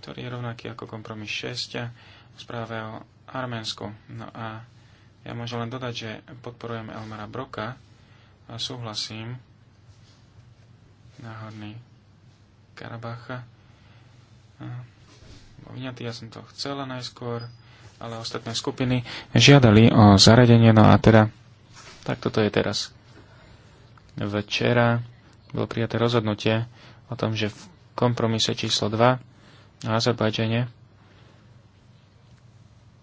ktorý je rovnaký ako kompromis 6 správe o Arménsku. No a ja môžem len dodať, že podporujem Elmara Broka a súhlasím náhodný Karabacha. Vňatý ja som to chcela najskôr, ale ostatné skupiny žiadali o zaradenie, no a teda tak toto je teraz. Včera bolo prijaté rozhodnutie o tom, že v kompromise číslo 2 na Azerbajdžane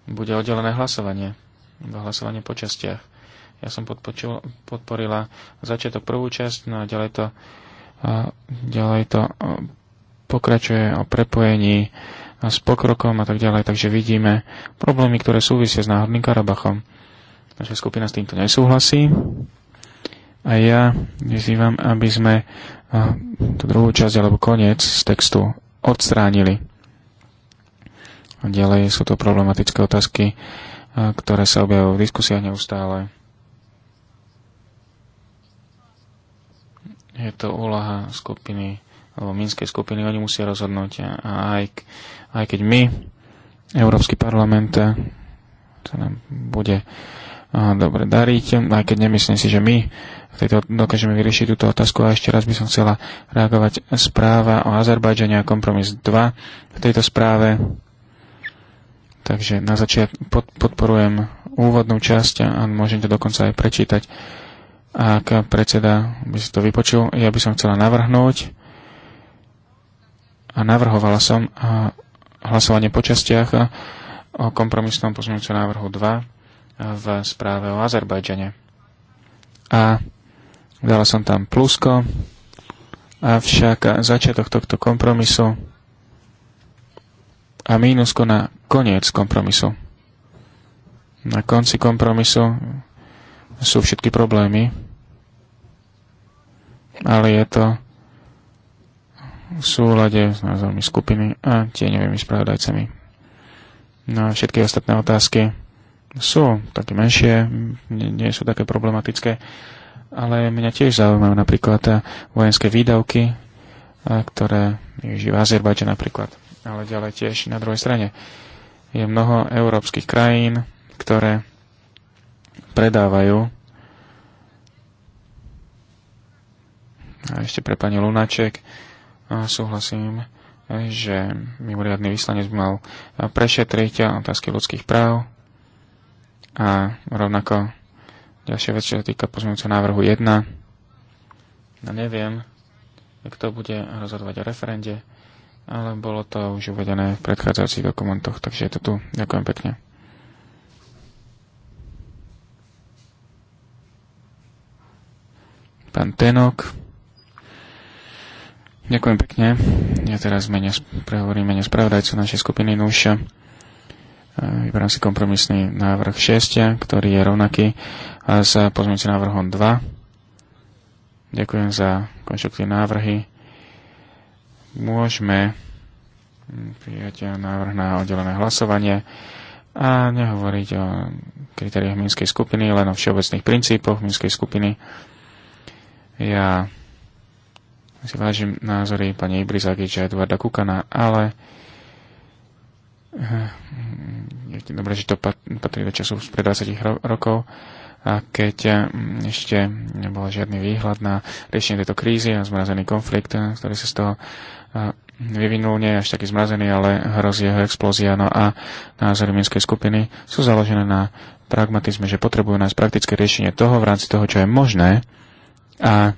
bude oddelené hlasovanie. hlasovanie po častiach. Ja som podpočil, podporila začiatok prvú časť, no a ďalej to, a ďalej to pokračuje o prepojení a s pokrokom a tak ďalej. Takže vidíme problémy, ktoré súvisia s Náhorným Karabachom. Naša skupina s týmto nesúhlasí a ja vyzývam, aby sme tú druhú časť alebo koniec z textu odstránili. A ďalej sú to problematické otázky, ktoré sa objavujú v diskusiách neustále. Je to úloha skupiny, alebo Minskej skupiny, oni musia rozhodnúť. A aj, aj keď my, Európsky parlament, sa nám bude dobre dariť, aj keď nemyslím si, že my tejto, dokážeme vyriešiť túto otázku. A ešte raz by som chcela reagovať správa o Azerbajdžane a kompromis 2 v tejto správe Takže na začiatku podporujem úvodnú časť a môžem to dokonca aj prečítať. Ak predseda by si to vypočul, ja by som chcela navrhnúť a navrhovala som a hlasovanie po častiach o kompromisnom pozmeňujúcom návrhu 2 v správe o Azerbajdžane. A dala som tam plusko, avšak začiatok tohto kompromisu a mínusko na koniec kompromisu. Na konci kompromisu sú všetky problémy, ale je to v súlade s názormi skupiny a tieňovými spravodajcami. No a všetky ostatné otázky sú také menšie, nie sú také problematické, ale mňa tiež zaujímajú napríklad vojenské výdavky, ktoré využíva Azerbajdžan napríklad, ale ďalej tiež na druhej strane je mnoho európskych krajín, ktoré predávajú a ešte pre pani Lunaček súhlasím, že mimoriadný vyslanec by mal prešetriť otázky ľudských práv a rovnako ďalšia vec, čo sa týka pozmeňujúceho návrhu 1. No neviem, kto bude rozhodovať o referende ale bolo to už uvedené v predchádzajúcich dokumentoch, takže je to tu. Ďakujem pekne. Pán Tenok. Ďakujem pekne. Ja teraz mene, prehovorím mene spravodajcu našej skupiny Núša. E, vyberám si kompromisný návrh 6, ktorý je rovnaký s pozmeňujúcim návrhom 2. Ďakujem za konštruktívne návrhy môžeme prijať návrh na oddelené hlasovanie a nehovoriť o kritériách Minskej skupiny, len o všeobecných princípoch Minskej skupiny. Ja si vážim názory pani Ibrizagiča a Eduarda Kukana, ale eh, je dobre, že to patrí do času z 20 rokov a keď hm, ešte nebol žiadny výhľad na riešenie tejto krízy a zmrazený konflikt, eh, ktorý sa z toho eh, vyvinul, nie je až taký zmrazený, ale hrozí jeho explózia. No a názory Minskej skupiny sú založené na pragmatizme, že potrebujú nás praktické riešenie toho v rámci toho, čo je možné a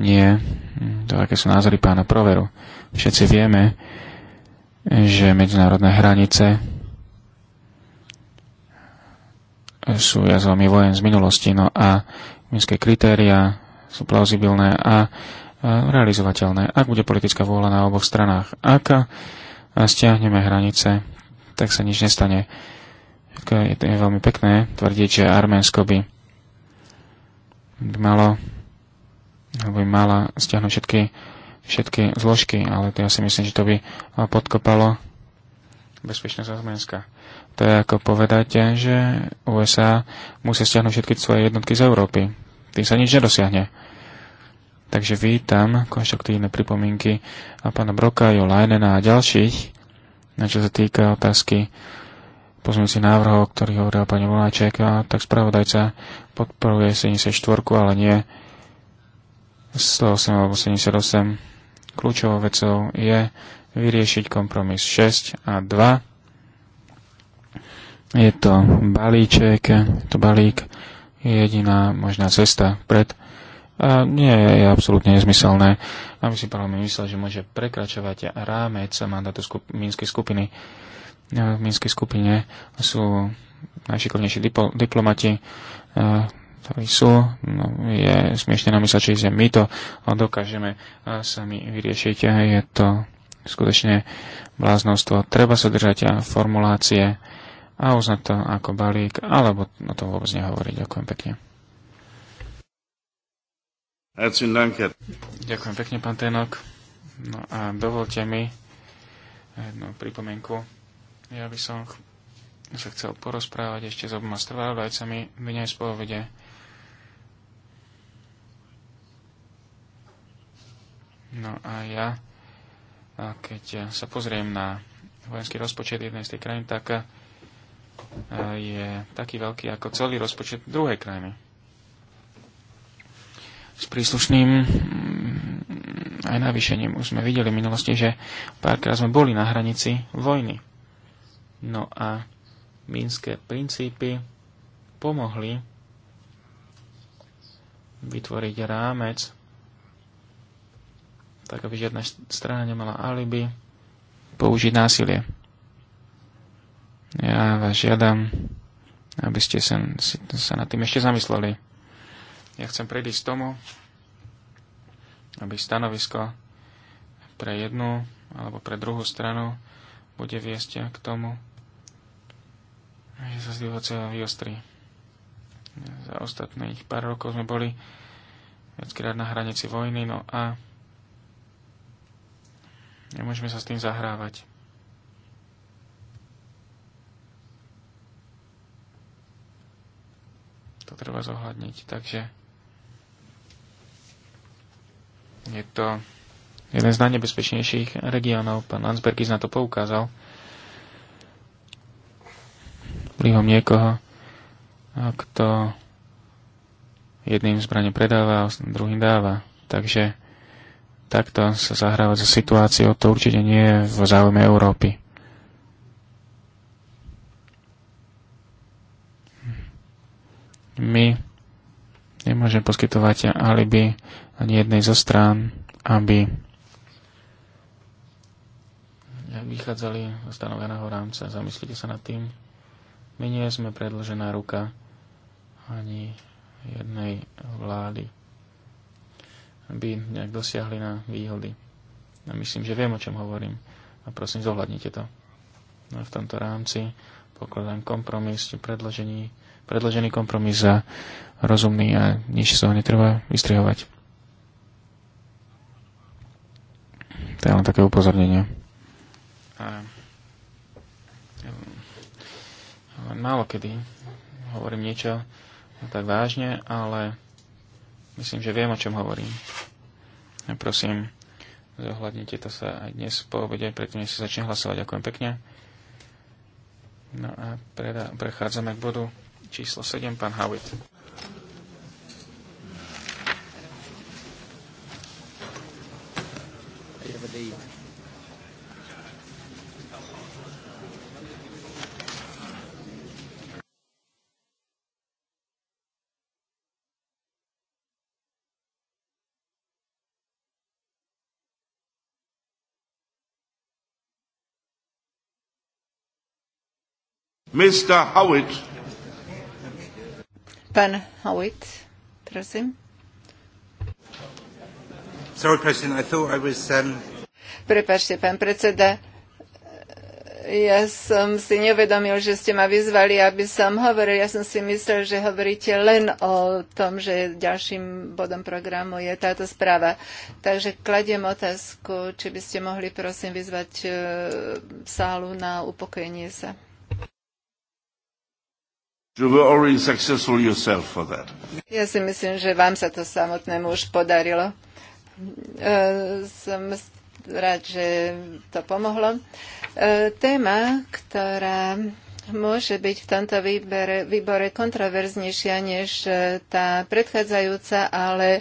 nie hm, to, aké sú názory pána Proveru. Všetci vieme, že medzinárodné hranice sú jazvami vojen z minulosti. No a minské kritéria sú plauzibilné a realizovateľné, ak bude politická vôľa na oboch stranách. Ak stiahneme hranice, tak sa nič nestane. Je, je veľmi pekné tvrdiť, že Arménsko by, by malo alebo by mala stiahnuť všetky, všetky zložky, ale to ja si myslím, že to by podkopalo bezpečnosť Arménska. To je ako povedať, že USA musia stiahnuť všetky svoje jednotky z Európy. Tým sa nič nedosiahne. Takže vítam konštruktívne pripomienky a pána Broka, Jo Lajnena a ďalších, na čo sa týka otázky pozmeňujúcich návrhov, o ktorých hovorila pani Voláček, a tak spravodajca podporuje 74, ale nie 108 alebo 78. Kľúčovou vecou je, vyriešiť kompromis 6 a 2. Je to balíček, je to balík, je jediná možná cesta pred. A nie, je absolútne nezmyselné, aby si parlament myslel, že môže prekračovať rámec mandátu skup- Minskej skupiny. V Minskej skupine sú najšikovnejší dipo- diplomati, ktorí sú, no, je smiešne na mysle, že my to dokážeme sami vyriešiť. Je to skutočne bláznostvo. Treba sa držať a formulácie a uznať to ako balík, alebo o tom vôbec nehovoriť. Ďakujem pekne. Ďakujem pekne, pán Tenok. No a dovolte mi jednu pripomienku. Ja by som sa chcel porozprávať ešte s oboma strvávajcami dnes po obede. No a ja a keď sa pozriem na vojenský rozpočet jednej z tej krajín, tak eh, je taký veľký ako celý rozpočet druhej krajiny. S príslušným mm, aj navýšením už sme videli v minulosti, že párkrát sme boli na hranici vojny. No a mínske princípy pomohli vytvoriť rámec tak aby žiadna strana nemala alibi použiť násilie. Ja vás žiadam, aby ste sa, sa nad tým ešte zamysleli. Ja chcem predísť tomu, aby stanovisko pre jednu alebo pre druhú stranu bude viesť k tomu, že sa zdivoce vyostri. Za ostatných pár rokov sme boli viackrát na hranici vojny, no a Nemôžeme sa s tým zahrávať. To treba zohľadniť. Takže je to jeden z najnebezpečnejších regiónov. Pán Landsbergis na to poukázal. Vplyvom niekoho, kto jedným zbraním predáva a druhým dáva. Takže takto sa zahrávať za situáciou, to určite nie je v záujme Európy. My nemôžeme poskytovať alibi ani jednej zo strán, aby vychádzali zo stanoveného rámca. Zamyslite sa nad tým. My nie sme predlžená ruka ani jednej vlády by nejak dosiahli na výhody. A myslím, že viem, o čom hovorím. A prosím, zohľadnite to. No a v tomto rámci pokladám kompromis, predložený, predložený kompromis za rozumný a nič z toho netreba vystrihovať. To je len také upozornenie. A len málo kedy hovorím niečo tak vážne, ale Myslím, že viem, o čom hovorím. A prosím, zohľadnite to sa aj dnes po obede, predtým, než sa začne hlasovať. Ďakujem pekne. No a prechádzame k bodu číslo 7, pán Howitt. have a Mr. Howitt. Pan Howitt, prosím. Sorry, President, I thought I was... Um... Prepašte, pán predseda, ja som si neuvedomil, že ste ma vyzvali, aby som hovoril. Ja som si myslel, že hovoríte len o tom, že ďalším bodom programu je táto správa. Takže kladiem otázku, či by ste mohli prosím vyzvať e, sálu na upokojenie sa. You were already successful yourself for that. Ja si myslím, že vám sa to samotnému už podarilo. E, som rád, že to pomohlo. E, téma, ktorá môže byť v tomto výbere, výbore kontroverznejšia než e, tá predchádzajúca, ale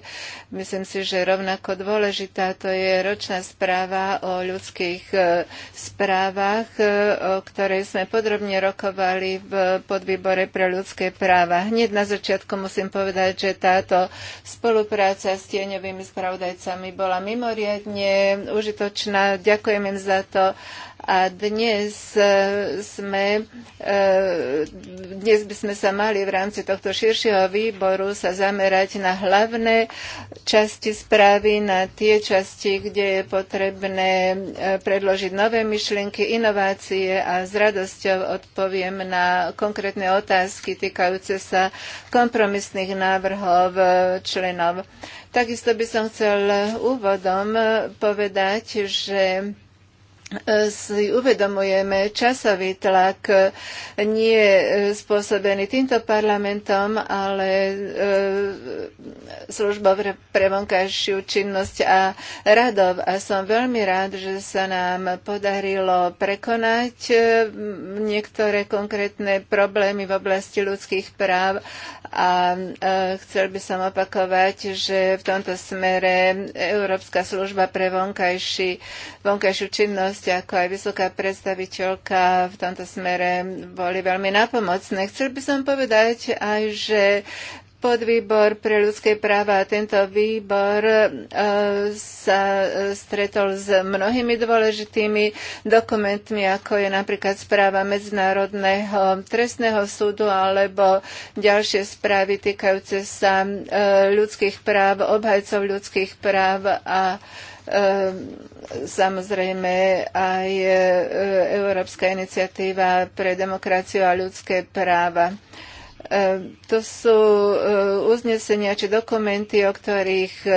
myslím si, že rovnako dôležitá to je ročná správa o ľudských e, správach, e, o ktorej sme podrobne rokovali v podvýbore pre ľudské práva. Hneď na začiatku musím povedať, že táto spolupráca s tieňovými spravodajcami bola mimoriadne užitočná. Ďakujem im za to a dnes e, sme, e, dnes by sme sa mali v rámci tohto širšieho výboru sa zamerať na hlavné časti správy, na tie časti, kde je potrebné e, predložiť nové myšlienky, inovácie a s radosťou odpoviem na konkrétne otázky týkajúce sa kompromisných návrhov členov. Takisto by som chcel úvodom povedať, že si uvedomujeme časový tlak e, nie e, spôsobený týmto parlamentom, ale e, službou pre vonkajšiu činnosť a radov. A som veľmi rád, že sa nám podarilo prekonať niektoré konkrétne problémy v oblasti ľudských práv a chcel by som opakovať, že v tomto smere Európska služba pre vonkajší, vonkajšiu činnosť ste ako aj vysoká predstaviteľka v tomto smere boli veľmi napomocné. Chcel by som povedať aj, že podvýbor pre ľudské práva a tento výbor e, sa stretol s mnohými dôležitými dokumentmi, ako je napríklad správa Medzinárodného trestného súdu alebo ďalšie správy týkajúce sa e, ľudských práv, obhajcov ľudských práv a Ehm, samozrejme aj e, Európska iniciatíva pre demokraciu a ľudské práva. Ehm, to sú e, uznesenia či dokumenty, o ktorých e,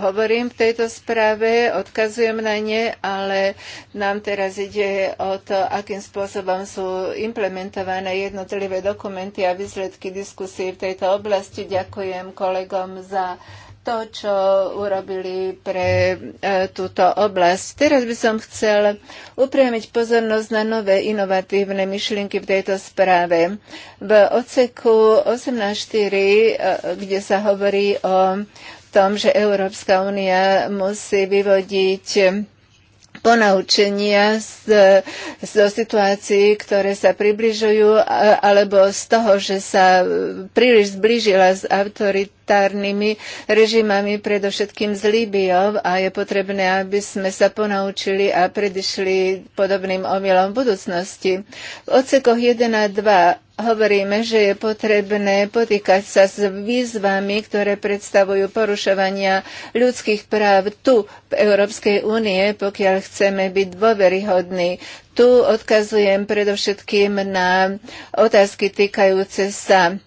hovorím v tejto správe, odkazujem na ne, ale nám teraz ide o to, akým spôsobom sú implementované jednotlivé dokumenty a výsledky diskusie v tejto oblasti. Ďakujem kolegom za to, čo urobili pre e, túto oblasť. Teraz by som chcel upriamiť pozornosť na nové inovatívne myšlienky v tejto správe. V odseku 18.4, e, kde sa hovorí o tom, že Európska únia musí vyvodiť ponaučenia z, z situácií, ktoré sa približujú, alebo z toho, že sa príliš zblížila s autoritárnymi režimami, predovšetkým z Líbiou a je potrebné, aby sme sa ponaučili a predišli podobným omylom v budúcnosti. V odsekoch 1 a 2 hovoríme, že je potrebné potýkať sa s výzvami, ktoré predstavujú porušovania ľudských práv tu v Európskej únie, pokiaľ chceme byť dôveryhodní. Tu odkazujem predovšetkým na otázky týkajúce sa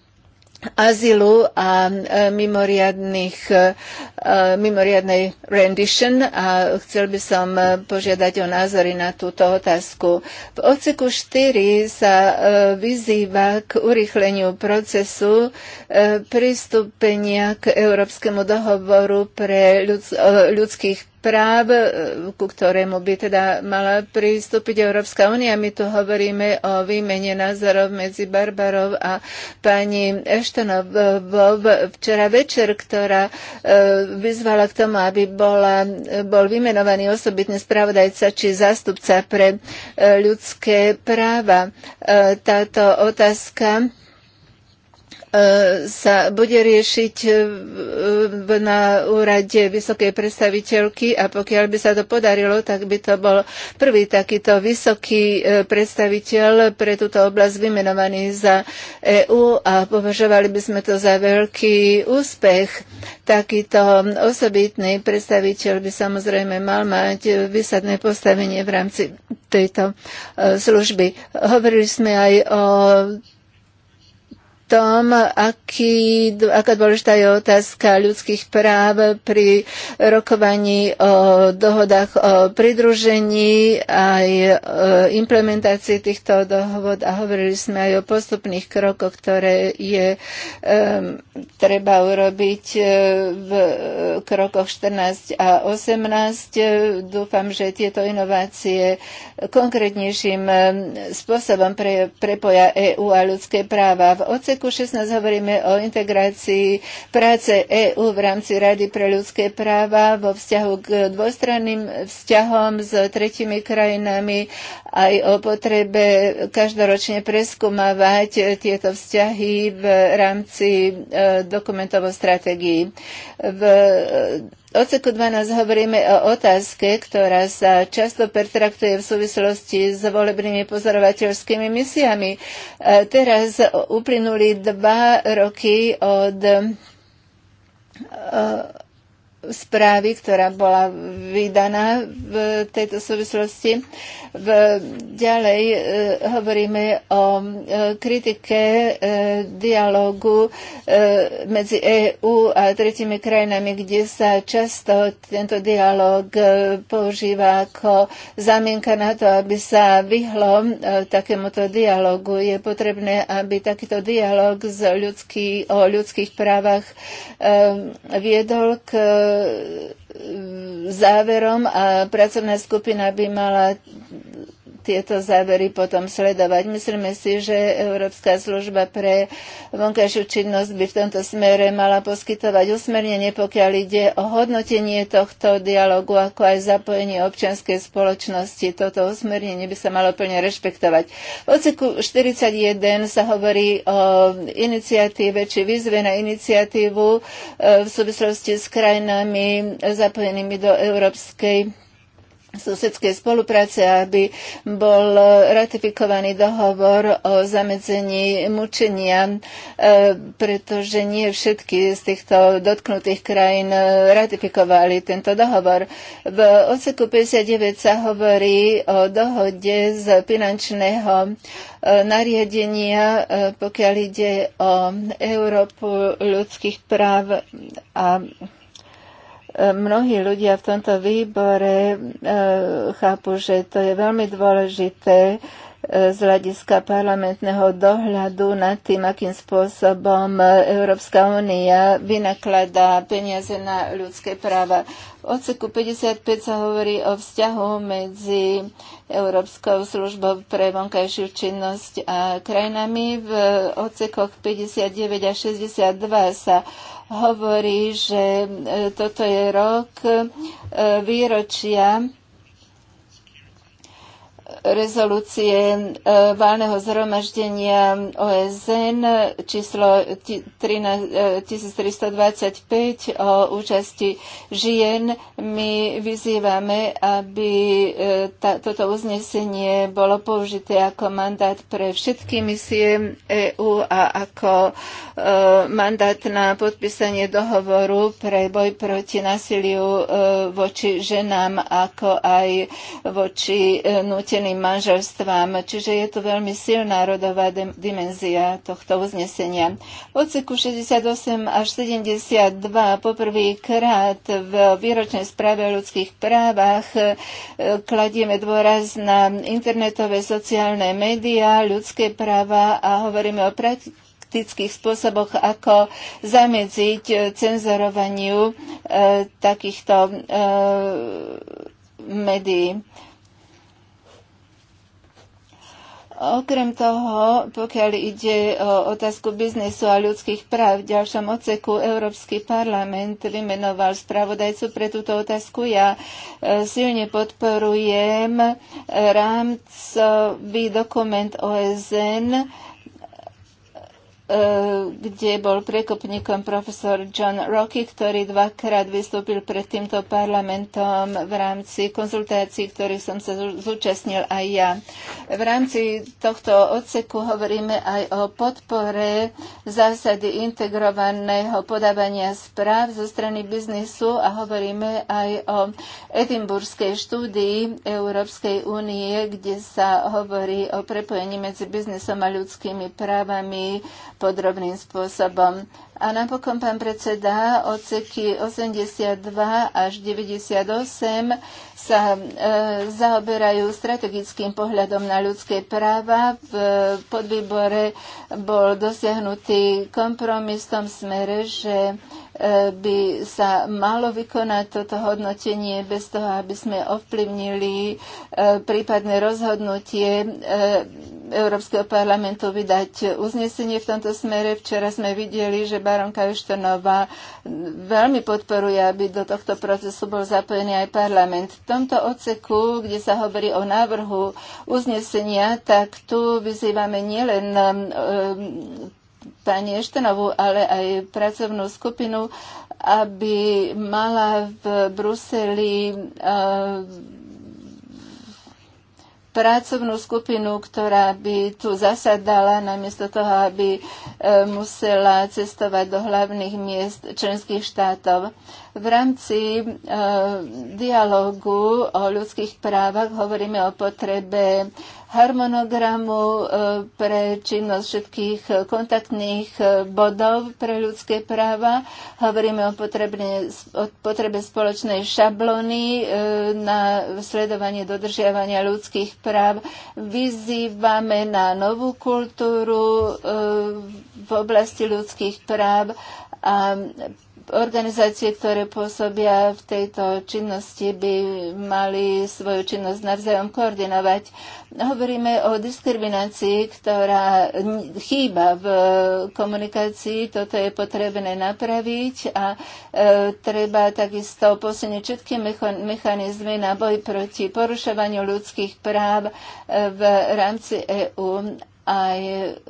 azylu a e, mimoriadných, e, e, mimoriadnej rendition a chcel by som požiadať o názory na túto otázku. V odseku 4 sa vyzýva k urychleniu procesu pristúpenia k Európskemu dohovoru pre ľudských práv, e, ku ktorému by teda mala pristúpiť Európska únia. My tu hovoríme o výmene názorov medzi Barbarov a pani Eštonovou e, včera večer, ktorá e, vyzvala k tomu, aby bola, bol vymenovaný osobitný spravodajca či zástupca pre ľudské práva. Táto otázka E, sa bude riešiť e, e, na úrade vysokej predstaviteľky a pokiaľ by sa to podarilo, tak by to bol prvý takýto vysoký predstaviteľ pre túto oblasť vymenovaný za EÚ a považovali by sme to za veľký úspech. Takýto osobitný predstaviteľ by samozrejme mal mať vysadné postavenie v rámci tejto služby. Hovorili sme aj o tom, aký, aká dôležitá je otázka ľudských práv pri rokovaní o dohodách o pridružení aj e, implementácii týchto dohod a hovorili sme aj o postupných krokoch, ktoré je um, treba urobiť e, v krokoch 14 a 18. Dúfam, že tieto inovácie konkrétnejším spôsobom pre, prepoja EÚ a ľudské práva. V oce Odseku 16 hovoríme o integrácii práce EÚ v rámci Rady pre ľudské práva vo vzťahu k dvojstranným vzťahom s tretimi krajinami aj o potrebe každoročne preskúmavať tieto vzťahy v rámci e, dokumentov o stratégii. V odseku 12 hovoríme o otázke, ktorá sa často pertraktuje v súvislosti s volebnými pozorovateľskými misiami. E, teraz uplynuli dva roky od e, správy, ktorá bola vydaná v tejto súvislosti. V, ďalej e, hovoríme o e, kritike e, dialogu e, medzi EÚ a tretimi krajinami, kde sa často tento dialog e, používa ako zamienka na to, aby sa vyhlo e, takémuto dialogu. Je potrebné, aby takýto dialog z ľudský, o ľudských právach e, viedol k záverom a pracovná skupina by mala tieto závery potom sledovať. Myslíme si, že Európska služba pre vonkajšiu činnosť by v tomto smere mala poskytovať usmernenie, pokiaľ ide o hodnotenie tohto dialogu, ako aj zapojenie občianskej spoločnosti. Toto usmernenie by sa malo plne rešpektovať. V oceku 41 sa hovorí o iniciatíve či výzve na iniciatívu e, v súvislosti s krajinami zapojenými do európskej susedskej spolupráce, aby bol ratifikovaný dohovor o zamedzení mučenia, e, pretože nie všetky z týchto dotknutých krajín e, ratifikovali tento dohovor. V odseku 59 sa hovorí o dohode z finančného e, nariadenia, pokiaľ ide o Európu ľudských práv a mnohí ľudia v tomto výbore e, chápu, že to je veľmi dôležité e, z hľadiska parlamentného dohľadu nad tým, akým spôsobom Európska únia vynakladá peniaze na ľudské práva. V odseku 55 sa hovorí o vzťahu medzi Európskou službou pre vonkajšiu činnosť a krajinami. V odsekoch 59 a 62 sa hovorí, že e, toto je rok e, výročia rezolúcie e, válneho zhromaždenia OSN číslo 1325 e, o účasti žien. My vyzývame, aby e, tá, toto uznesenie bolo použité ako mandát pre všetky misie EÚ a ako e, mandát na podpísanie dohovoru pre boj proti nasiliu e, voči ženám, ako aj voči e, nuteným rodinným manželstvám, čiže je to veľmi silná rodová dimenzia tohto uznesenia. V odseku 68 až 72 poprvýkrát v výročnej správe o ľudských právach e, kladieme dôraz na internetové sociálne médiá, ľudské práva a hovoríme o praktikách praktických spôsoboch, ako zamedziť e, cenzorovaniu e, takýchto e, médií. Okrem toho, pokiaľ ide o otázku biznesu a ľudských práv, v ďalšom odseku Európsky parlament vymenoval spravodajcu pre túto otázku. Ja e, silne podporujem e, rámcový dokument OSN, E, kde bol prekopníkom profesor John Rocky, ktorý dvakrát vystúpil pred týmto parlamentom v rámci konzultácií, ktorých som sa zúčastnil aj ja. V rámci tohto odseku hovoríme aj o podpore zásady integrovaného podávania správ zo strany biznisu a hovoríme aj o edimburskej štúdii Európskej únie, kde sa hovorí o prepojení medzi biznisom a ľudskými právami podrobným spôsobom. A napokon, pán predseda, odseky 82 až 98 sa e, zaoberajú strategickým pohľadom na ľudské práva. V podvýbore bol dosiahnutý kompromis v tom smere, že e, E, by sa malo vykonať toto hodnotenie bez toho, aby sme ovplyvnili e, prípadné rozhodnutie e, Európskeho parlamentu vydať uznesenie v tomto smere. Včera sme videli, že baronka Juštonová veľmi podporuje, aby do tohto procesu bol zapojený aj parlament. V tomto odseku, kde sa hovorí o návrhu uznesenia, tak tu vyzývame nielen pani Eštenovú, ale aj pracovnú skupinu, aby mala v Bruseli eh, pracovnú skupinu, ktorá by tu zasadala, namiesto toho, aby eh, musela cestovať do hlavných miest členských štátov. V rámci e, dialogu o ľudských právach hovoríme o potrebe harmonogramu e, pre činnosť všetkých kontaktných e, bodov pre ľudské práva. Hovoríme o, potrebe, o potrebe spoločnej šablóny e, na sledovanie dodržiavania ľudských práv. Vyzývame na novú kultúru v oblasti ľudských práv a Organizácie, ktoré pôsobia v tejto činnosti, by mali svoju činnosť navzájom koordinovať. Hovoríme o diskriminácii, ktorá chýba v komunikácii. Toto je potrebné napraviť a e, treba takisto posunieť všetky mechanizmy na boj proti porušovaniu ľudských práv e, v rámci EÚ aj e,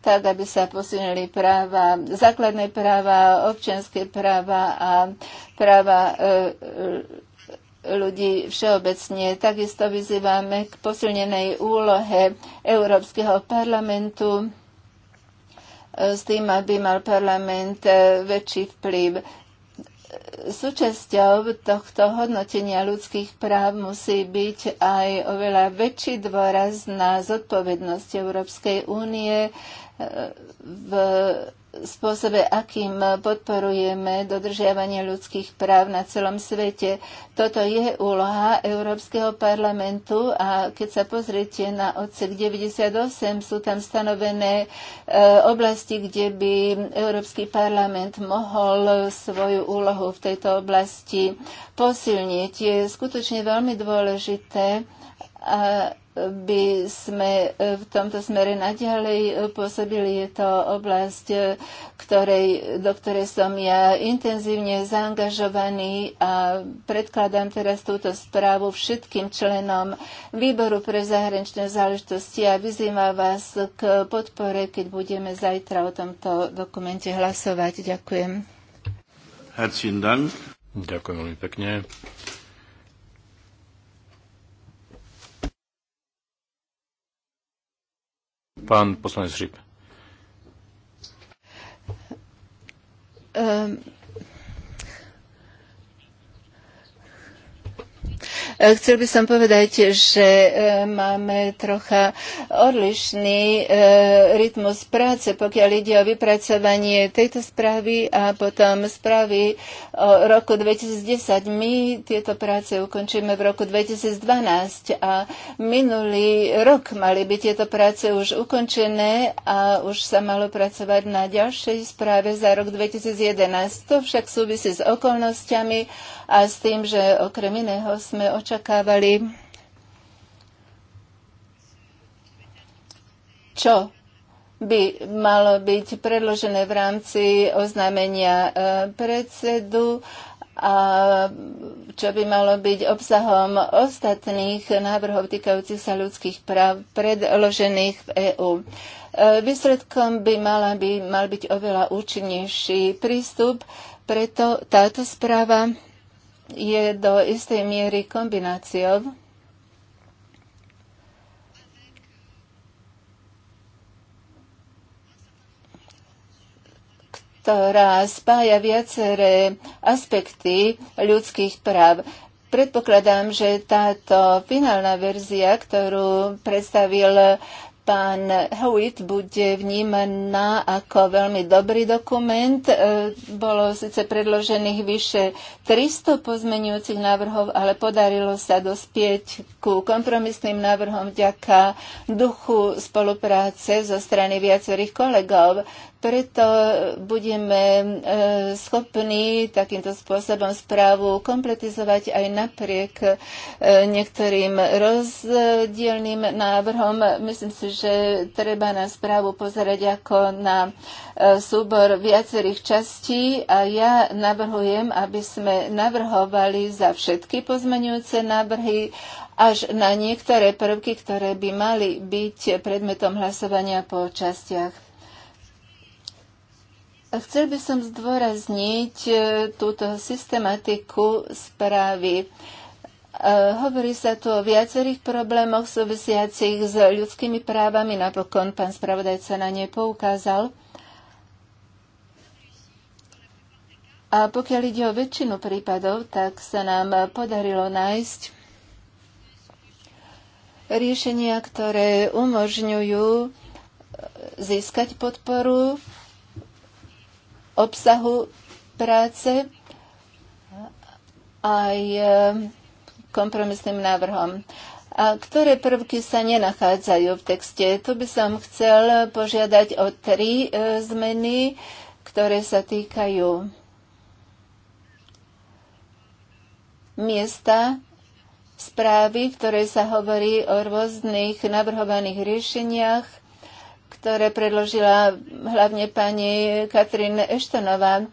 tak aby sa posunili práva, základné práva, občianské práva a práva e, e, ľudí všeobecne. Takisto vyzývame k posilnenej úlohe Európskeho parlamentu e, s tým, aby mal parlament väčší vplyv súčasťou tohto hodnotenia ľudských práv musí byť aj oveľa väčší dôraz na zodpovednosť Európskej únie v spôsobe, akým podporujeme dodržiavanie ľudských práv na celom svete. Toto je úloha Európskeho parlamentu a keď sa pozriete na odsek 98, sú tam stanovené e, oblasti, kde by Európsky parlament mohol svoju úlohu v tejto oblasti posilniť. Je skutočne veľmi dôležité, a e, by sme e, v tomto smere naďalej e, pôsobili. Je to oblasť, ktorej, do ktorej som ja intenzívne zaangažovaný a predkladám teraz túto správu všetkým členom Výboru pre zahraničné záležitosti a vyzývam vás k podpore, keď budeme zajtra o tomto dokumente hlasovať. Ďakujem. Herzlichen Dank. Ďakujem veľmi pekne. Pán poslanec Žip. Um ehm, Chcel by som povedať, že e, máme trocha odlišný e, rytmus práce, pokiaľ ide o vypracovanie tejto správy a potom správy o roku 2010. My tieto práce ukončíme v roku 2012 a minulý rok mali by tieto práce už ukončené a už sa malo pracovať na ďalšej správe za rok 2011. To však súvisí s okolnostiami a s tým, že okrem iného sme očakávali očakávali, čo by malo byť predložené v rámci oznámenia e, predsedu a čo by malo byť obsahom ostatných návrhov týkajúcich sa ľudských práv predložených v EÚ. E, výsledkom by, mala by mal byť oveľa účinnejší prístup, preto táto správa je do istej miery kombináciou ktorá spája viaceré aspekty ľudských práv. Predpokladám, že táto finálna verzia, ktorú predstavil pán Howitt bude vnímaná ako veľmi dobrý dokument. E, bolo síce predložených vyše 300 pozmenujúcich návrhov, ale podarilo sa dospieť ku kompromisným návrhom vďaka duchu spolupráce zo strany viacerých kolegov. Preto budeme e, schopní takýmto spôsobom správu kompletizovať aj napriek e, niektorým rozdielným návrhom. Myslím si, že treba na správu pozerať ako na e, súbor viacerých častí a ja navrhujem, aby sme navrhovali za všetky pozmenujúce návrhy až na niektoré prvky, ktoré by mali byť predmetom hlasovania po častiach. Chcel by som zdôrazniť e, túto systematiku správy. E, hovorí sa tu o viacerých problémoch súvisiacich s ľudskými právami. Napokon pán spravodajca na ne poukázal. A pokiaľ ide o väčšinu prípadov, tak sa nám podarilo nájsť riešenia, ktoré umožňujú e, získať podporu obsahu práce aj e, kompromisným návrhom. A ktoré prvky sa nenachádzajú v texte? Tu by som chcel požiadať o tri e, zmeny, ktoré sa týkajú miesta správy, v ktorej sa hovorí o rôznych navrhovaných riešeniach ktoré predložila hlavne pani Katrin Eštonová e,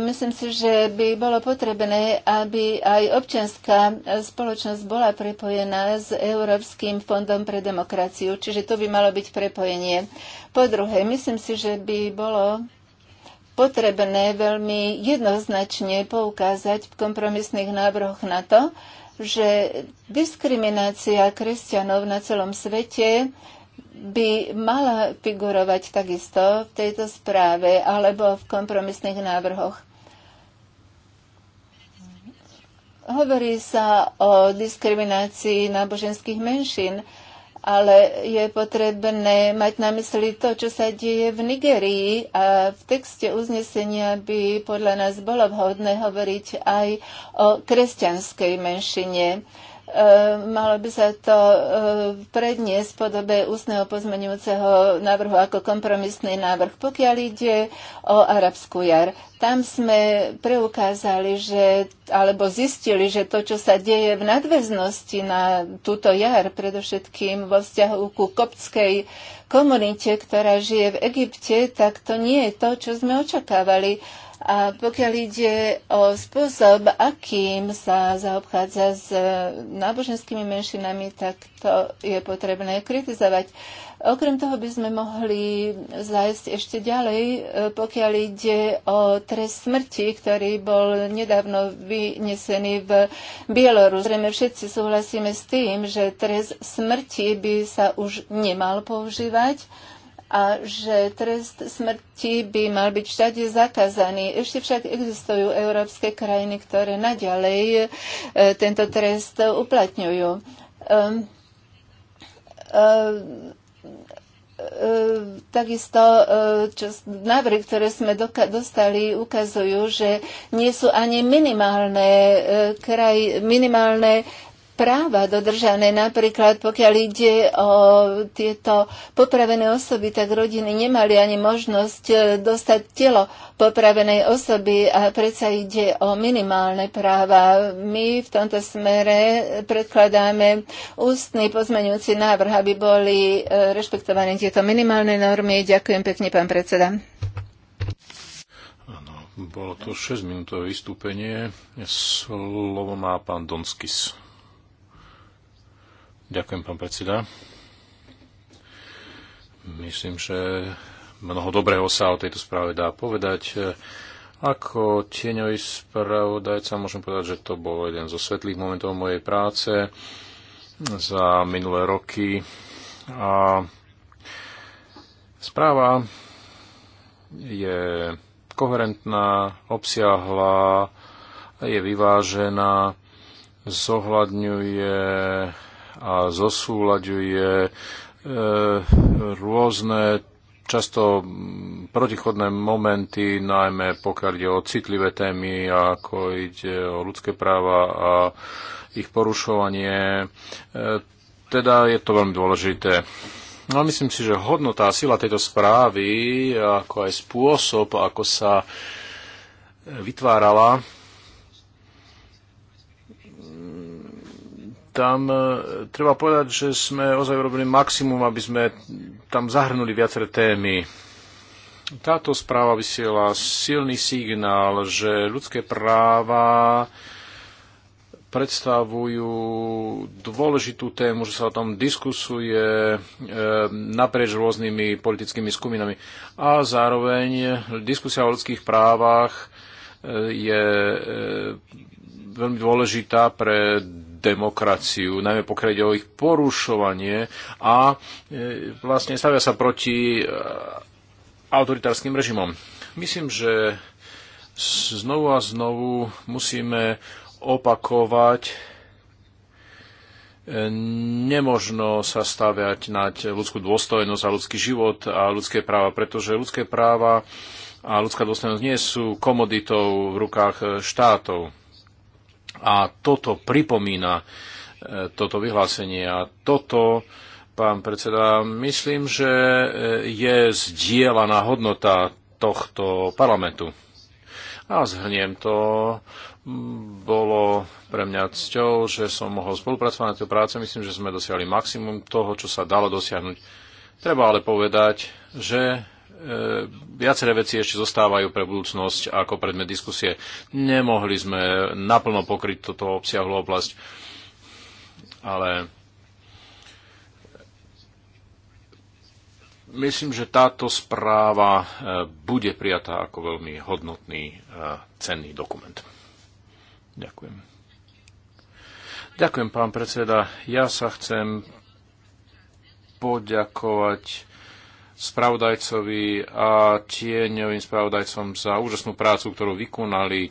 myslím si, že by bolo potrebné, aby aj občianská spoločnosť bola prepojená s Európskym fondom pre demokraciu, čiže to by malo byť prepojenie. Po druhé, myslím si, že by bolo potrebné veľmi jednoznačne poukázať v kompromisných návrhoch na to, že diskriminácia kresťanov na celom svete by mala figurovať takisto v tejto správe alebo v kompromisných návrhoch. Hovorí sa o diskriminácii náboženských menšín, ale je potrebné mať na mysli to, čo sa deje v Nigerii a v texte uznesenia by podľa nás bolo vhodné hovoriť aj o kresťanskej menšine. Ehm, malo by sa to ehm, predniesť v podobe ústneho pozmenujúceho návrhu ako kompromisný návrh. Pokiaľ ide o arabskú jar, tam sme preukázali, že, alebo zistili, že to, čo sa deje v nadväznosti na túto jar, predovšetkým vo vzťahu ku koptskej komunite, ktorá žije v Egypte, tak to nie je to, čo sme očakávali a pokiaľ ide o spôsob, akým sa zaobchádza s e, náboženskými menšinami, tak to je potrebné kritizovať. Okrem toho by sme mohli zájsť ešte ďalej, e, pokiaľ ide o trest smrti, ktorý bol nedávno vynesený v Bieloru. Zrejme všetci súhlasíme s tým, že trest smrti by sa už nemal používať a že trest smrti by mal byť všade zakázaný. Ešte však existujú európske krajiny, ktoré naďalej e, tento trest uplatňujú. Um, takisto návrhy, ktoré sme dostali, ukazujú, že nie sú ani minimálne, kraj, minimálne práva dodržané. Napríklad pokiaľ ide o tieto popravené osoby, tak rodiny nemali ani možnosť e, dostať telo popravenej osoby a predsa ide o minimálne práva. My v tomto smere predkladáme ústny pozmeňujúci návrh, aby boli e, rešpektované tieto minimálne normy. Ďakujem pekne, pán predseda. bolo to 6-minútové vystúpenie. Slovo má pán Donskis. Ďakujem, pán predseda. Myslím, že mnoho dobrého sa o tejto správe dá povedať. Ako tieňový spravodajca môžem povedať, že to bol jeden zo svetlých momentov mojej práce za minulé roky. A správa je koherentná, obsiahla, je vyvážená, zohľadňuje a zosúľaďuje e, rôzne často protichodné momenty, najmä pokiaľ ide o citlivé témy, ako ide o ľudské práva a ich porušovanie. E, teda je to veľmi dôležité. No a myslím si, že hodnota a sila tejto správy, ako aj spôsob, ako sa vytvárala, tam e, treba povedať, že sme ozaj urobili maximum, aby sme tam zahrnuli viaceré témy. Táto správa vysiela silný signál, že ľudské práva predstavujú dôležitú tému, že sa o tom diskusuje e, naprieč rôznymi politickými skupinami. A zároveň diskusia o ľudských právach e, je veľmi dôležitá pre demokraciu, najmä pokiaľ ide o ich porušovanie a e, vlastne stavia sa proti e, autoritárskym režimom. Myslím, že znovu a znovu musíme opakovať, e, nemožno sa staviať na ľudskú dôstojnosť a ľudský život a ľudské práva, pretože ľudské práva a ľudská dôstojnosť nie sú komoditou v rukách štátov. A toto pripomína e, toto vyhlásenie. A toto, pán predseda, myslím, že e, je zdieľaná hodnota tohto parlamentu. A zhrniem to, bolo pre mňa cťou, že som mohol spolupracovať na tej práce. Myslím, že sme dosiahli maximum toho, čo sa dalo dosiahnuť. Treba ale povedať, že E, viaceré veci ešte zostávajú pre budúcnosť ako predmet diskusie. Nemohli sme naplno pokryť toto obsiahlu oblasť, ale myslím, že táto správa e, bude prijatá ako veľmi hodnotný, e, cenný dokument. Ďakujem. Ďakujem, pán predseda. Ja sa chcem poďakovať spravodajcovi a tieňovým spravodajcom za úžasnú prácu, ktorú vykonali.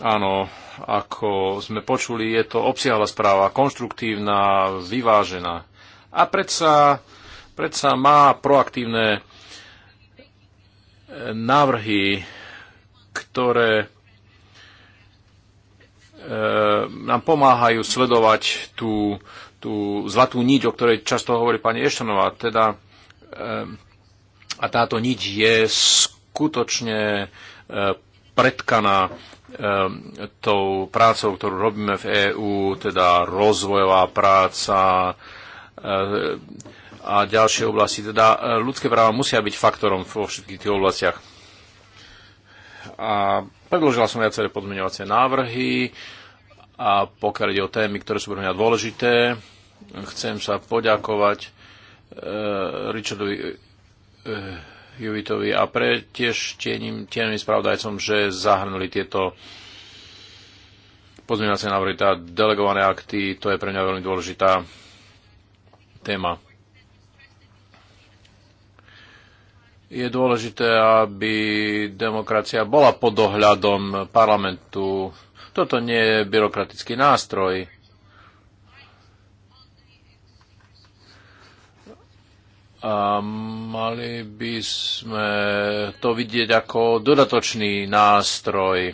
Áno, ako sme počuli, je to obsiahla správa, konštruktívna, vyvážená. A predsa, predsa má proaktívne eh, návrhy, ktoré eh, nám pomáhajú sledovať tú, tú zlatú niť, o ktorej často hovorí pani Eštonová. Teda Ehm, a táto niť je skutočne e, predkaná ehm, tou prácou, ktorú robíme v EÚ, teda rozvojová práca e, a ďalšie oblasti. Teda e, ľudské práva musia byť faktorom vo všetkých tých oblastiach. A predložila som viaceré podmenovacie návrhy a pokiaľ ide o témy, ktoré sú pre mňa dôležité, chcem sa poďakovať Eh, Richardovi Juvitovi eh, a pre tiež tienim, tienim spravodajcom, že zahrnuli tieto pozmeňovacie návrhy, tá delegované akty, to je pre mňa veľmi dôležitá téma. Je dôležité, aby demokracia bola pod dohľadom parlamentu. Toto nie je byrokratický nástroj A mali by sme to vidieť ako dodatočný nástroj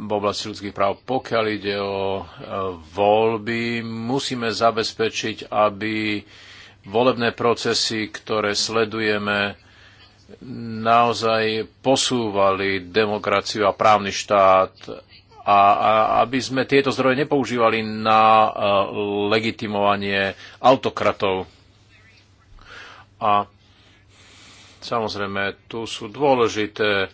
v oblasti ľudských práv. Pokiaľ ide o e, voľby, musíme zabezpečiť, aby volebné procesy, ktoré sledujeme, naozaj posúvali demokraciu a právny štát a, a aby sme tieto zdroje nepoužívali na uh, legitimovanie autokratov. A samozrejme, tu sú dôležité e,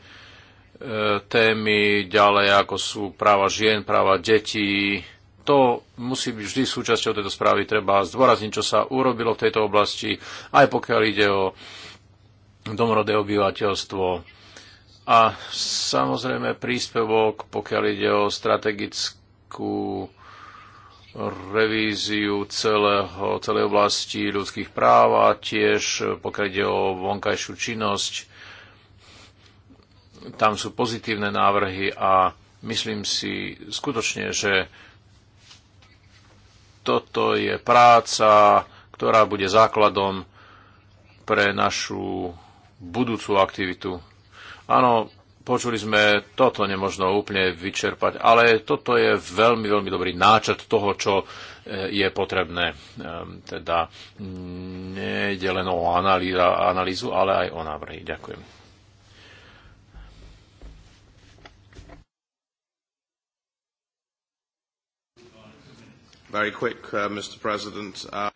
témy ďalej, ako sú práva žien, práva detí. To musí byť vždy súčasťou tejto správy. Treba zdôrazniť, čo sa urobilo v tejto oblasti, aj pokiaľ ide o domorodé obyvateľstvo. A samozrejme príspevok, pokiaľ ide o strategickú revíziu celého, celej oblasti ľudských práv a tiež pokiaľ ide o vonkajšiu činnosť. Tam sú pozitívne návrhy a myslím si skutočne, že toto je práca, ktorá bude základom pre našu budúcu aktivitu. Áno, Počuli sme, toto nemožno úplne vyčerpať, ale toto je veľmi, veľmi dobrý náčrt toho, čo e, je potrebné. E, teda nejde len o analýzu, ale aj o návrhy. Ďakujem. Very quick, uh, Mr. President. Uh...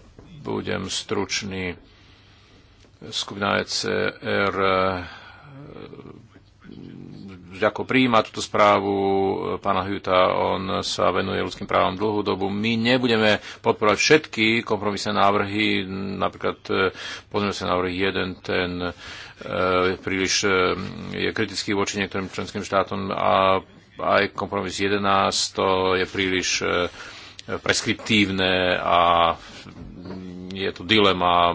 E, budem stručný. Skupina ECR ako prijíma túto správu e, pána Hjuta, on sa venuje ľudským právam dlhú dobu. My nebudeme podporovať všetky kompromisné návrhy, napríklad e, pozrieme sa návrh 1, ten e, príliš e, je kritický voči niektorým členským štátom a aj kompromis 11, to je príliš e, preskriptívne a je tu dilema, e,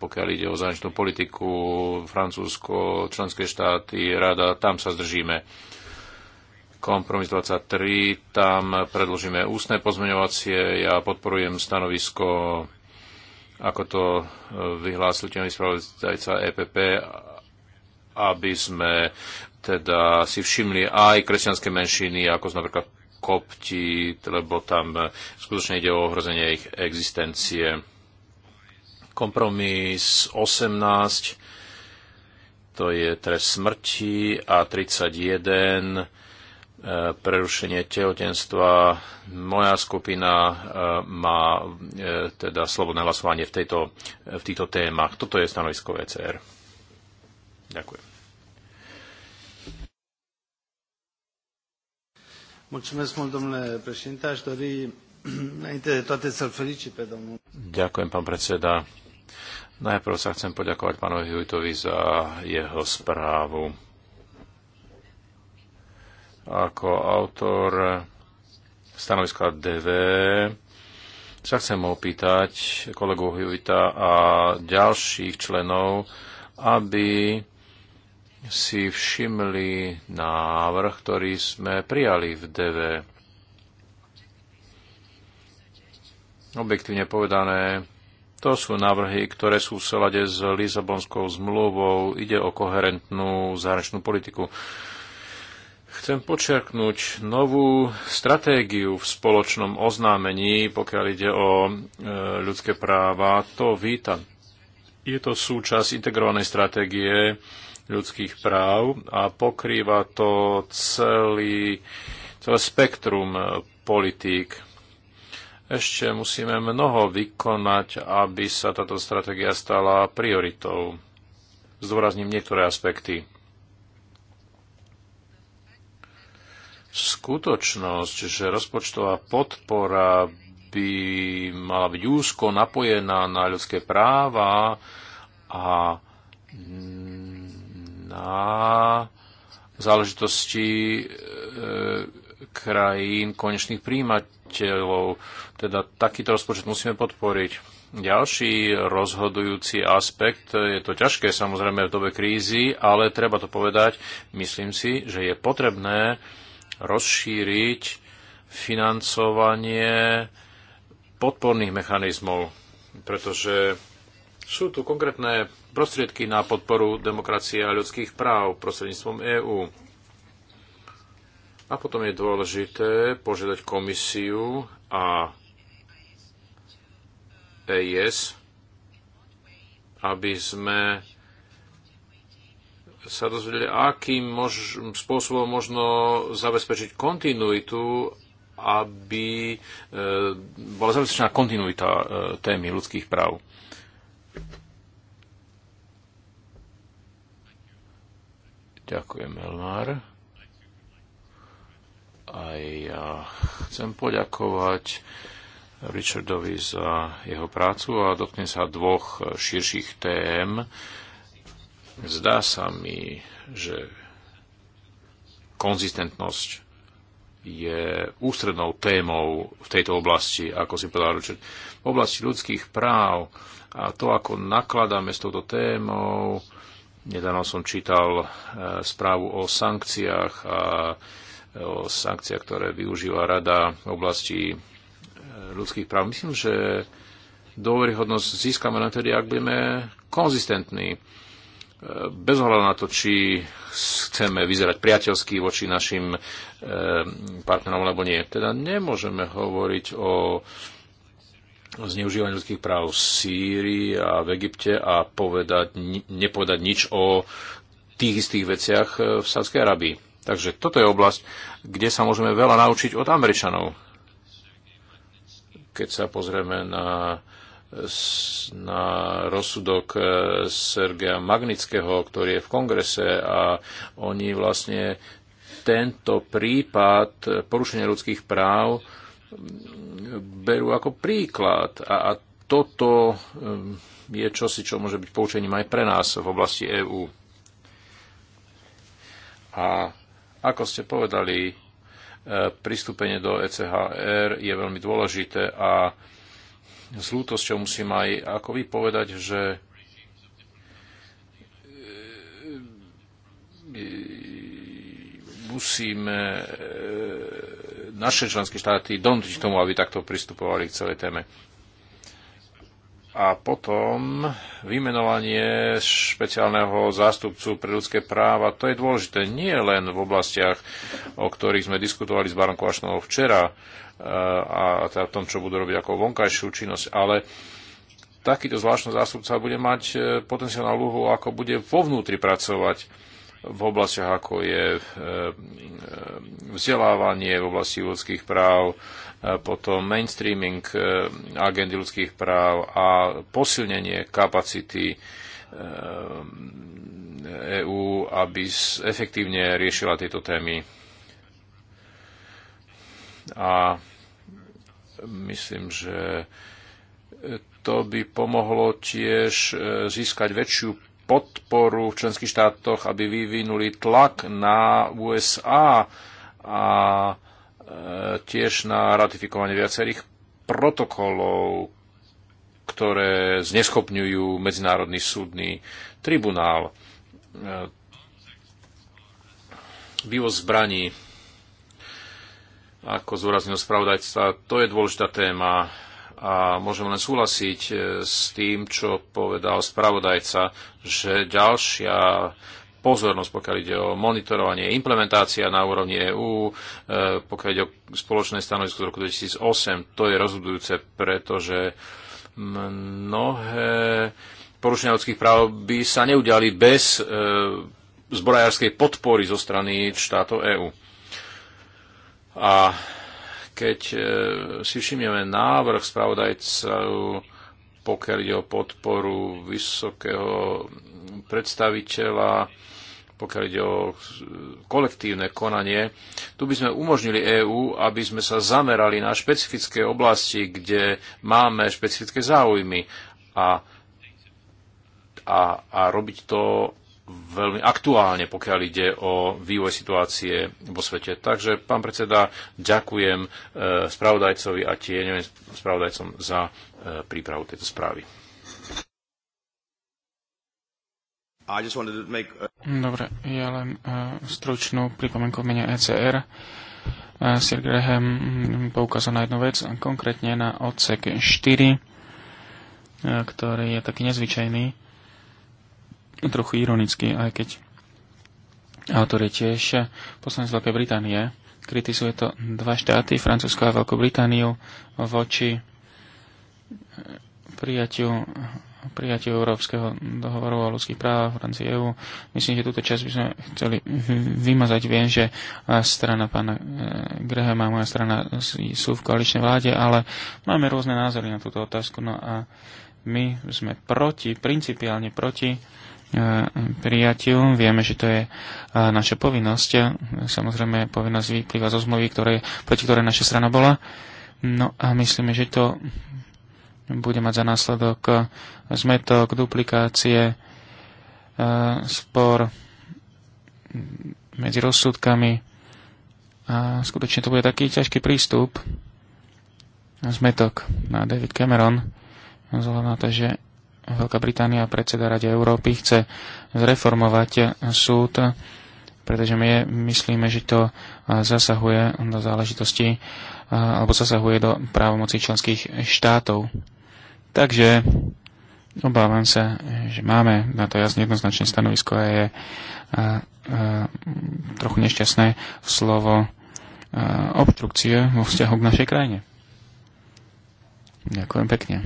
pokiaľ ide o zahraničnú politiku, Francúzsko, členské štáty, rada, tam sa zdržíme. Kompromis 23, tam predložíme ústne pozmeňovacie, ja podporujem stanovisko, ako to e, vyhlásil tenový spravodajca EPP, aby sme teda si všimli aj kresťanské menšiny, ako sú napríklad kopti, lebo tam e, skutočne ide o ohrozenie ich existencie. Kompromis 18, to je trest smrti a 31 e, prerušenie tehotenstva. Moja skupina e, má e, teda slobodné hlasovanie v, tejto, v týchto témach. Toto je stanovisko VCR. Ďakujem. Ďakujem, pán predseda. Najprv sa chcem poďakovať pánovi Hujtovi za jeho správu. Ako autor stanoviska DV sa chcem opýtať kolegu Hujta a ďalších členov, aby si všimli návrh, ktorý sme prijali v DV. Objektívne povedané, to sú návrhy, ktoré sú v selade s Lisabonskou zmluvou. Ide o koherentnú zahraničnú politiku. Chcem počiarknúť novú stratégiu v spoločnom oznámení, pokiaľ ide o e, ľudské práva. To vítam. Je to súčasť integrovanej stratégie ľudských práv a pokrýva to celý, celé spektrum politík ešte musíme mnoho vykonať, aby sa táto stratégia stala prioritou. Zdôrazním niektoré aspekty. Skutočnosť, že rozpočtová podpora by mala byť úzko napojená na ľudské práva a na záležitosti e, krajín konečných príjimateľov podnikateľov. Teda takýto rozpočet musíme podporiť. Ďalší rozhodujúci aspekt, je to ťažké samozrejme v dobe krízy, ale treba to povedať, myslím si, že je potrebné rozšíriť financovanie podporných mechanizmov, pretože sú tu konkrétne prostriedky na podporu demokracie a ľudských práv prostredníctvom EÚ a potom je dôležité požiadať komisiu a EIS, aby sme sa dozvedeli, akým mož, spôsobom možno zabezpečiť kontinuitu, aby e, bola zabezpečená kontinuita e, témy ľudských práv. Ďakujem, Elmar. Aj ja chcem poďakovať Richardovi za jeho prácu a dotknem sa dvoch širších tém. Zdá sa mi, že konzistentnosť je ústrednou témou v tejto oblasti, ako si povedal Richard, v oblasti ľudských práv a to, ako nakladáme s touto témou. Nedávno som čítal e, správu o sankciách a o sankciách, ktoré využíva Rada v oblasti e, ľudských práv. Myslím, že dôveryhodnosť získame len tedy, ak budeme konzistentní. E, bez ohľadu na to, či chceme vyzerať priateľsky voči našim e, partnerom alebo nie. Teda nemôžeme hovoriť o zneužívaní ľudských práv v Sýrii a v Egypte a povedať, nepovedať nič o tých istých veciach v Sádskej Arabii. Takže toto je oblasť, kde sa môžeme veľa naučiť od Američanov. Keď sa pozrieme na, na rozsudok eh, Sergeja Magnického, ktorý je v kongrese a oni vlastne tento prípad porušenia ľudských práv mm, berú ako príklad. A, a toto mm, je čosi, čo môže byť poučením aj pre nás v oblasti EÚ. A ako ste povedali, e, pristúpenie do ECHR je veľmi dôležité a s lútosťou musím aj ako vy povedať, že e, musíme e, naše členské štáty donútiť k tomu, aby takto pristupovali k celej téme a potom vymenovanie špeciálneho zástupcu pre ľudské práva, to je dôležité nie len v oblastiach, o ktorých sme diskutovali s Barom Kovačnou včera e, a teda v tom, čo budú robiť ako vonkajšiu činnosť, ale takýto zvláštny zástupca bude mať e, potenciálnu úlohu, ako bude vo vnútri pracovať v oblastiach ako je e, e, vzdelávanie v oblasti ľudských práv, e, potom mainstreaming agendy ľudských práv a posilnenie kapacity EÚ, aby efektívne riešila tieto témy. A myslím, že to by pomohlo tiež získať väčšiu podporu v členských štátoch, aby vyvinuli tlak na USA a e, tiež na ratifikovanie viacerých protokolov, ktoré zneschopňujú Medzinárodný súdny tribunál. E, vývoz zbraní, ako zúraznil spravodajca, to je dôležitá téma a môžem len súhlasiť e, s tým, čo povedal spravodajca, že ďalšia pozornosť, pokiaľ ide o monitorovanie, implementácia na úrovni EÚ, e, pokiaľ ide o spoločné stanovisko z roku 2008, to je rozhodujúce, pretože mnohé porušenia ľudských práv by sa neudiali bez e, zborajárskej podpory zo strany štátov EÚ. A keď e, si všimneme návrh spravodajca, pokiaľ ide o podporu vysokého predstaviteľa, pokiaľ ide o e, kolektívne konanie. Tu by sme umožnili EÚ, aby sme sa zamerali na špecifické oblasti, kde máme špecifické záujmy a, a, a robiť to veľmi aktuálne, pokiaľ ide o vývoj situácie vo svete. Takže, pán predseda, ďakujem e, spravodajcovi a tieňovým spravodajcom za e, prípravu tejto správy. Dobre, ja len uh, stručnú pripomienku v mene ECR. Uh, Sir Graham poukázal na jednu vec, konkrétne na odsek 4, uh, ktorý je taký nezvyčajný trochu ironicky, aj keď autor je tiež poslanec Veľkej Británie. Kritizuje to dva štáty, Francúzsko a Veľkú Britániu, voči e, prijatiu, prijatiu Európskeho dohovoru o ľudských právach v rámci EÚ. Myslím, že túto časť by sme chceli vymazať. Viem, že strana pána e, a moja strana sú v koaličnej vláde, ale máme rôzne názory na túto otázku. No a my sme proti, principiálne proti E, prijatiu. Vieme, že to je e, naša povinnosť. Samozrejme, povinnosť vyplýva zo zmluvy, ktoré, proti ktorej naša strana bola. No a myslíme, že to bude mať za následok zmetok, duplikácie, e, spor medzi rozsudkami a skutočne to bude taký ťažký prístup zmetok na David Cameron vzhľadom na to, že Veľká Británia, predseda Rade Európy, chce zreformovať súd, pretože my myslíme, že to zasahuje do záležitosti alebo zasahuje do právomocí členských štátov. Takže obávam sa, že máme na to jasne jednoznačné stanovisko a je a, a, trochu nešťastné slovo a, obštrukcie vo vzťahu k našej krajine. Ďakujem pekne.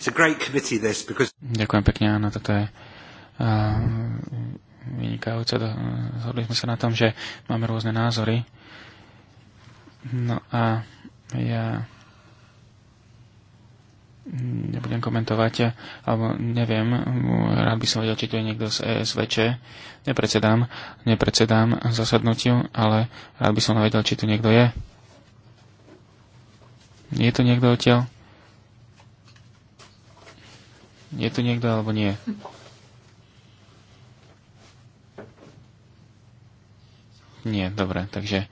Ďakujem pekne, áno, toto je uh, vynikajúce. Zhodli sme sa na tom, že máme rôzne názory. No a ja nebudem komentovať, alebo neviem, rád by som vedel, či tu je niekto z ESVČ. Nepredsedám, nepredsedám zasadnutiu, ale rád by som vedel, či tu niekto je. Je tu niekto odtiaľ? Je tu niekto alebo nie? Nie, dobre, takže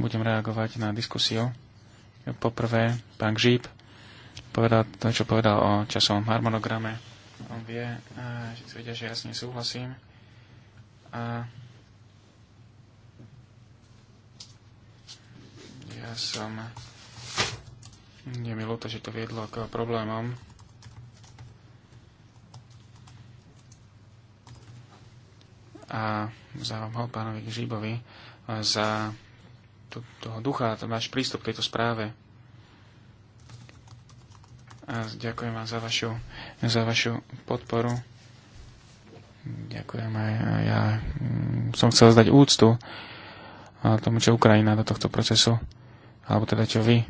budem reagovať na diskusiu. Poprvé, pán Gžíp povedal to, čo povedal o časovom harmonograme. On vie, že vedia, že ja s ním súhlasím. A ja som... Nie mi ľúto, že to viedlo k problémom a za ho pánovi Žíbovi za to, toho ducha, váš prístup k tejto správe. A ďakujem vám za vašu, za vašu podporu. Ďakujem aj ja. Mm, som chcel zdať úctu tomu, čo Ukrajina do tohto procesu, alebo teda čo vy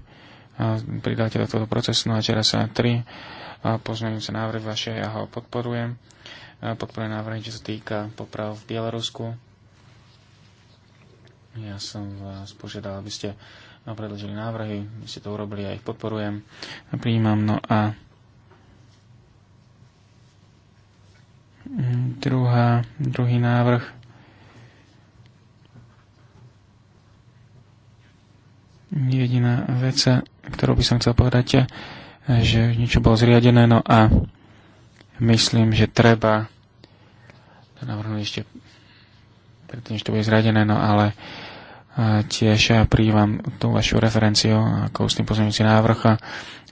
pridáte do tohto procesu. No a teraz sa tri pozmeňujúce návrhy vaše, ja ho podporujem podporuje návrhy, čo sa týka poprav v Bielorusku. Ja som vás požiadal, aby ste predložili návrhy, vy ste to urobili, ja ich podporujem a prijímam. No a druhá, druhý návrh jediná vec, ktorú by som chcel povedať, že niečo bolo zriadené, no a myslím, že treba navrhnúť ešte predtým, že to bude zradené, no ale e, tiež prívam tú vašu referenciu ako ústny pozmeňujúci návrh a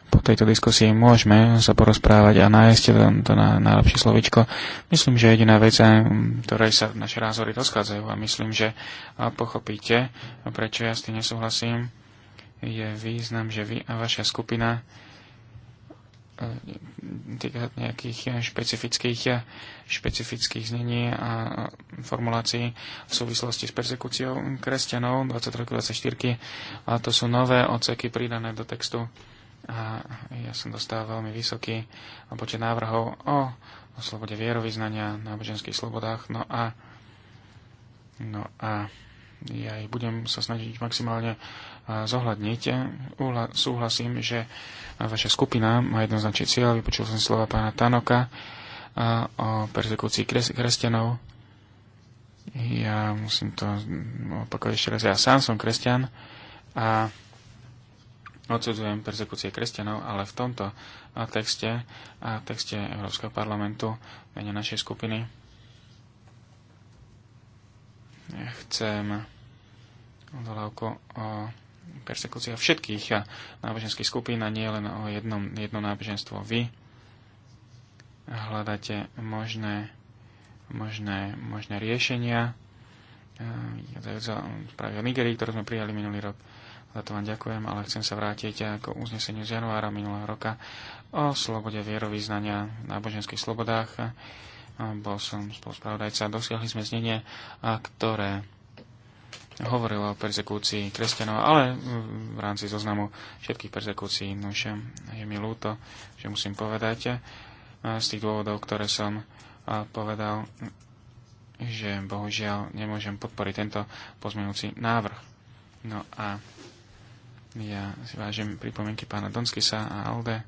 po tejto diskusii môžeme sa porozprávať a nájsť to, to na, najlepšie slovičko. Myslím, že jediná vec, e, ktorej sa naše názory rozchádzajú a myslím, že pochopíte, prečo ja s tým nesúhlasím, je význam, že vy a vaša skupina týka nejakých eh, špecifických, eh, špecifických znení a eh, formulácií v súvislosti s persekúciou kresťanov 23-24. A to sú nové odseky pridané do textu. A ja som dostal veľmi vysoký počet návrhov o, o slobode vierovýznania, náboženských slobodách. No a, no a ja ich budem sa snažiť maximálne zohľadniť. Súhlasím, že vaša skupina má jednoznačný cieľ. Vypočul som slova pána Tanoka o persekúcii kres- kresťanov. Ja musím to opakovať ešte raz. Ja sám som kresťan a odsudzujem persekúcie kresťanov, ale v tomto texte a texte Európskeho parlamentu mene našej skupiny chcem odvolávku o persekúcia všetkých náboženských skupín a nie len o jednom, jedno náboženstvo. Vy hľadáte možné, možné, možné riešenia. Správy o Nigerii, ktorú sme prijali minulý rok. Za to vám ďakujem, ale chcem sa vrátiť ako uzneseniu z januára minulého roka o slobode vierovýznania, náboženských slobodách. Bol som spoluspravodajca, dosiahli sme znenie, ktoré hovoril o persekúcii kresťanov, ale v rámci zoznamu všetkých persekúcií, nože je mi ľúto, že musím povedať, e, z tých dôvodov, ktoré som e, povedal, že bohužiaľ nemôžem podporiť tento pozmeňujúci návrh. No a ja si vážim pripomienky pána Donskisa a Alde.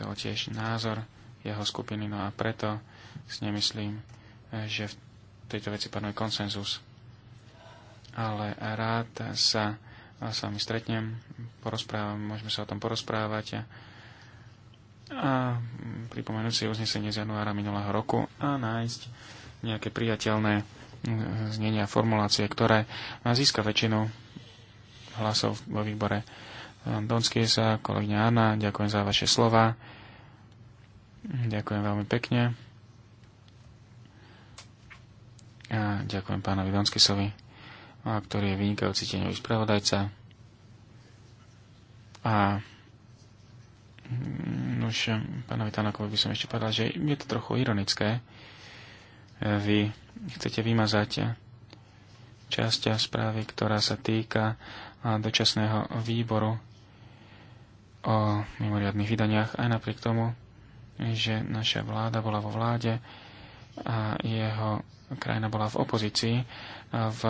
To je tiež názor jeho skupiny, no a preto si nemyslím, e, že v tejto veci panuje konsenzus ale rád sa s vami stretnem, porozprávam, môžeme sa o tom porozprávať a, a pripomenúť si uznesenie z januára minulého roku a nájsť nejaké priateľné znenia a formulácie, ktoré získa väčšinu hlasov vo výbore. Donský sa, kolegyňa Anna, ďakujem za vaše slova. Ďakujem veľmi pekne. A ďakujem pánovi Donskisovi a ktorý je vynikajúci tieňový spravodajca. A mm, už eh, pánovi Tanakovi by som ešte povedal, že je to trochu ironické. Eh, vy chcete vymazať eh, časť správy, ktorá sa týka dočasného výboru o mimoriadných vydaniach, aj napriek tomu, že naša vláda bola vo vláde a jeho krajina bola v opozícii v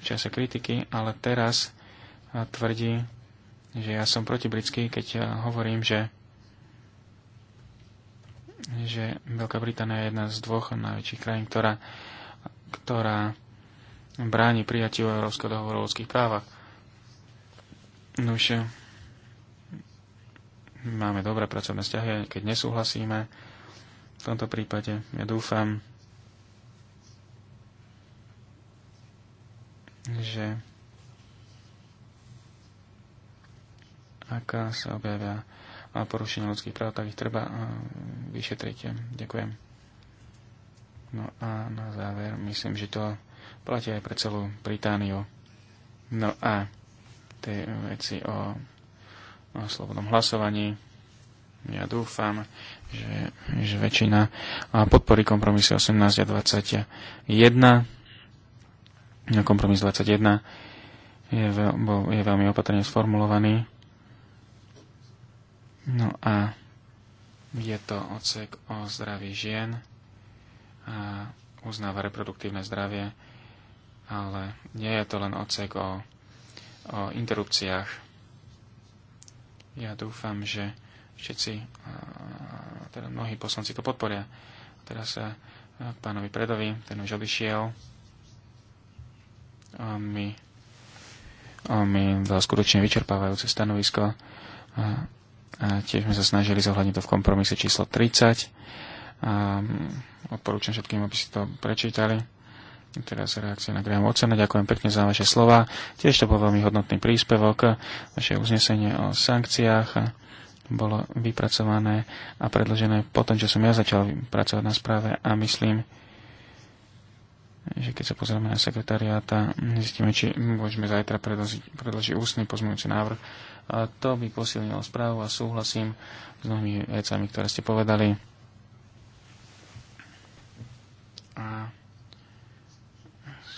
čase kritiky, ale teraz tvrdí, že ja som protibritský, keď ja hovorím, že že Veľká Británia je jedna z dvoch najväčších krajín, ktorá, ktorá bráni prijatiu Európskeho dohovoru o ľudských právach. už e, máme dobré pracovné vzťahy, keď nesúhlasíme. V tomto prípade ja dúfam, že aká sa objavia porušenie ľudských práv, tak ich treba eh, vyšetriť. Ďakujem. No a na záver, myslím, že to platí aj pre celú Britániu. No a tie veci o, o slobodnom hlasovaní. Ja dúfam, že, že väčšina podporí kompromisy 18 a 21 No, kompromis 21 je, veľ, bo je veľmi opatrne sformulovaný. No a je to odsek o zdraví žien a uznáva reproduktívne zdravie, ale nie je to len odsek o, o interrupciách. Ja dúfam, že všetci, teda mnohí poslanci to podporia. Teraz sa pánovi Predovi, ten už odišiel mi, mi dal skutočne vyčerpávajúce stanovisko. A, a tiež sme sa snažili zohľadniť to v kompromise číslo 30. A, mm, odporúčam všetkým, aby si to prečítali. Teraz reakcia na Graham Watsona. Ďakujem pekne za vaše slova. Tiež to bol veľmi hodnotný príspevok. Vaše uznesenie o sankciách bolo vypracované a predložené potom, čo som ja začal pracovať na správe a myslím, že keď sa pozrieme na sekretariáta, zistíme, či môžeme zajtra predložiť, predložiť ústny pozmeňujúci návrh. A to by posilnilo správu a súhlasím s mnohými vecami, ktoré ste povedali. A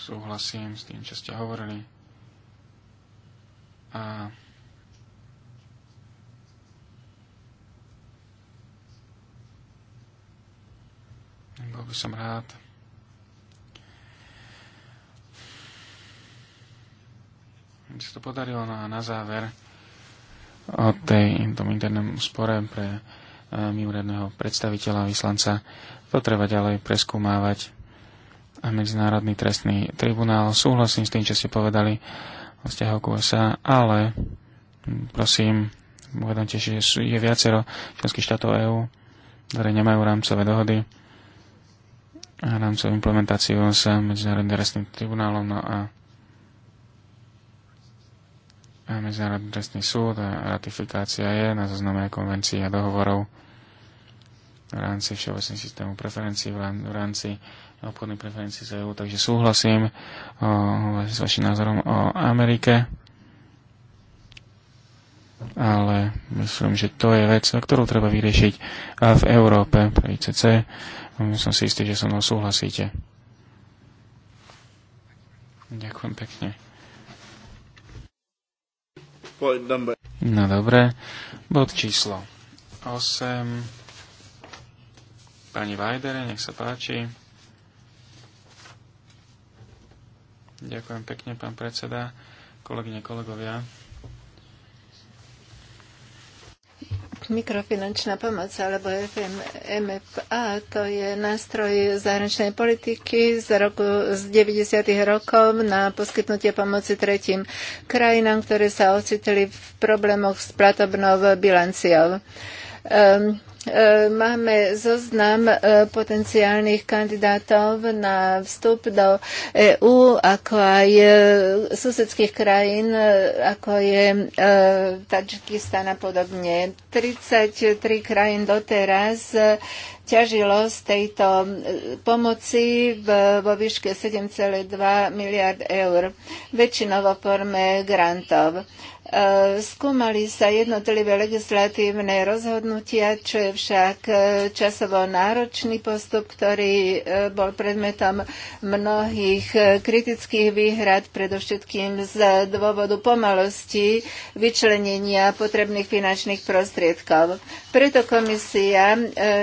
súhlasím s tým, čo ste hovorili. A bol by som rád, sa to podarilo. na, no na záver o tej, tom internom spore pre e, mimoriadného predstaviteľa vyslanca to treba ďalej preskúmávať a Medzinárodný trestný tribunál. Súhlasím s tým, čo ste povedali o vzťahu k USA, ale hm, prosím, uvedomte, že je viacero členských štátov EÚ, ktoré nemajú rámcové dohody a rámcovú implementáciu s Medzinárodným trestným tribunálom. No a Medzinárodný trestný súd a ratifikácia je na zozname konvencií a dohovorov v rámci všeobecného systému preferencií, v rámci obchodných preferencií z EU, takže súhlasím o, s vašim názorom o Amerike, ale myslím, že to je vec, ktorú treba vyriešiť v Európe pre ICC. Som si istý, že so mnou súhlasíte. Ďakujem pekne. No dobre, bod číslo 8. Pani Vajdere, nech sa páči. Ďakujem pekne, pán predseda, kolegyne, kolegovia. mikrofinančná pomoc alebo FMFA to je nástroj zahraničnej politiky z, roku, z 90. rokov na poskytnutie pomoci tretím krajinám, ktoré sa ocitli v problémoch s platobnou bilanciou. Um, E, máme zoznam e, potenciálnych kandidátov na vstup do EÚ, ako aj e, susedských krajín, ako je Tadžikistan a podobne. 33 krajín doteraz ťažilo z tejto pomoci vo výške 7,2 miliard eur, väčšinou vo forme grantov. Eh, skúmali sa jednotlivé legislatívne rozhodnutia, čo je však eh, časovo náročný postup, ktorý eh, bol predmetom mnohých kritických výhrad, predovšetkým z dôvodu pomalosti vyčlenenia potrebných finančných prostriedkov. Preto komisia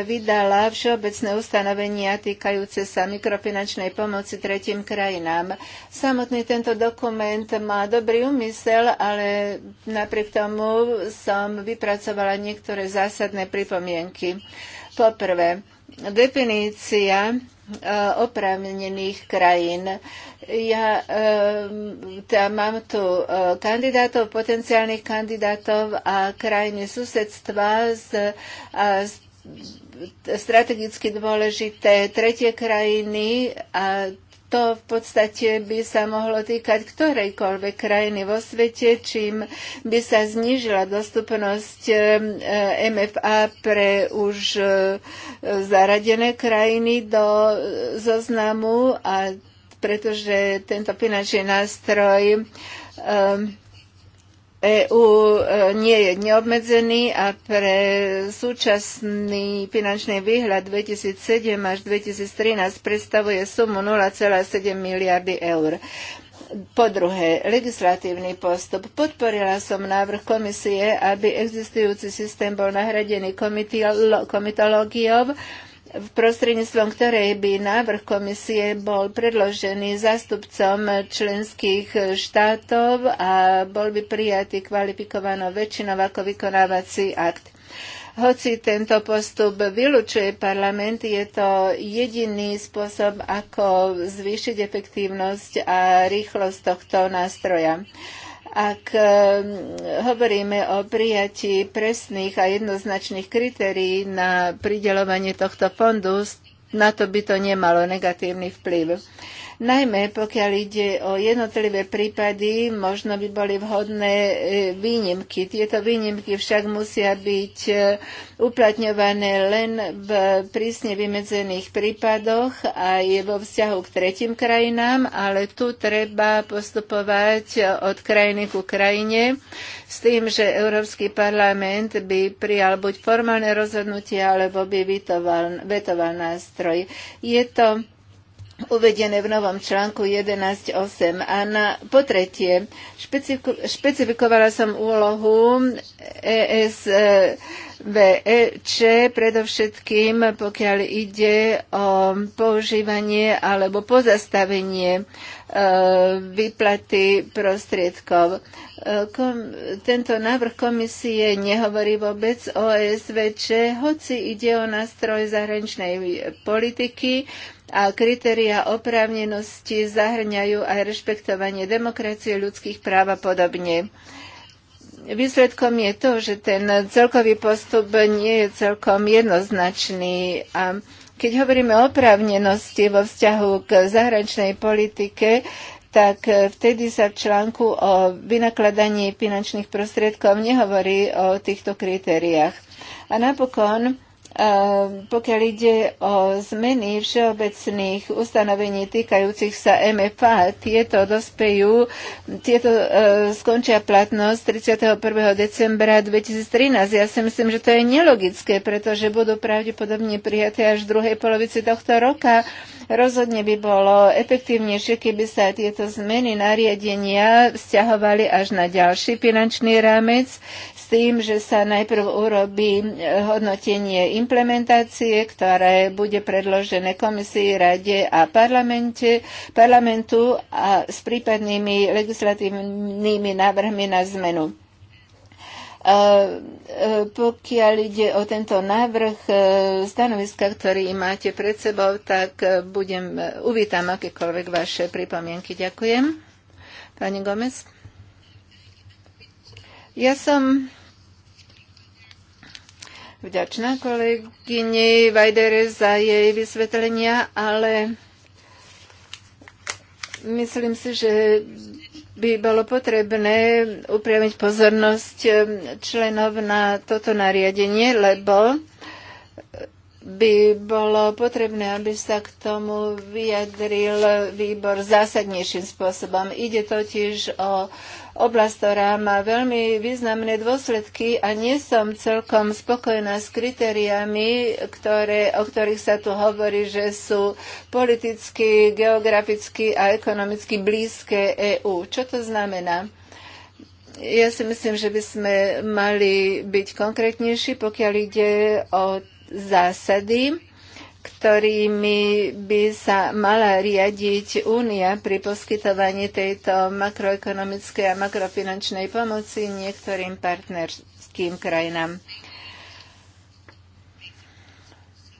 vydala všeobecné ustanovenia týkajúce sa mikrofinančnej pomoci tretím krajinám. Samotný tento dokument má dobrý úmysel, ale napriek tomu som vypracovala niektoré zásadné pripomienky. Poprvé, definícia eh, oprávnených krajín. Ja eh, tá, mám tu eh, kandidátov, potenciálnych kandidátov a krajiny susedstva z, a z strategicky dôležité tretie krajiny a to v podstate by sa mohlo týkať ktorejkoľvek krajiny vo svete, čím by sa znížila dostupnosť e, MFA pre už e, zaradené krajiny do e, zoznamu a pretože tento finančný nástroj um, EÚ e, nie je neobmedzený a pre súčasný finančný výhľad 2007 až 2013 predstavuje sumu 0,7 miliardy eur. Po druhé, legislatívny postup. Podporila som návrh komisie, aby existujúci systém bol nahradený komitológiou, prostredníctvom ktorej by návrh komisie bol predložený zástupcom členských štátov a bol by prijatý kvalifikovanou väčšinou ako vykonávací akt. Hoci tento postup vylučuje parlament, je to jediný spôsob, ako zvýšiť efektívnosť a rýchlosť tohto nástroja. Ak eh, hovoríme o prijatí presných a jednoznačných kritérií na pridelovanie tohto fondu, na to by to nemalo negatívny vplyv. Najmä pokiaľ ide o jednotlivé prípady, možno by boli vhodné e, výnimky. Tieto výnimky však musia byť e, uplatňované len v prísne vymedzených prípadoch a je vo vzťahu k tretím krajinám, ale tu treba postupovať od krajiny ku krajine s tým, že Európsky parlament by prijal buď formálne rozhodnutie, alebo by vetoval, vetoval nástroj. Je to uvedené v novom článku 11.8. A na, po tretie, špecifikovala som úlohu ESVEČ, predovšetkým pokiaľ ide o používanie alebo pozastavenie e, výplaty prostriedkov. E, kom, tento návrh komisie nehovorí vôbec o e SVČ, hoci ide o nástroj zahraničnej politiky, a kritéria oprávnenosti zahrňajú aj rešpektovanie demokracie, ľudských práv a podobne. Výsledkom je to, že ten celkový postup nie je celkom jednoznačný a keď hovoríme o oprávnenosti vo vzťahu k zahraničnej politike, tak vtedy sa v článku o vynakladaní finančných prostriedkov nehovorí o týchto kritériách. A napokon Ehm, pokiaľ ide o zmeny všeobecných ustanovení týkajúcich sa MFA, tieto dospejú, tieto ehm, skončia platnosť 31. decembra 2013. Ja si myslím, že to je nelogické, pretože budú pravdepodobne prijaté až v druhej polovici tohto roka. Rozhodne by bolo efektívnejšie, keby sa tieto zmeny nariadenia vzťahovali až na ďalší finančný rámec tým, že sa najprv urobí eh, hodnotenie implementácie, ktoré bude predložené komisii, rade a parlamente, parlamentu a s prípadnými legislatívnymi návrhmi na zmenu. Eh, eh, pokiaľ ide o tento návrh stanoviska, ktorý máte pred sebou, tak budem, uvítam akékoľvek vaše pripomienky. Ďakujem. Pani Gomez. Ja som vďačná kolegyni Vajdere za jej vysvetlenia, ale myslím si, že by bolo potrebné upriamiť pozornosť eh, členov na toto nariadenie, lebo by bolo potrebné, aby sa k tomu vyjadril výbor zásadnejším spôsobom. Ide totiž o oblasť, ktorá má veľmi významné dôsledky a nie som celkom spokojná s kritériami, ktoré, o ktorých sa tu hovorí, že sú politicky, geograficky a ekonomicky blízke EÚ. Čo to znamená? Ja si myslím, že by sme mali byť konkrétnejší, pokiaľ ide o zásady ktorými by sa mala riadiť únia pri poskytovaní tejto makroekonomickej a makrofinančnej pomoci niektorým partnerským krajinám.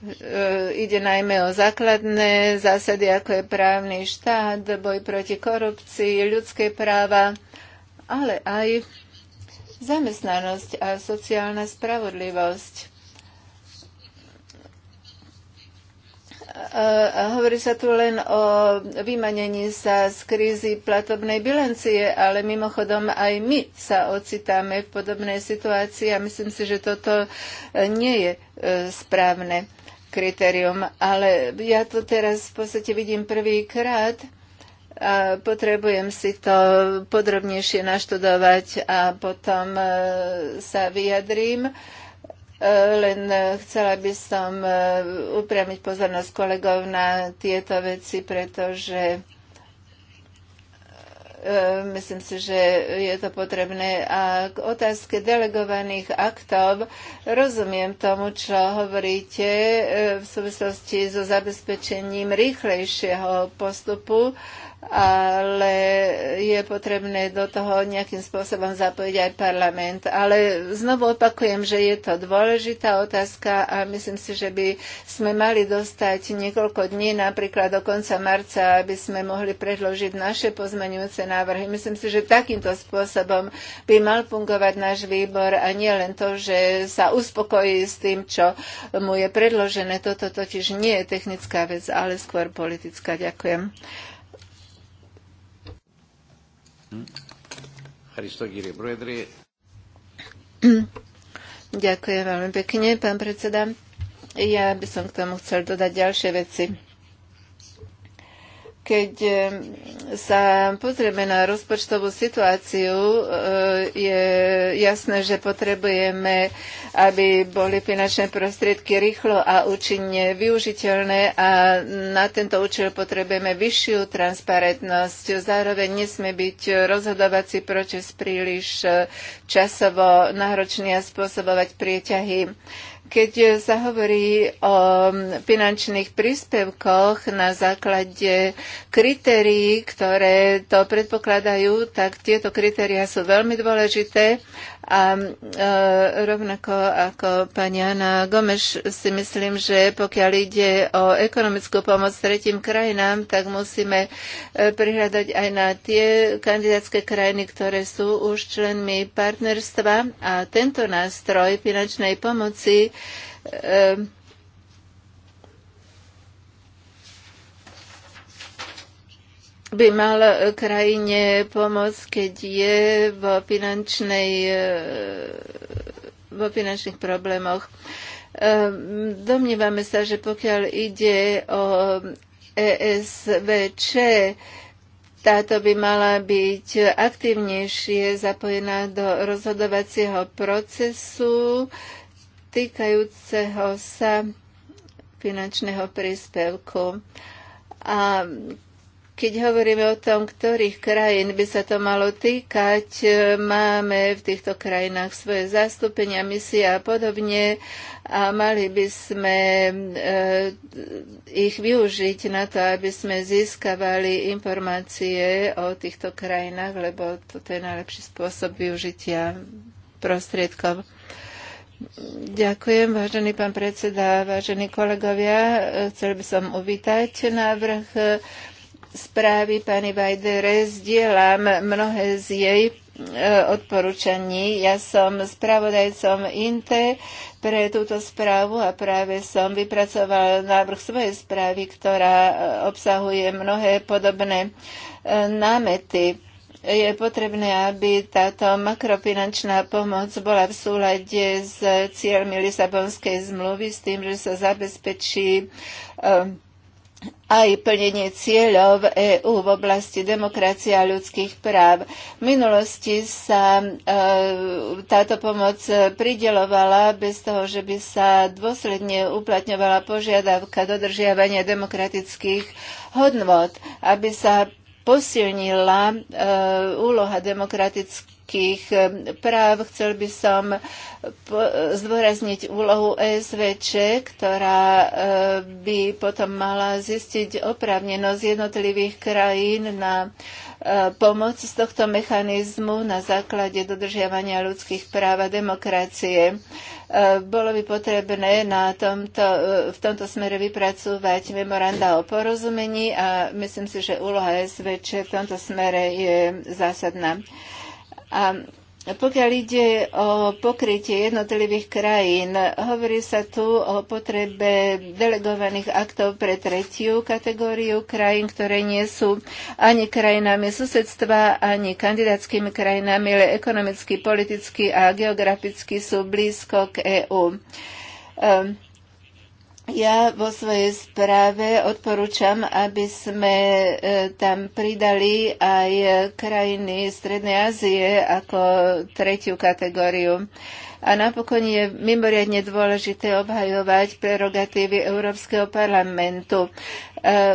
E, ide najmä o základné zásady, ako je právny štát, boj proti korupcii, ľudské práva, ale aj zamestnanosť a sociálna spravodlivosť. hovorí sa tu len o vymanení sa z krízy platobnej bilancie, ale mimochodom aj my sa ocitáme v podobnej situácii a myslím si, že toto e, nie je e, správne kritérium. Ale ja to teraz v podstate vidím prvýkrát a potrebujem si to podrobnejšie naštudovať a potom e, sa vyjadrím len chcela by som e, upriamiť pozornosť kolegov na tieto veci, pretože e, myslím si, že je to potrebné. A k otázke delegovaných aktov rozumiem tomu, čo hovoríte e, v súvislosti so zabezpečením rýchlejšieho postupu ale je potrebné do toho nejakým spôsobom zapojiť aj parlament. Ale znovu opakujem, že je to dôležitá otázka a myslím si, že by sme mali dostať niekoľko dní, napríklad do konca marca, aby sme mohli predložiť naše pozmenujúce návrhy. Myslím si, že takýmto spôsobom by mal fungovať náš výbor a nie len to, že sa uspokojí s tým, čo mu je predložené. Toto totiž nie je technická vec, ale skôr politická. Ďakujem. Ďakujem veľmi pekne, pán predseda. Ja by som k tomu chcel dodať ďalšie veci. Keď eh, sa pozrieme na rozpočtovú situáciu, eh, je jasné, že potrebujeme, aby boli finančné prostriedky rýchlo a účinne využiteľné a na tento účel potrebujeme vyššiu transparentnosť. Zároveň nesmie byť rozhodovací proces príliš eh, časovo náročný a spôsobovať prieťahy keď sa hovorí o finančných príspevkoch na základe kritérií, ktoré to predpokladajú, tak tieto kritéria sú veľmi dôležité a e, rovnako ako pani Anna Gomeš si myslím, že pokiaľ ide o ekonomickú pomoc tretím krajinám, tak musíme e, prihľadať aj na tie kandidátske krajiny, ktoré sú už členmi partnerstva a tento nástroj finančnej pomoci e, by mal krajine pomôcť, keď je vo, finančnej, vo finančných problémoch. Ehm, domnívame sa, že pokiaľ ide o ESVČ, táto by mala byť aktívnejšie zapojená do rozhodovacieho procesu týkajúceho sa finančného príspevku. A keď hovoríme o tom, ktorých krajín by sa to malo týkať, e, máme v týchto krajinách svoje zastúpenia, misie a podobne a mali by sme e, ich využiť na to, aby sme získavali informácie o týchto krajinách, lebo toto je najlepší spôsob využitia prostriedkov. Ďakujem, vážený pán predseda, vážení kolegovia. E, chcel by som uvítať návrh správy pani Bajdere zdieľam mnohé z jej e, odporúčaní. Ja som spravodajcom INTE pre túto správu a práve som vypracoval návrh svojej správy, ktorá e, obsahuje mnohé podobné e, námety. Je potrebné, aby táto makrofinančná pomoc bola v súlade s cieľmi Lisabonskej zmluvy, s tým, že sa zabezpečí uh, aj plnenie cieľov EÚ v oblasti demokracie a ľudských práv. V minulosti sa e, táto pomoc pridelovala bez toho, že by sa dôsledne uplatňovala požiadavka dodržiavania demokratických hodnot, aby sa posilnila e, úloha demokratických ľudských eh, práv. Chcel by som zdôrazniť úlohu SVČ, ktorá eh, by potom mala zistiť oprávnenosť jednotlivých krajín na eh, pomoc z tohto mechanizmu na základe dodržiavania ľudských práv a demokracie. Bolo by potrebné na tomto, v tomto smere vypracovať memoranda o porozumení a myslím si, že úloha SVČ v tomto smere je zásadná. A pokiaľ ide o pokrytie jednotlivých krajín, hovorí sa tu o potrebe delegovaných aktov pre tretiu kategóriu krajín, ktoré nie sú ani krajinami susedstva, ani kandidátskymi krajinami, ale ekonomicky, politicky a geograficky sú blízko k EÚ. Um, ehm, ja vo svojej správe odporúčam, aby sme e, tam pridali aj krajiny Strednej Ázie ako tretiu kategóriu. A napokon je mimoriadne dôležité obhajovať prerogatívy Európskeho parlamentu.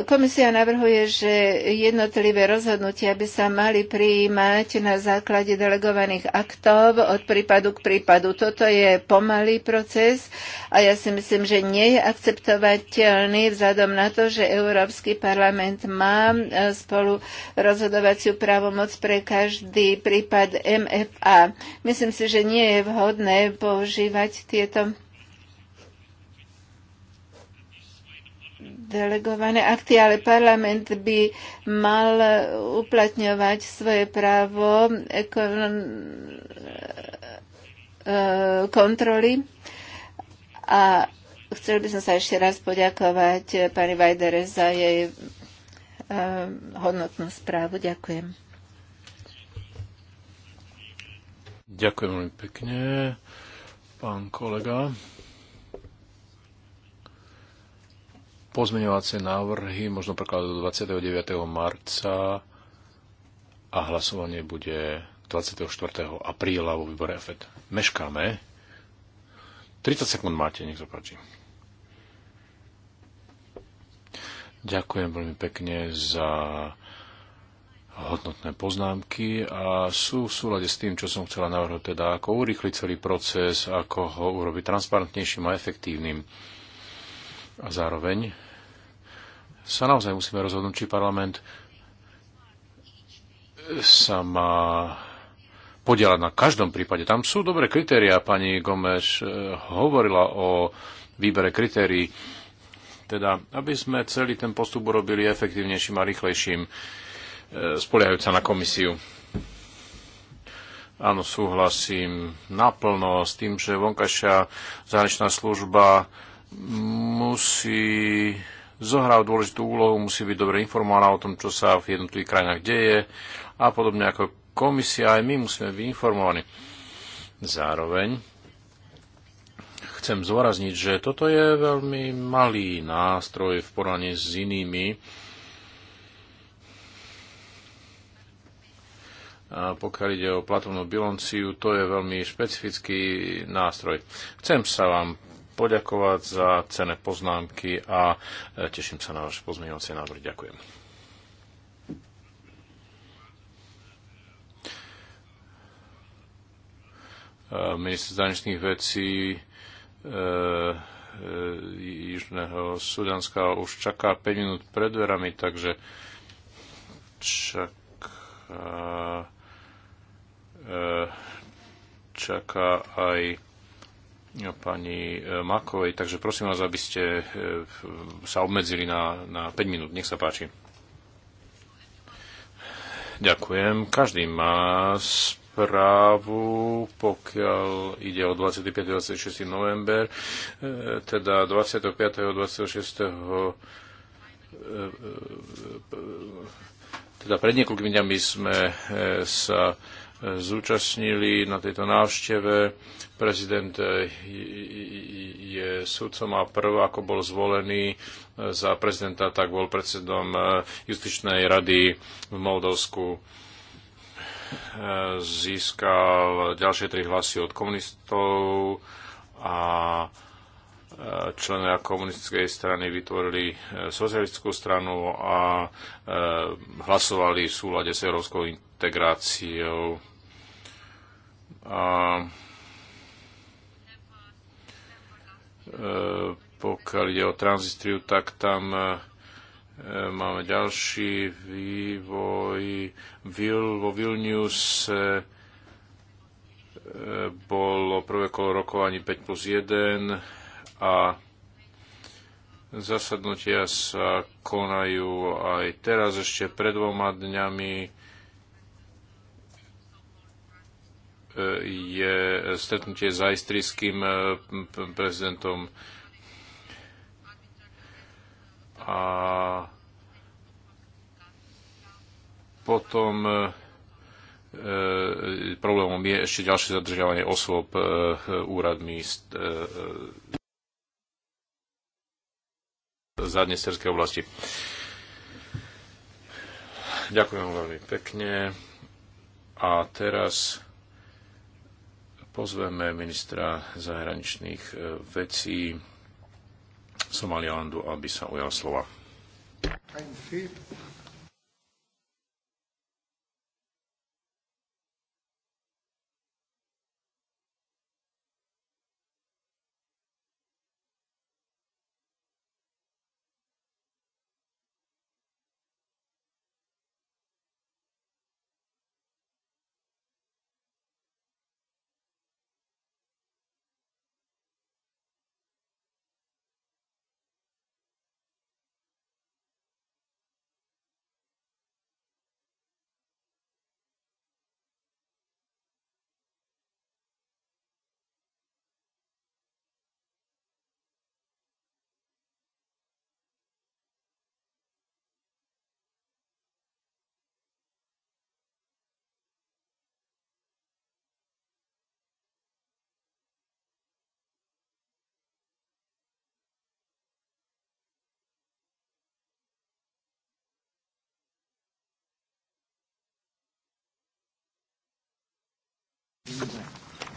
Komisia navrhuje, že jednotlivé rozhodnutia by sa mali prijímať na základe delegovaných aktov od prípadu k prípadu. Toto je pomalý proces a ja si myslím, že nie je akceptovateľný vzhľadom na to, že Európsky parlament má e, spolu rozhodovaciu právomoc pre každý prípad MFA. Myslím si, že nie je vhodné používať tieto delegované akty, ale parlament by mal uplatňovať svoje právo eh, kontroly. A chcel by som sa ešte raz poďakovať pani Vajdere za jej eh, hodnotnú správu. Ďakujem. Ďakujem veľmi pekne, pán kolega. pozmeňovacie návrhy možno prekladať do 29. marca a hlasovanie bude 24. apríla vo výbore EFED. Meškáme. 30 sekúnd máte, nech sa páči. Ďakujem veľmi pekne za hodnotné poznámky a sú v súlade s tým, čo som chcela navrhnúť, teda ako urýchliť celý proces, ako ho urobiť transparentnejším a efektívnym. A zároveň sa naozaj musíme rozhodnúť, či parlament sa má podielať na každom prípade. Tam sú dobré kritéria. Pani Gomeš eh, hovorila o výbere kritérií. Teda, aby sme celý ten postup urobili efektívnejším a rýchlejším, eh, sa na komisiu. Áno, súhlasím naplno s tým, že vonkajšia zahraničná služba musí zohral dôležitú úlohu, musí byť dobre informovaná o tom, čo sa v jednotlivých krajinách deje a podobne ako komisia, aj my musíme byť informovaní. Zároveň chcem zvorazniť, že toto je veľmi malý nástroj v porovnaní s inými. A pokiaľ ide o platovnú bilanciu, to je veľmi špecifický nástroj. Chcem sa vám poďakovať za cené poznámky a e, teším sa na vaše pozmeňovacie návrhy. Ďakujem. E, minister zahraničných vecí e, Južného Sudanska už čaká 5 minút pred dverami, takže čaká, čaká aj No, pani e, Makovej, takže prosím vás, aby ste e, sa obmedzili na, na 5 minút. Nech sa páči. Ďakujem. Každý má správu, pokiaľ ide o 25. 26. november, e, teda 25. 26. teda pred niekoľkými dňami sme sa zúčastnili na tejto návšteve. Prezident eh, je sudcom a prv, ako bol zvolený eh, za prezidenta, tak bol predsedom eh, justičnej rady v Moldovsku. Získal ďalšie tri hlasy od komunistov a členovia komunistickej strany vytvorili socialistickú stranu a hlasovali v súlade s európskou integráciou. A e, pokiaľ ide o tranzistriu, tak tam e, máme ďalší vývoj. Vo Vilnius e, bolo prvé kolo rokovaní 5 plus 1 a zasadnutia sa konajú aj teraz ešte pred dvoma dňami je stretnutie s ajstrickým eh, prezidentom a potom e, problémom je ešte ďalšie zadržiavanie osôb e, úradmi z, za dnesterskej oblasti. Ďakujem veľmi pekne. A teraz Pozveme ministra zahraničných e, vecí Somalilandu, aby sa ujal slova.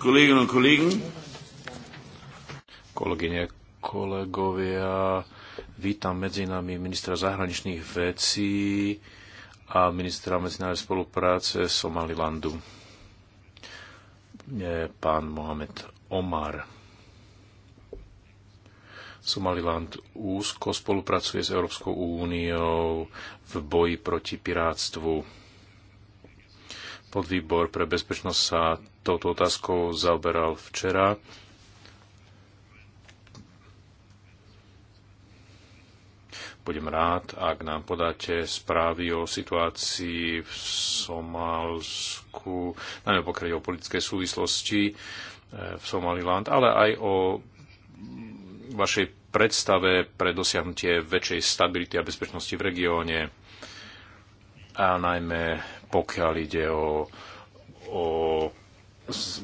Kolegyne, kolegen. Kolegyne, kolegovia, vítam medzi nami ministra zahraničných vecí a ministra medzinárodnej spolupráce Somalilandu, pán Mohamed Omar. Somaliland úzko spolupracuje s Európskou úniou v boji proti pirátstvu Podvýbor pre bezpečnosť sa touto otázkou zaoberal včera. Budem rád, ak nám podáte správy o situácii v Somálsku, najmä pokiaľ o politické súvislosti eh, v Somaliland, ale aj o vašej predstave pre dosiahnutie väčšej stability a bezpečnosti v regióne a najmä pokiaľ ide o, o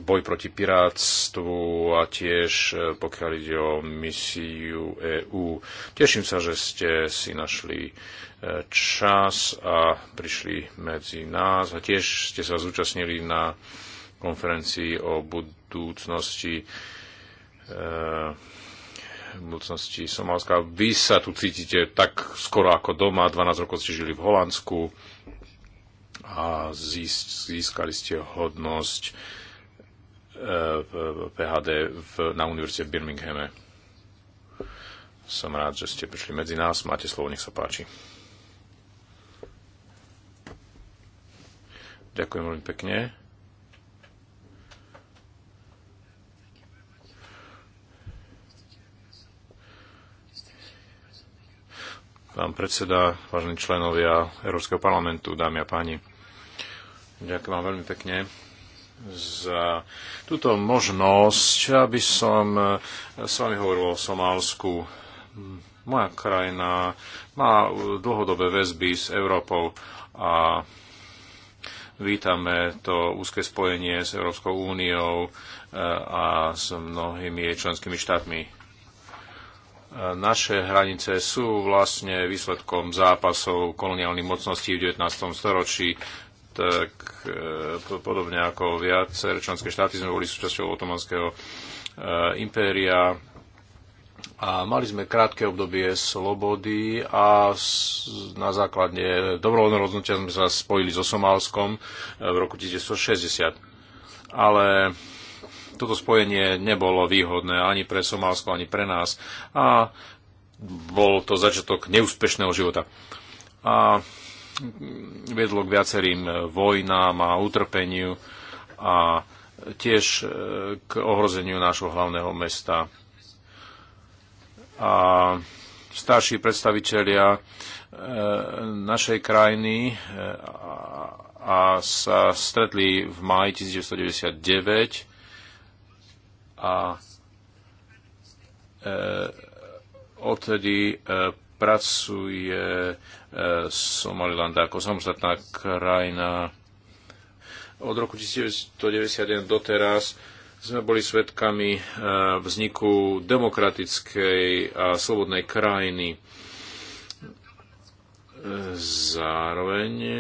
boj proti pirátstvu a tiež e, pokiaľ ide o misiu EÚ. Teším sa, že ste si našli e, čas a prišli medzi nás a tiež ste sa zúčastnili na konferencii o budúcnosti e, budúcnosti Somálska. Vy sa tu cítite tak skoro ako doma, 12 rokov ste žili v Holandsku a získali ste hodnosť v eh, PHD v, na univerzite v Birminghame. Som rád, že ste prišli medzi nás. Máte slovo, nech sa páči. Ďakujem veľmi pekne. Pán predseda, vážení členovia Európskeho parlamentu, dámy a páni. Ďakujem vám veľmi pekne za túto možnosť, aby som e, s vami hovoril o Somálsku. Moja krajina má e, dlhodobé väzby s Európou a vítame to úzke spojenie s Európskou úniou e, a s mnohými jej členskými štátmi naše hranice sú vlastne výsledkom zápasov koloniálnych mocností v 19. storočí tak e, podobne ako viaceré členské štáty sme boli súčasťou otomanského e, impéria a mali sme krátke obdobie slobody a na základe dobrovoľného rozhodnutia sme sa spojili so Somálskom e, v roku 1960. Ale toto spojenie nebolo výhodné ani pre Somálsko, ani pre nás a bol to začiatok neúspešného života. A viedlo k viacerým e, vojnám a utrpeniu a tiež e, k ohrozeniu nášho hlavného mesta. A starší predstavitelia e, našej krajiny a sa stretli v máji 1999 a odtedy pracuje e, Somaliland ako samostatná krajina. Od roku 1991 doteraz sme boli svedkami e, vzniku demokratickej a slobodnej krajiny. Zároveň e,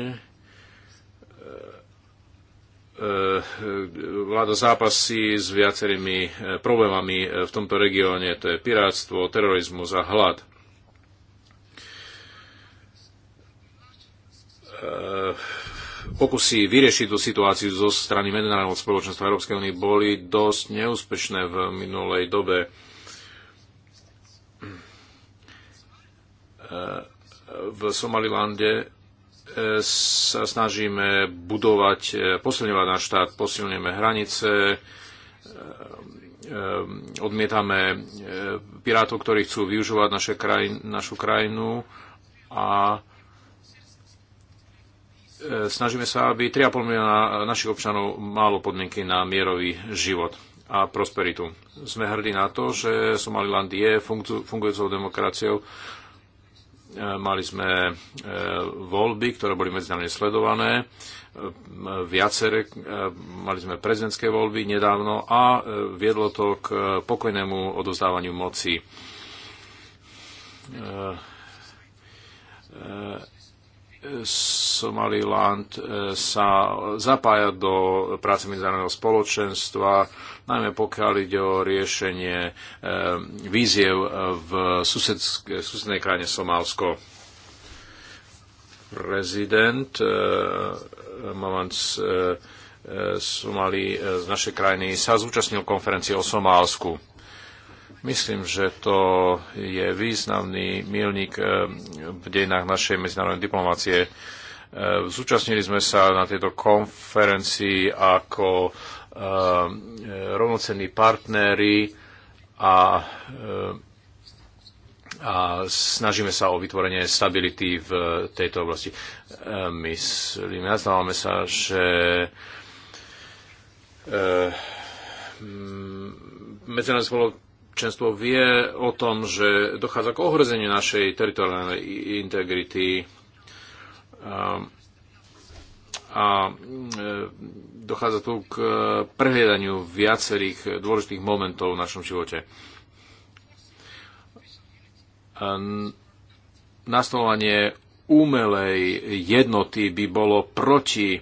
vláda zápasy s viacerými problémami v tomto regióne, to je pirátstvo, terorizmus a hlad. Eh, pokusy vyriešiť tú situáciu zo strany medzinárodného spoločenstva Európskej únie boli dosť neúspešné v minulej dobe. Eh, v Somalilande eh, sa snažíme budovať, posilňovať náš štát, posilňujeme hranice, odmietame pirátov, ktorí chcú využívať naše našu krajinu a E, snažíme sa, aby 3,5 milióna našich občanov malo podmienky na mierový život a prosperitu. Sme hrdí na to, že Somaliland je fungujúcou demokraciou. E, mali sme e, voľby, ktoré boli medzinárodne sledované, viacere, mali sme prezidentské voľby nedávno a viedlo to k pokojnému odovzdávaniu moci Somaliland e, sa zapája do práce medzinárodného spoločenstva, najmä pokiaľ ide o riešenie e, víziev v susednej krajine Somálsko. Prezident e, Mamans Somali z našej krajiny sa zúčastnil konferencie o Somálsku Myslím, že to je významný milník eh, v dejinách našej medzinárodnej diplomácie. Eh, zúčastnili sme sa na tejto konferencii ako eh, rovnocenní partnery a, a snažíme sa o vytvorenie stability v tejto oblasti. Myslím, nazdávame sa, že medzinárodné občanstvo vie o tom, že dochádza k ohrozeniu našej teritoriálnej integrity ehm, a, a e, dochádza tu k e, prehliadaniu viacerých dôležitých momentov v našom živote. Ehm, nastolovanie umelej jednoty by bolo proti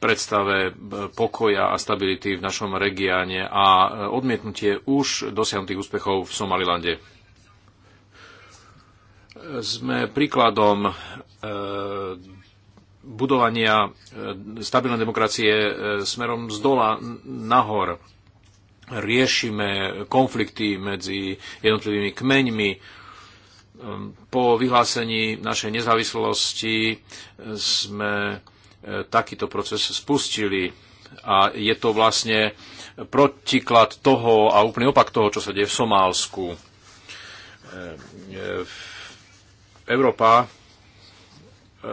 predstave e, pokoja a stability v našom regiáne a e, odmietnutie už dosiahnutých úspechov v Somalilande. Sme príkladom e, budovania stabilnej demokracie smerom z dola nahor. Riešime konflikty medzi jednotlivými kmeňmi, po vyhlásení našej nezávislosti sme takýto proces spustili. A je to vlastne protiklad toho a úplný opak toho, čo sa deje v Somálsku. E, e, Európa e,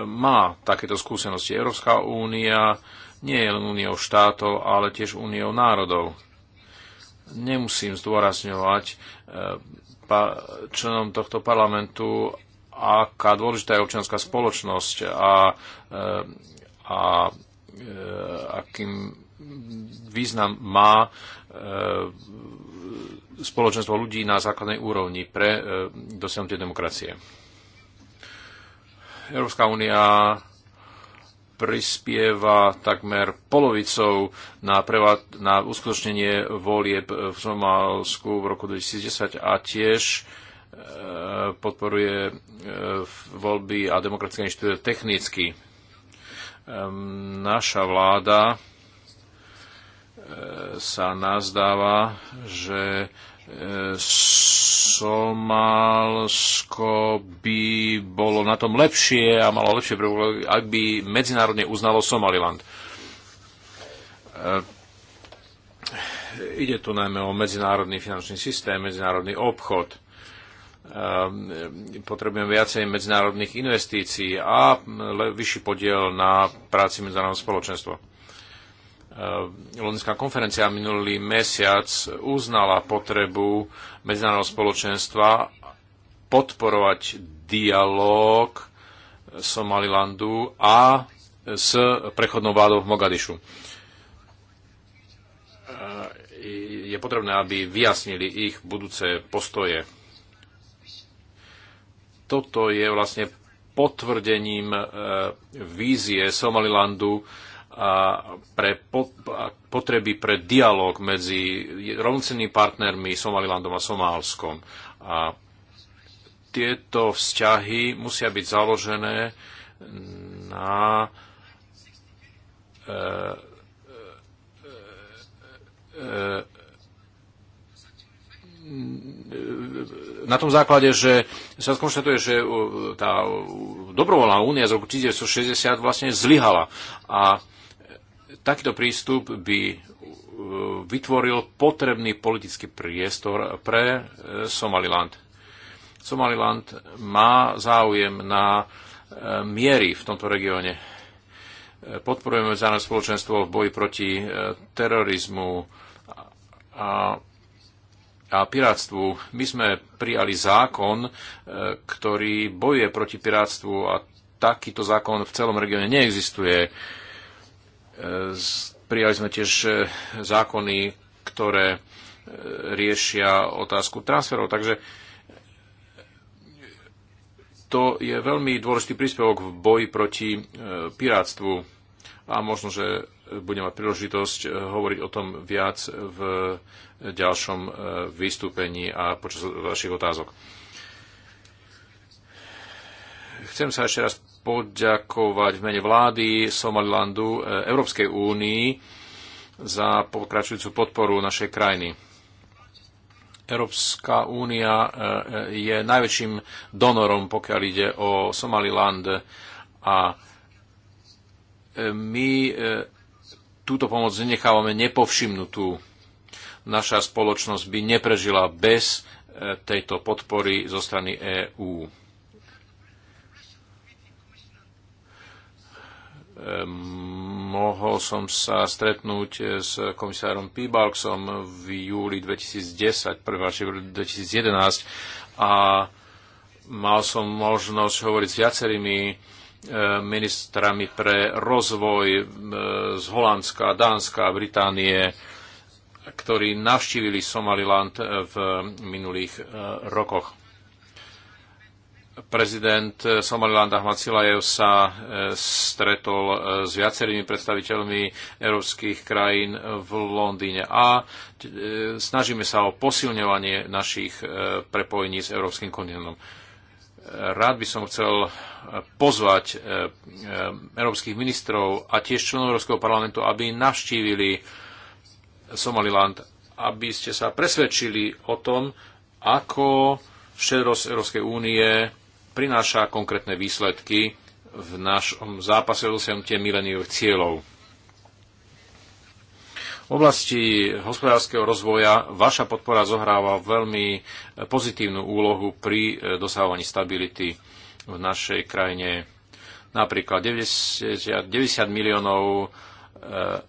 má takéto skúsenosti. Európska únia nie je len úniou štátov, ale tiež úniou národov. Nemusím zdôrazňovať členom tohto parlamentu, aká dôležitá je občianská spoločnosť a a e, akým význam má e, spoločenstvo ľudí na základnej úrovni pre e, dosiahnutie demokracie. Európska únia prispieva takmer polovicou na, prevad, na uskutočnenie volieb v Somálsku v roku 2010 a tiež podporuje voľby a demokratické inštitúty technicky Ehm, naša vláda e, sa nazdáva, že e, Somálsko by bolo na tom lepšie a malo lepšie prvky, ak by medzinárodne uznalo Somaliland. Ehm, ide tu najmä o medzinárodný finančný systém, medzinárodný obchod. Ehm, potrebujeme viacej medzinárodných investícií a vyšší podiel na práci medzinárodného spoločenstva. Ehm, Londýnská konferencia minulý mesiac uznala potrebu medzinárodného spoločenstva podporovať dialog Somalilandu a s prechodnou vládou v Mogadišu ehm, je potrebné, aby vyjasnili ich budúce postoje toto je vlastne potvrdením e, vízie Somalilandu e, pre potreby pre dialog medzi rovnocennými partnermi Somalilandom a Somálskom. A tieto vzťahy musia byť založené na e, e, e, na tom základe, že sa skonštatuje, že uh, tá uh, dobrovoľná únia z roku 1960 vlastne zlyhala. A takýto prístup by uh, vytvoril potrebný politický priestor pre Somaliland. Somaliland má záujem na miery v tomto regióne. Podporujeme medzinárodné spoločenstvo v boji proti terorizmu a a pirátstvu. My sme prijali zákon, e, ktorý bojuje proti pirátstvu a takýto zákon v celom regióne neexistuje. E, prijali sme tiež e, zákony, ktoré riešia otázku transferov, takže to je veľmi dôležitý príspevok v boji proti pirátstvu a možno, že budem mať príležitosť e, hovoriť o tom viac v ďalšom e, vystúpení a počas vašich otázok. Chcem sa ešte raz poďakovať v mene vlády Somalilandu e, Európskej únii za pokračujúcu podporu našej krajiny. Európska únia je najväčším donorom, pokiaľ ide o Somaliland a my túto pomoc nenechávame nepovšimnutú. Naša spoločnosť by neprežila bez e, tejto podpory zo strany EÚ. E, mohol som sa stretnúť e, s komisárom Pibalksom v júli 2010, 1. 2011 a mal som možnosť hovoriť s viacerými ministrami pre rozvoj e, z Holandska, Dánska, Británie, ktorí navštívili Somaliland e, v minulých e, rokoch. Prezident Somaliland Ahmad Silajev sa stretol s viacerými predstaviteľmi európskych krajín v Londýne a snažíme sa o posilňovanie našich prepojení s európskym kontinentom. Rád by som chcel pozvať eh, eh, európskych ministrov a tiež členov Európskeho parlamentu, aby navštívili Somaliland, aby ste sa presvedčili o tom, ako šedrosť Európskej únie prináša konkrétne výsledky v našom zápase o dosiahnutie mileniových cieľov. V oblasti hospodárskeho rozvoja vaša podpora zohráva veľmi eh, pozitívnu úlohu pri dosahovaní stability v našej krajine. Napríklad 90, 90 miliónov eh,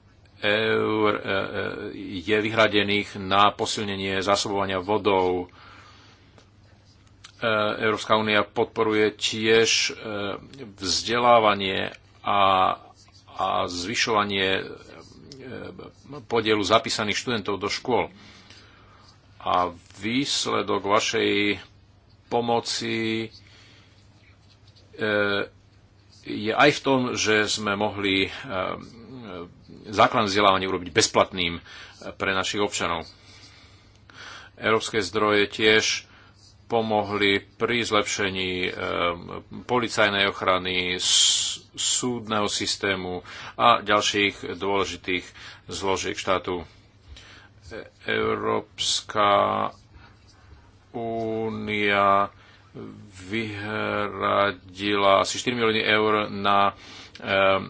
eur eh, eh, je vyhradených na posilnenie zásobovania vodou. Európska únia podporuje tiež vzdelávanie a, a zvyšovanie podielu zapísaných študentov do škôl. A výsledok vašej pomoci E, je aj v tom, že sme mohli e, základné vzdelávanie urobiť bezplatným e, pre našich občanov. Európske zdroje tiež pomohli pri zlepšení policajnej ochrany, súdneho systému a ďalších dôležitých zložiek štátu. Európska únia vyhradila asi 4 milióny eur na, eh,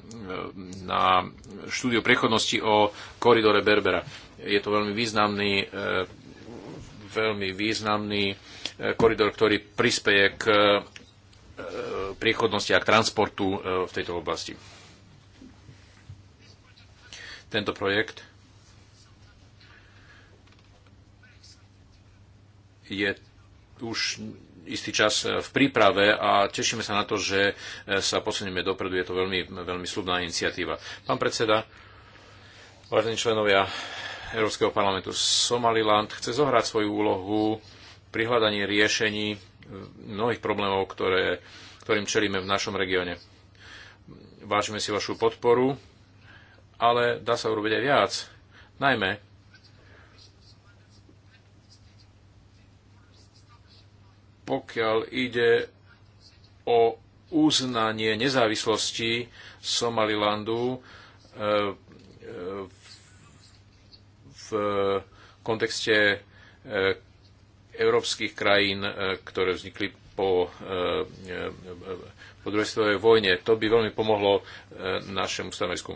na štúdiu prechodnosti o koridore Berbera. Je to veľmi významný, eh, veľmi významný eh, koridor, ktorý prispeje k priechodnosti a k transportu v tejto oblasti. Tento projekt je už istý čas e, v príprave a tešíme sa na to, že e, sa posunieme dopredu. Je to veľmi, veľmi slubná iniciatíva. Pán predseda, vážení členovia Európskeho parlamentu, Somaliland chce zohrať svoju úlohu pri hľadaní riešení mnohých problémov, ktoré, ktorým čelíme v našom regióne. Vážime si vašu podporu, ale dá sa urobiť aj viac. Najmä Pokiaľ ide o uznanie nezávislosti Somalilandu e, e, v kontexte e, európskych krajín, ktoré vznikli po, po druhej svetovej vojne. To by veľmi pomohlo našemu stanovisku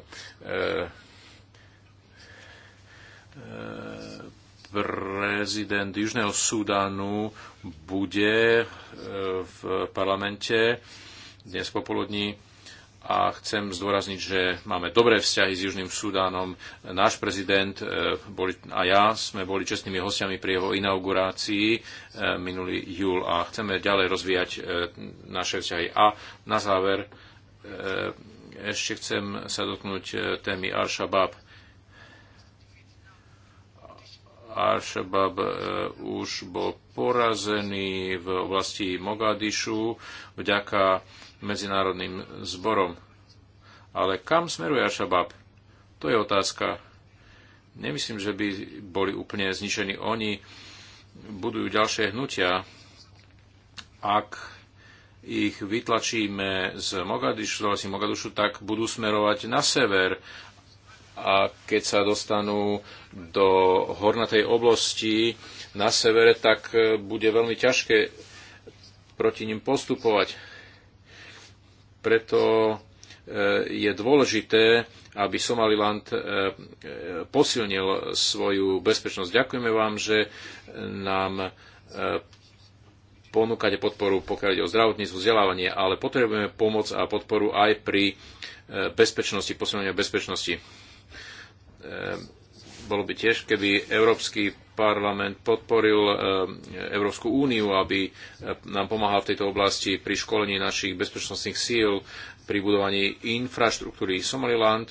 prezident Južného Súdánu bude e, v parlamente dnes popoludní a chcem zdôrazniť, že máme dobré vzťahy s Južným Súdanom. Náš prezident e, boli, a ja sme boli čestnými hostiami pri jeho inaugurácii e, minulý júl a chceme ďalej rozvíjať naše vzťahy. A na záver ešte chcem sa dotknúť témy Al-Shabaab. Al-Shabaab e, už bol porazený v oblasti Mogadišu vďaka medzinárodným zborom. Ale kam smeruje Al-Shabaab? To je otázka. Nemyslím, že by boli úplne zničení oni. Budujú ďalšie hnutia. Ak ich vytlačíme z Mogadišu, z Mogadišu, tak budú smerovať na sever a keď sa dostanú do hornatej oblasti na severe, tak e, bude veľmi ťažké proti nim postupovať. Preto e, je dôležité, aby Somaliland e, posilnil svoju bezpečnosť. Ďakujeme vám, že nám ponúkate podporu, pokiaľ ide o zdravotníctvo, vzdelávanie, ale potrebujeme pomoc a podporu aj pri bezpečnosti, posilnení bezpečnosti. Ehm, bolo by tiež, keby Európsky parlament podporil ehm, Európsku úniu, aby ehm, nám pomáhal v tejto oblasti pri školení našich bezpečnostných síl, pri budovaní infraštruktúry Somaliland.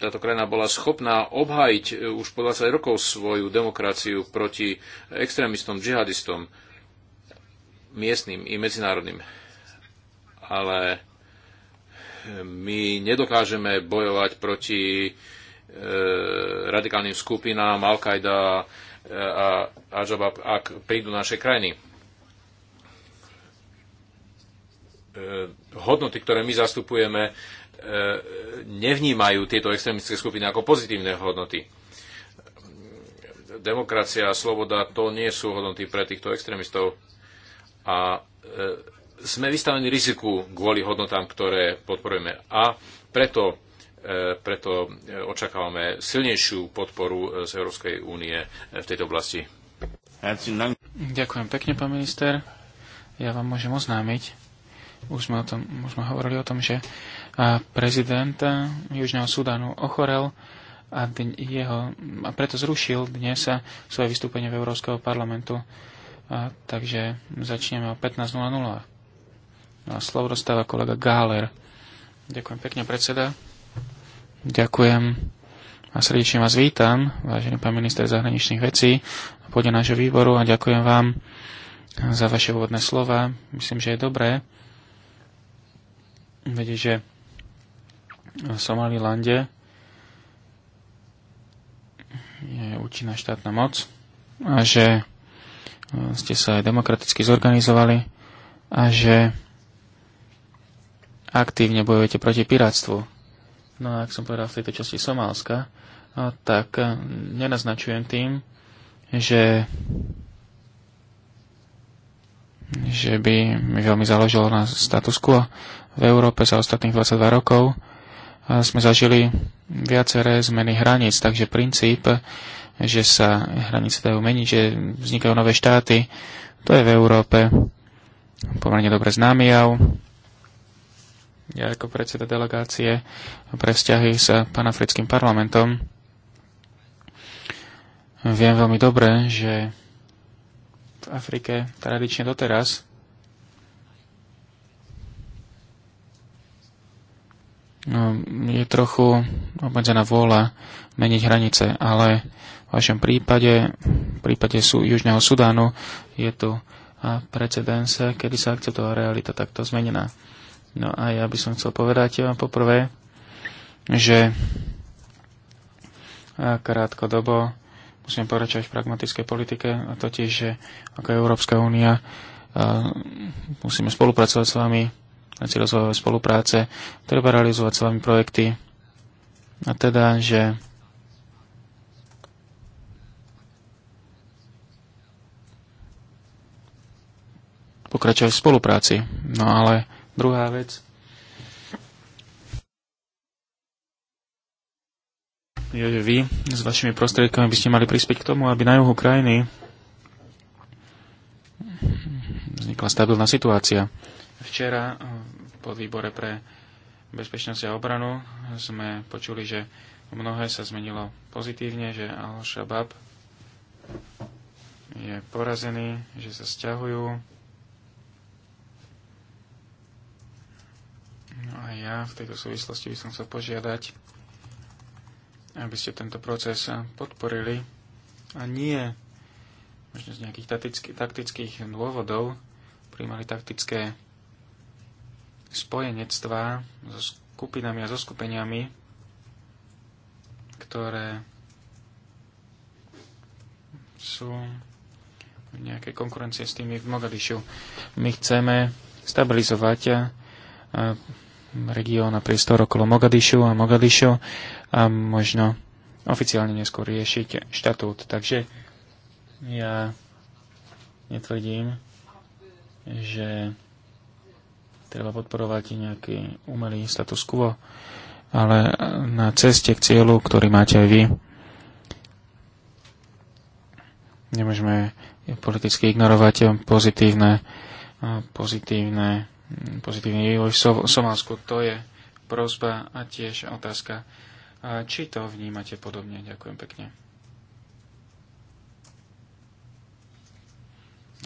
Táto krajina bola schopná obhájiť e, už po 20 rokov svoju demokraciu proti extrémistom, džihadistom, miestnym i medzinárodným. Ale my nedokážeme bojovať proti e, radikálnym skupinám Al-Qaida eh, a al ak prídu naše krajiny. E, hodnoty, ktoré my zastupujeme, e, nevnímajú tieto extrémistické skupiny ako pozitívne hodnoty. Demokracia a sloboda to nie sú hodnoty pre týchto extrémistov. A e, sme vystavení riziku kvôli hodnotám, ktoré podporujeme. A preto, e, preto e, očakávame silnejšiu podporu e, z Európskej únie v tejto oblasti. Ďakujem pekne, pán minister. Ja vám môžem oznámiť, už sme, o tom, už sme hovorili o tom, že prezident Južného Sudánu ochorel a, jeho, a preto zrušil dnes svoje vystúpenie v Európskeho parlamentu. A, takže začneme o 15.00. A slovo dostáva kolega Gáler. Ďakujem pekne, predseda. Ďakujem a srdečne vás vítam, vážený pán minister zahraničných vecí, pôde nášho výboru a ďakujem vám za vaše úvodné slova. Myslím, že je dobré vedieť, že v Somalilande je účinná štátna moc a že ste sa aj demokraticky zorganizovali a že aktívne bojujete proti pirátstvu. No a ak som povedal v tejto časti Somálska, tak e, nenaznačujem tým, že že by mi veľmi záležalo na status quo. V Európe za ostatných 22 rokov sme zažili viaceré zmeny hraníc, takže princíp, že sa hranice dajú meniť, že vznikajú nové štáty, to je v Európe pomerne dobre známy jav ja ako predseda delegácie pre vzťahy s panafrickým parlamentom viem veľmi dobre, že v Afrike tradične doteraz no, je trochu obmedzená vôľa meniť hranice, ale v vašom prípade, v prípade sú, Južného Sudánu, je tu precedens, kedy sa akceptovala realita takto zmenená. No a ja by som chcel povedať vám poprvé, že krátkodobo musíme pokračovať v pragmatickej politike, a totiž, že ako Európska únia musíme spolupracovať s vami na rozvojové spolupráce, treba realizovať s vami projekty a teda, že pokračovať v spolupráci. No ale Druhá vec. Je, že vy s vašimi prostriedkami by ste mali prispieť k tomu, aby na juhu krajiny vznikla stabilná situácia. Včera eh, po výbore pre bezpečnosť a obranu sme počuli, že mnohé sa zmenilo pozitívne, že Al-Shabaab je porazený, že sa stiahujú No a ja v tejto súvislosti by som chcel požiadať, aby ste tento proces podporili a nie možno z nejakých taktických, taktických dôvodov príjmali taktické spojenectvá so skupinami a so skupeniami, ktoré sú v nejakej konkurencie s tými v Mogadišu. My chceme stabilizovať región a priestor okolo Mogadišu a Mogadišo a možno oficiálne neskôr riešiť štatút. Takže ja netvrdím, že treba podporovať nejaký umelý status quo, ale na ceste k cieľu, ktorý máte aj vy, nemôžeme politicky ignorovať pozitívne, pozitívne Mm, pozitívny vývoj v Somálsku. To je prozba a tiež otázka, či to vnímate podobne. Ďakujem pekne.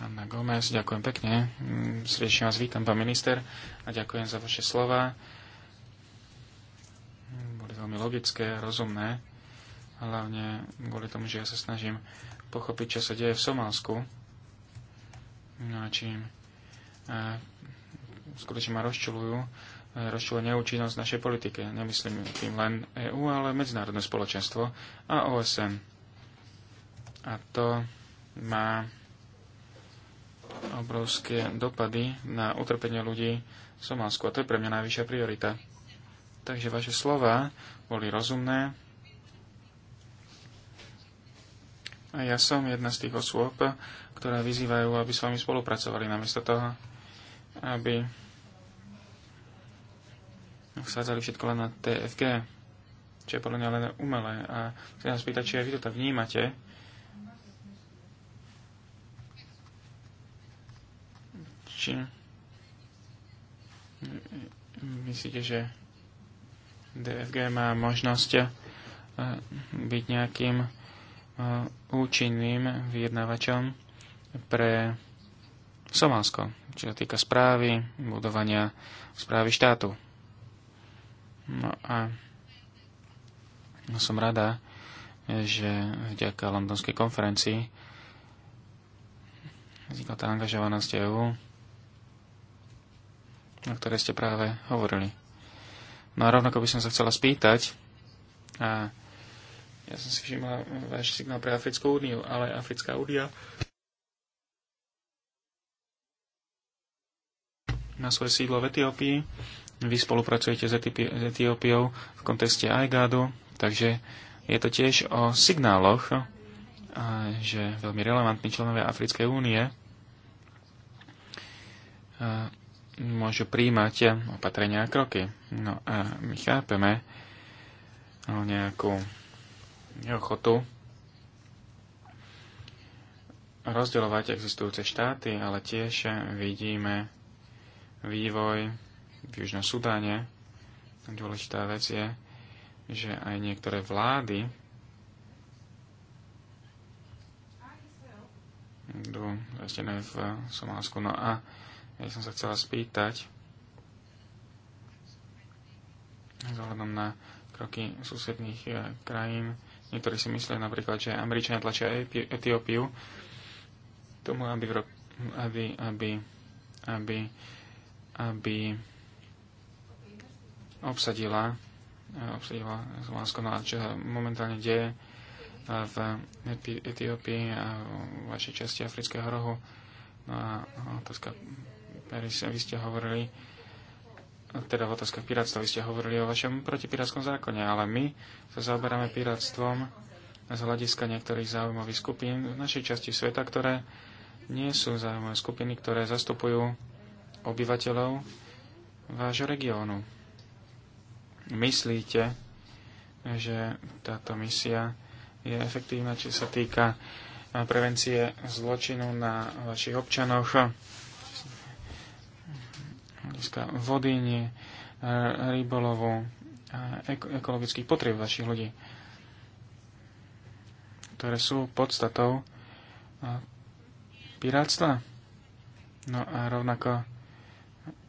Anna Gomez, ďakujem pekne. Mm, srdečne vás vítam, pán minister, a ďakujem za vaše slova. Mm, boli veľmi logické a rozumné, hlavne kvôli tomu, že ja sa snažím pochopiť, čo sa deje v Somálsku. No a čím skutočne ma rozčulujú, eh, rozčuluje neúčinnosť našej politike. Nemyslím tým len EÚ, ale medzinárodné spoločenstvo a OSN. A to má obrovské dopady na utrpenie ľudí v Somálsku. A to je pre mňa najvyššia priorita. Takže vaše slova boli rozumné. A ja som jedna z tých osôb, ktoré vyzývajú, aby s vami spolupracovali namiesto toho, aby vsádzali všetko len na TFG, čo je podľa mňa len umelé. A chcem vás spýtať, či aj vy to tak vnímate, či myslíte, že DFG má možnosť eh, byť nejakým eh, účinným vyjednávačom pre Somálsko, čo sa týka správy, budovania správy štátu. No a som rada, že vďaka Londonskej konferencii vznikla tá angažovanosť EU, o ktorej ste práve hovorili. No a rovnako by som sa chcela spýtať, a ja som si všimla e, váš signál pre Africkú úniu, ale Africká únia na svoje sídlo v Etiópii vy spolupracujete s, Etiópiou v kontexte IGADu, takže je to tiež o signáloch, že veľmi relevantní členovia Africkej únie môžu príjmať opatrenia a kroky. No a my chápeme no, nejakú neochotu rozdeľovať existujúce štáty, ale tiež vidíme vývoj v Južnom Sudáne. Dôležitá vec je, že aj niektoré vlády idú zaistené v Somálsku. No a ja som sa chcela spýtať vzhľadom na kroky susedných eh, krajín. Niektorí si myslia napríklad, že Američania tlačia Etiópiu tomu, aby, v roku, aby, aby, aby, aby obsadila, eh, obsadila Slovansko, no a čo momentálne deje eh, v Etiópii a v vašej časti Afrického rohu. No a otázka Paris, vy ste hovorili, teda v otázkach pirátstva, vy ste hovorili o vašom protipirátskom zákone, ale my sa zaoberáme pirátstvom z hľadiska niektorých záujmových skupín v našej časti sveta, ktoré nie sú záujmové skupiny, ktoré zastupujú obyvateľov vášho regiónu myslíte, že táto misia je efektívna, či sa týka eh, prevencie zločinu na vašich občanoch, vody, nie, eh, rybolovu, ekologických potrieb vašich ľudí, ktoré sú podstatou eh, piráctva. No a rovnako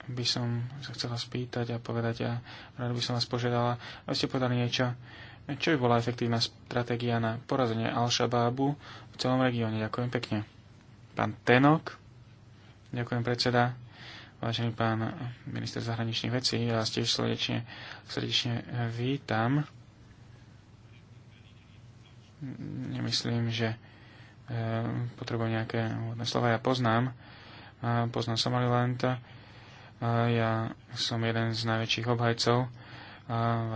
by som sa chcela spýtať a povedať a rád by som vás požiadala, aby ste povedali niečo, čo by bola efektívna stratégia na porazenie Al-Shabaabu v celom regióne. Ďakujem pekne. Pán Tenok, ďakujem predseda, vážený pán minister zahraničných vecí, ja vás tiež srdečne, srdečne vítam. Nemyslím, že eh, potrebujem nejaké úvodné slova. Ja poznám, poznám Somaliland, ja som jeden z najväčších obhajcov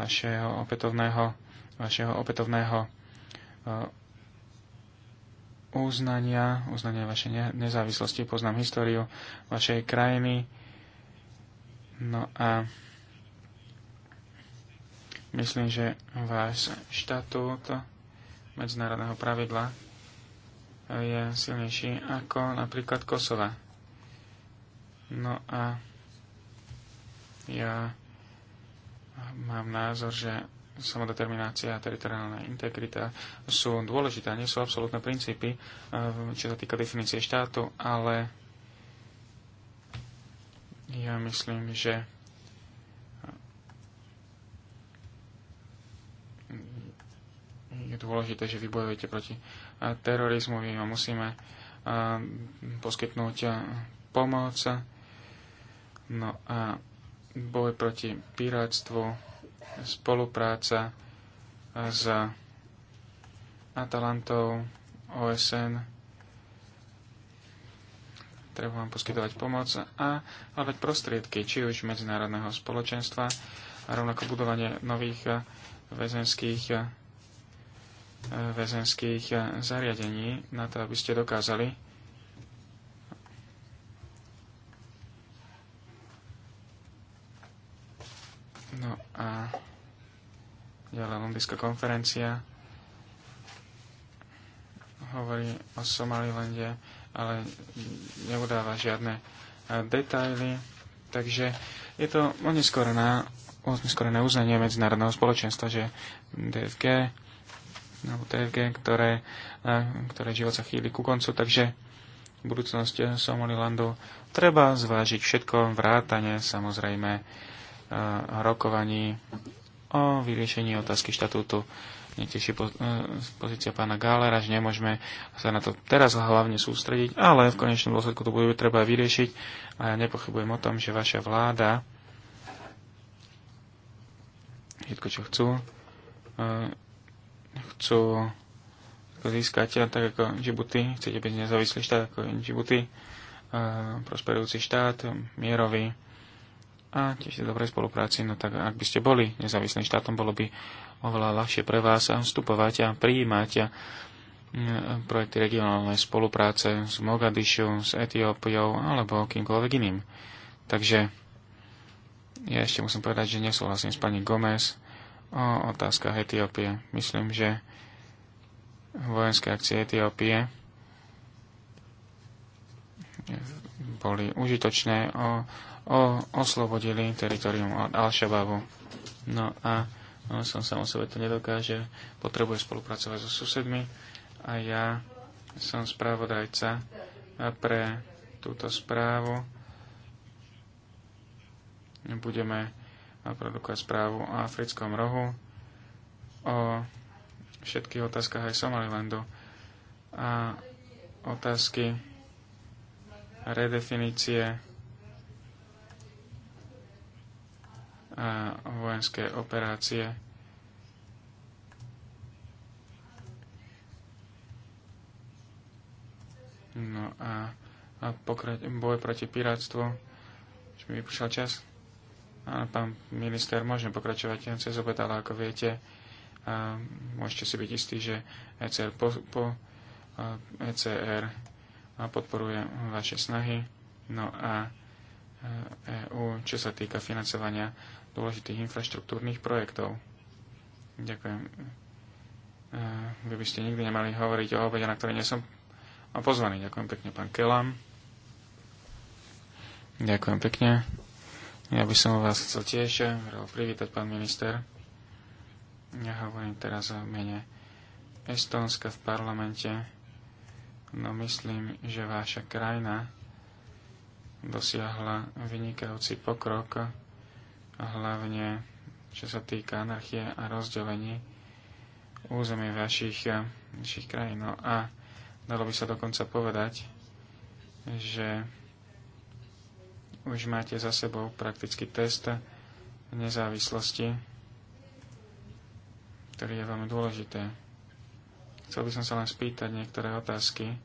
vašeho opätovného, vašeho opätovného uznania, uznania vašej nezávislosti. Poznám históriu vašej krajiny. No a myslím, že váš štatút medzinárodného pravidla je silnejší ako napríklad Kosova. No a ja mám názor, že samodeterminácia a teritoriálna integrita sú dôležité, nie sú absolútne princípy, eh, čo sa týka definície štátu, ale ja myslím, že je dôležité, že vybojujete proti eh, terorizmu, my musíme eh, poskytnúť pomoc. No a boj proti piráctvu, spolupráca e, s Atalantou, OSN. Treba vám poskytovať pomoc a hľadať prostriedky, či už medzinárodného spoločenstva a rovnako budovanie nových e, väzenských, e, väzenských zariadení na to, aby ste dokázali No a ďalej Londýnska konferencia hovorí o Somalilande, ale neudáva žiadne e, detaily, takže je to oneskorená oneskorené uznanie medzinárodného spoločenstva, že DFG, no DFG ktoré, e, ktoré život sa chýli ku koncu, takže budúcnosť Somalilandu treba zvážiť všetko, vrátane samozrejme rokovaní o vyriešení otázky štatútu. Neteší po, e, pozícia pána Gálera, že nemôžeme sa na to teraz hlavne sústrediť, ale v konečnom dôsledku to bude treba vyriešiť a ja nepochybujem o tom, že vaša vláda všetko, čo chcú, e, chcú získať, tak ako Džibuty, chcete byť nezávislý štát ako Džibuty, e, prosperujúci štát, mierový, a tiež v dobrej spolupráci, no tak ak by ste boli nezávislým štátom, bolo by oveľa ľahšie pre vás vstupovať a prijímať a mm, projekty regionálnej spolupráce s Mogadišu, s Etiópiou alebo kýmkoľvek iným. Takže ja ešte musím povedať, že nesúhlasím s pani Gomez o otázkach Etiópie. Myslím, že vojenské akcie Etiópie boli užitočné o o, oslobodili teritorium od Al-Shababu. No a no, som sám o sebe to nedokáže, potrebuje spolupracovať so susedmi a ja som správodajca pre túto správu. Budeme produkovať správu o africkom rohu, o všetkých otázkach aj Somalilandu a otázky redefinície vojenské operácie. No a, a pokrať, boj proti pirátstvu. Už mi vypršal čas? Áno, pán minister, môžem pokračovať Ja sa ale ako viete, a môžete si byť istí, že ECR, po, po, ECR podporuje vaše snahy. No a EU, čo sa týka financovania dôležitých infraštruktúrnych projektov. Ďakujem. E, vy by ste nikdy nemali hovoriť o obede, na ktoré nie som pozvaný. Ďakujem pekne, pán Kelam. Ďakujem pekne. Ja by som vás chcel tiež privítať, pán minister. Ja hovorím teraz o mene Estónska v parlamente. No myslím, že vaša krajina dosiahla vynikajúci pokrok hlavne čo sa týka anarchie a rozdelenie územie vašich, vašich krajín. No a dalo by sa dokonca povedať, že už máte za sebou prakticky test nezávislosti, ktorý je veľmi dôležité. Chcel by som sa len spýtať niektoré otázky.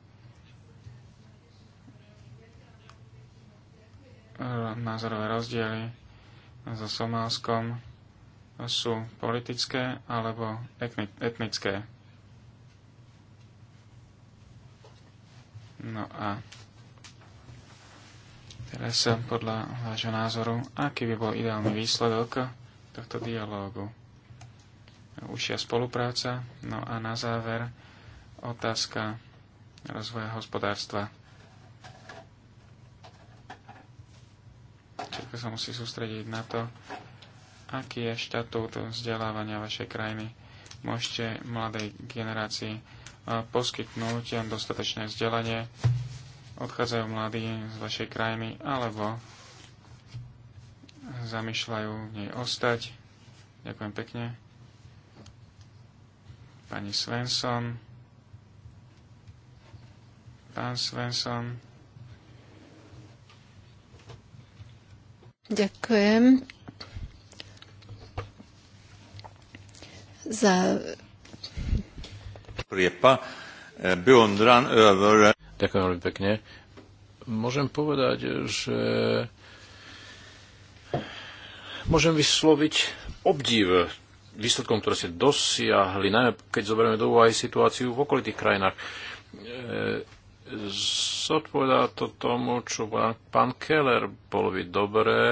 názorové rozdiely so Somálskom sú politické alebo etnické. No a teraz podľa vášho názoru, aký by bol ideálny výsledok tohto dialógu? Užšia spolupráca, no a na záver otázka rozvoja hospodárstva. otázka sa musí sústrediť na to, aký je štatút vzdelávania vašej krajiny. Môžete mladej generácii eh, poskytnúť dostatočné vzdelanie, odchádzajú mladí z vašej krajiny, alebo zamýšľajú v nej ostať. Ďakujem pekne. Pani Svensson. Pán Svensson. Ďakujem za... Priepa. E, Ďakujem veľmi pekne. Môžem povedať, že môžem vysloviť obdiv výsledkom, ktoré ste dosiahli, najmä keď zoberieme do úvahy situáciu v okolitých krajinách. E, zodpovedá to tomu, čo pán Keller, bol by dobré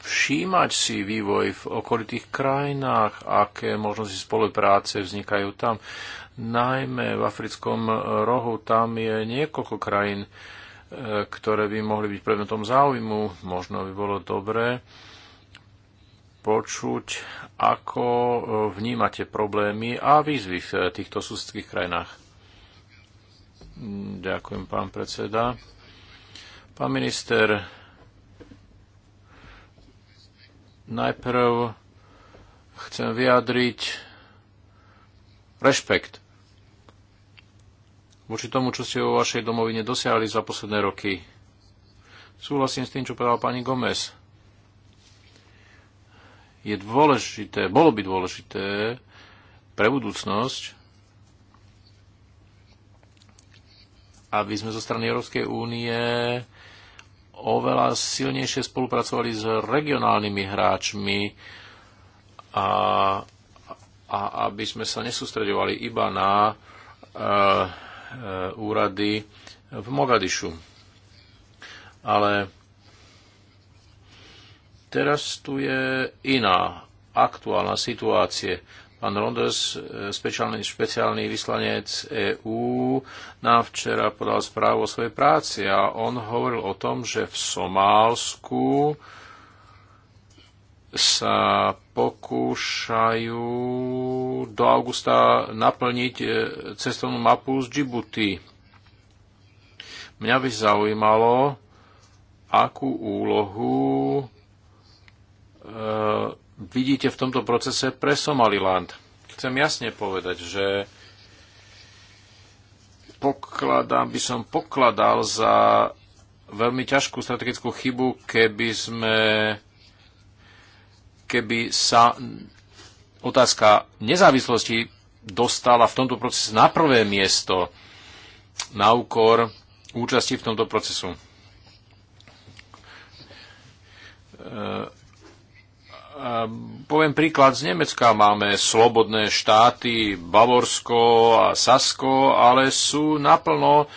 všímať si vývoj v okolitých krajinách, aké možnosti spolupráce vznikajú tam. Najmä v africkom rohu tam je niekoľko krajín, e, ktoré by mohli byť predmetom záujmu. Možno by bolo dobré počuť, ako e, vnímate problémy a výzvy v týchto susedských krajinách. Ďakujem, pán predseda. Pán minister, najprv chcem vyjadriť rešpekt voči tomu, čo ste vo vašej domovine dosiahli za posledné roky. Súhlasím s tým, čo povedala pani Gomez. Je dôležité, bolo by dôležité pre budúcnosť, aby sme zo strany Európskej únie oveľa silnejšie spolupracovali s regionálnymi hráčmi a, a aby sme sa nesústredovali iba na e, e, úrady v Mogadišu. Ale teraz tu je iná aktuálna situácia. Pán Ronders, špeciálny, e, špeciálny vyslanec EÚ, nám včera podal správu o svojej práci a on hovoril o tom, že v Somálsku sa pokúšajú do augusta naplniť e, cestovnú mapu z Džibuty. Mňa by zaujímalo, akú úlohu e, vidíte v tomto procese pre Somaliland? Chcem jasne povedať, že pokladám, by som pokladal za veľmi ťažkú strategickú chybu, keby sme keby sa otázka nezávislosti dostala v tomto procese na prvé miesto na úkor účasti v tomto procesu. E Ehm, poviem príklad z Nemecka. Máme slobodné štáty Bavorsko a Sasko, ale sú naplno,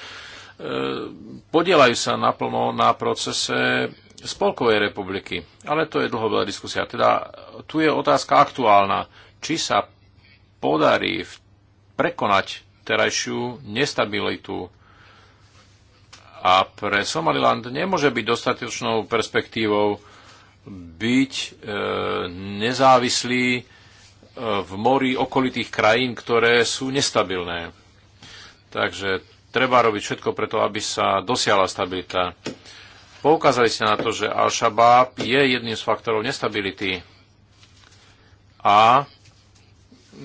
ehm, podielajú sa naplno na procese Spolkovej republiky. Ale to je dlhodobá diskusia. Teda tu je otázka aktuálna. Či sa podarí prekonať terajšiu nestabilitu a pre Somaliland nemôže byť dostatočnou perspektívou byť e, nezávislí e, v mori okolitých krajín, ktoré sú nestabilné. Takže treba robiť všetko preto, aby sa dosiala stabilita. Poukázali ste na to, že Al-Shabaab je jedným z faktorov nestability a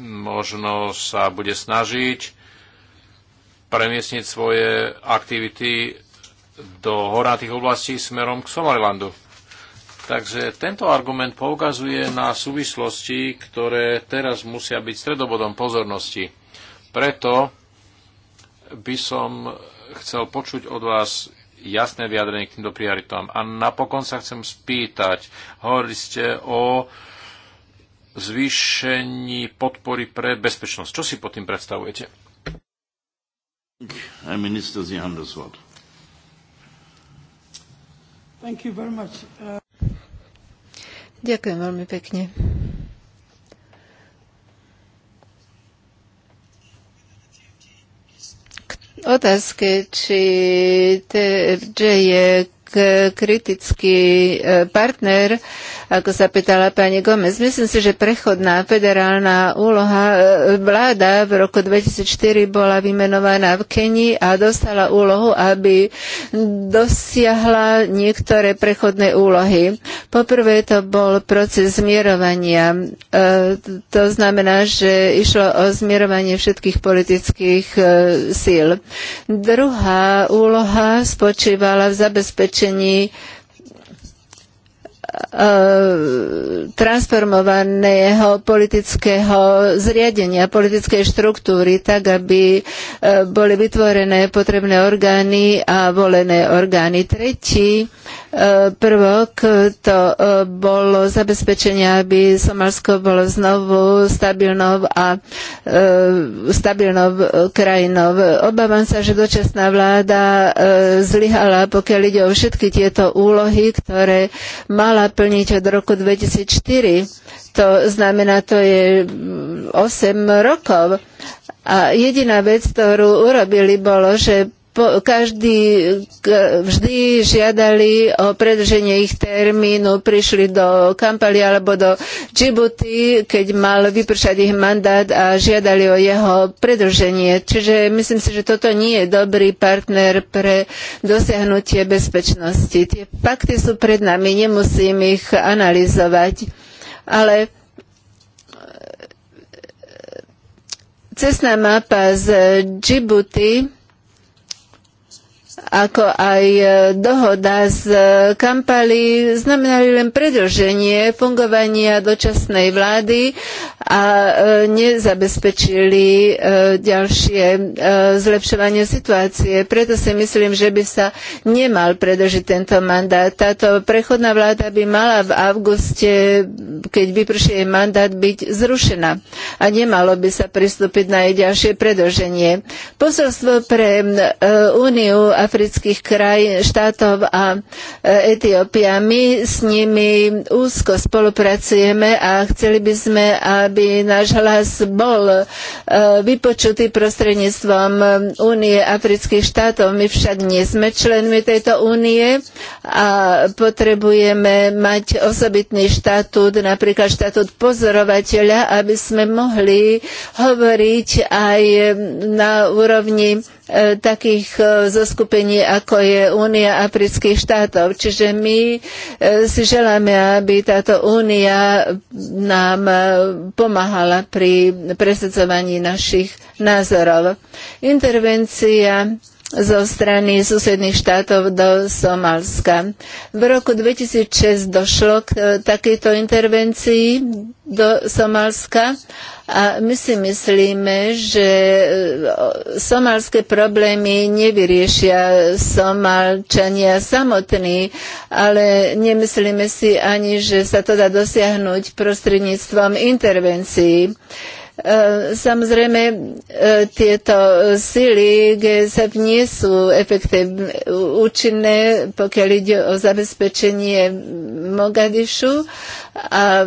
možno sa bude snažiť premiesniť svoje aktivity do hornatých oblastí smerom k Somalilandu. Takže tento argument poukazuje na súvislosti, ktoré teraz musia byť stredobodom pozornosti. Preto by som chcel počuť od vás jasné vyjadrenie k týmto prioritám. A napokon sa chcem spýtať, hovorili ste o zvýšení podpory pre bezpečnosť. Čo si pod tým predstavujete? Herr Minister, Sie haben das Wort. Thank you very much. Uh... Ďakujem veľmi pekne. otázke, či že je kritický e, partner, ako sa pýtala pani Gomez. Myslím si, že prechodná federálna úloha e, vláda v roku 2004 bola vymenovaná v Kenii a dostala úlohu, aby dosiahla niektoré prechodné úlohy. Poprvé to bol proces zmierovania. E, to znamená, že išlo o zmierovanie všetkých politických síl. Druhá úloha spočívala v zabezpečení zabezpečení E, transformovaného politického zriadenia, politickej štruktúry, tak aby e, boli vytvorené potrebné orgány a volené orgány. Tretí e, prvok to bolo zabezpečenie, aby Somalsko bolo znovu stabilnou a stabilnou krajinou. Obávam sa, že dočasná vláda zlyhala, pokiaľ ide o všetky tieto úlohy, ktoré mala naplniť od roku 2004. To znamená, to je 8 mm, rokov. A jediná vec, ktorú urobili, bolo, že každý vždy žiadali o predrženie ich termínu, prišli do Kampali alebo do Džibuty, keď mal vypršať ich mandát a žiadali o jeho predrženie. Čiže myslím si, že toto nie je dobrý partner pre dosiahnutie bezpečnosti. Tie fakty sú pred nami, nemusím ich analyzovať, ale e, cestná mapa z Džibuty ako aj e, dohoda z e, Kampaly znamenali len predlženie fungovania dočasnej vlády a e, nezabezpečili ďalšie zlepšovanie situácie. Preto si myslím, že by sa nemal predlžiť tento mandát. Táto prechodná vláda by mala v auguste, keď vyprší jej mandát, byť zrušená a nemalo by sa pristúpiť na jej ďalšie predlženie. Posolstvo pre Úniu Afriky afrických kraj, štátov a e, Etiópia. My s nimi úzko spolupracujeme a chceli by sme, aby náš hlas bol e, vypočutý prostredníctvom e, Únie afrických štátov. My však nie sme členmi tejto únie a potrebujeme mať osobitný štatút, napríklad štatút pozorovateľa, aby sme mohli hovoriť aj na úrovni E, takých e, zoskupení, ako je Únia afrických štátov. Čiže my e, si želáme, aby táto únia nám pomáhala pri presadzovaní našich názorov. Intervencia zo strany susedných štátov do Somalska. V roku 2006 došlo k e, takejto intervencii do Somalska a my si myslíme, že e, somalské problémy nevyriešia somalčania samotní, ale nemyslíme si ani, že sa to dá dosiahnuť prostredníctvom intervencií. E, samozrejme, e, tieto sily GSF nie sú efektívne účinné, pokiaľ ide o zabezpečenie Mogadišu a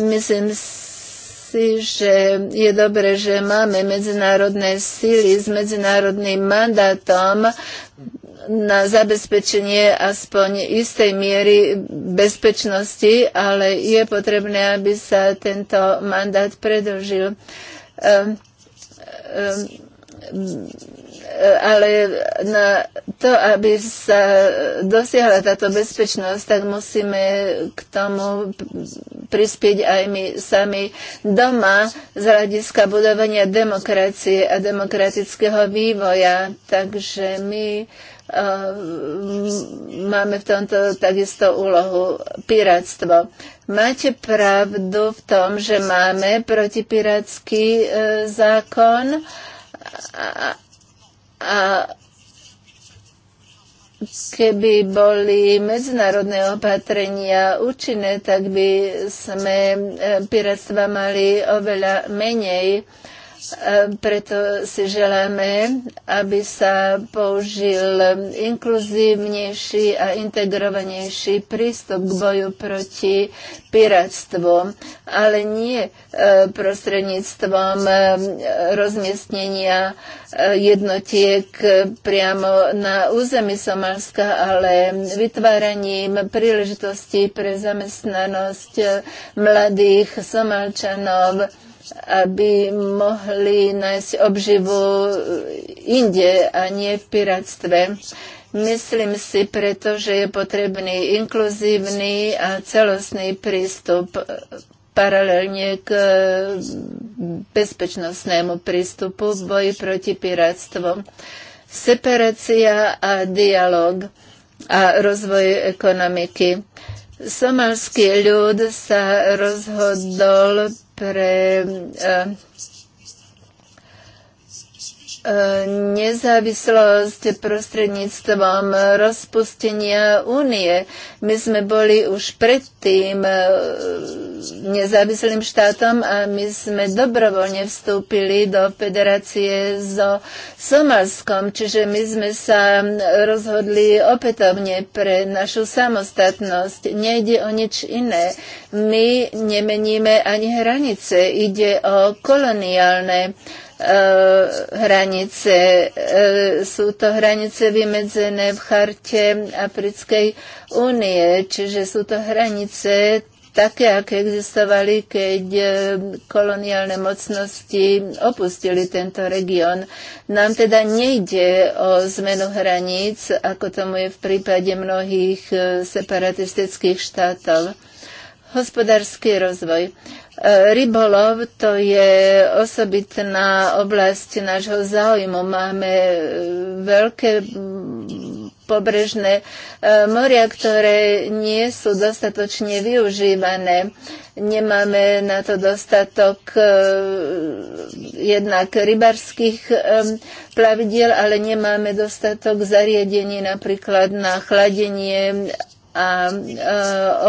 myslím si, že je dobré, že máme medzinárodné síly s medzinárodným mandátom na zabezpečenie aspoň istej miery bezpečnosti, ale je potrebné, aby sa tento mandát predlžil. Um, um, ale na to, aby sa dosiahla táto bezpečnosť, tak musíme k tomu prispieť aj my sami doma z hľadiska budovania demokracie a demokratického vývoja. Takže my uh, Ehm, máme v tomto takisto úlohu piráctvo. Máte pravdu v tom, že máme protipirátsky e, zákon a, a keby boli medzinárodné opatrenia účinné, tak by sme e, piráctva mali oveľa menej. E, Ehm, preto si želáme, aby sa použil inkluzívnejší a integrovanejší prístup k boju proti piráctvu, ale nie ehm, prostredníctvom ehm, rozmiestnenia jednotiek priamo na území Somálska, ale vytváraním príležitostí pre zamestnanosť mladých Somálčanov aby mohli nájsť obživu inde a nie v piratstve. Myslím si preto, že je potrebný inkluzívny a celostný prístup paralelne k bezpečnostnému prístupu v boji proti piráctvu. Separácia a dialog a rozvoj ekonomiky. Somalský ľud sa rozhodol pre eh, E, nezávislosť prostredníctvom rozpustenia únie. My sme boli už predtým e, nezávislým štátom a my sme dobrovoľne vstúpili do federácie so Somalskom, čiže my sme sa rozhodli opätovne pre našu samostatnosť. Nejde o nič iné. My nemeníme ani hranice, ide o koloniálne uh, Eh, hranice. Eh, sú to hranice vymedzené v charte Africkej únie, čiže sú to hranice také, aké existovali, keď eh, koloniálne mocnosti opustili tento región. Nám teda nejde o zmenu hraníc, ako tomu je v prípade mnohých separatistických štátov. Hospodársky rozvoj. Rybolov to je osobitná oblasť nášho záujmu. Máme e, veľké pobrežné e, moria, ktoré nie sú dostatočne využívané. Nemáme na to dostatok e, jednak rybarských plavidiel, ale nemáme dostatok zariadení napríklad na chladenie a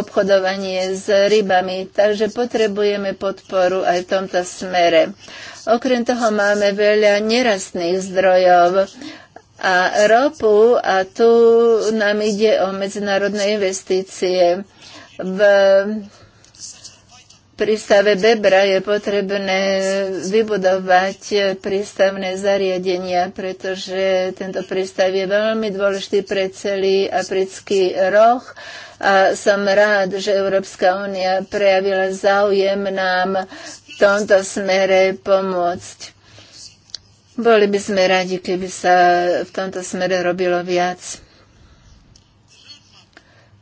obchodovanie s rybami. Takže potrebujeme podporu aj v tomto smere. Okrem toho máme veľa nerastných zdrojov a ropu a tu nám ide o medzinárodné investície. V prístave Bebra je potrebné vybudovať prístavné zariadenia, pretože tento prístav je veľmi dôležitý pre celý africký roh a som rád, že Európska únia prejavila záujem nám v tomto smere pomôcť. Boli by sme radi, keby sa v tomto smere robilo viac.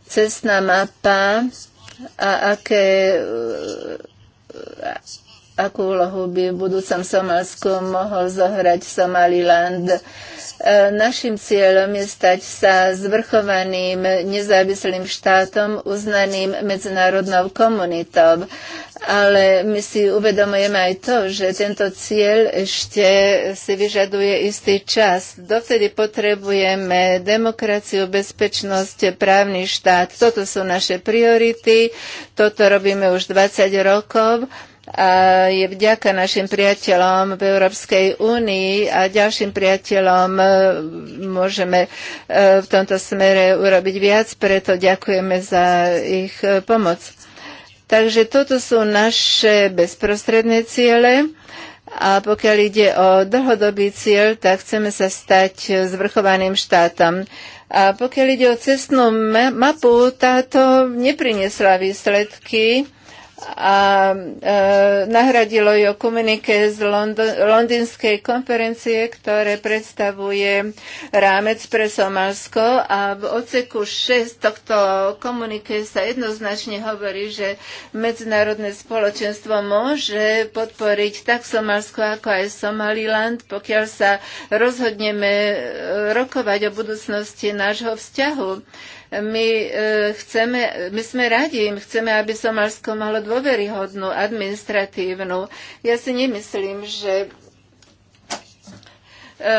Cestná mapa a aké, e, e, e, akú úlohu by v budúcom Somálsku mohol zohrať Somaliland Našim cieľom je stať sa zvrchovaným nezávislým štátom uznaným medzinárodnou komunitou. Ale my si uvedomujeme aj to, že tento cieľ ešte si vyžaduje istý čas. Dovtedy potrebujeme demokraciu, bezpečnosť, právny štát. Toto sú naše priority, toto robíme už 20 rokov a je vďaka našim priateľom v Európskej únii a ďalším priateľom e, môžeme e, v tomto smere urobiť viac, preto ďakujeme za ich e, pomoc. Takže toto sú naše bezprostredné ciele. A pokiaľ ide o dlhodobý cieľ, tak chceme sa stať zvrchovaným štátom. A pokiaľ ide o cestnú mapu, táto nepriniesla výsledky a e, nahradilo ju komunike z Lond- londýnskej konferencie, ktoré predstavuje rámec pre Somálsko a v oceku 6 tohto komunike sa jednoznačne hovorí, že medzinárodné spoločenstvo môže podporiť tak Somálsko, ako aj Somaliland, pokiaľ sa rozhodneme e, rokovať o budúcnosti nášho vzťahu. My, e, chceme, my sme radi, my chceme, aby Somalsko malo dôveryhodnú administratívnu. Ja si nemyslím, že e, e,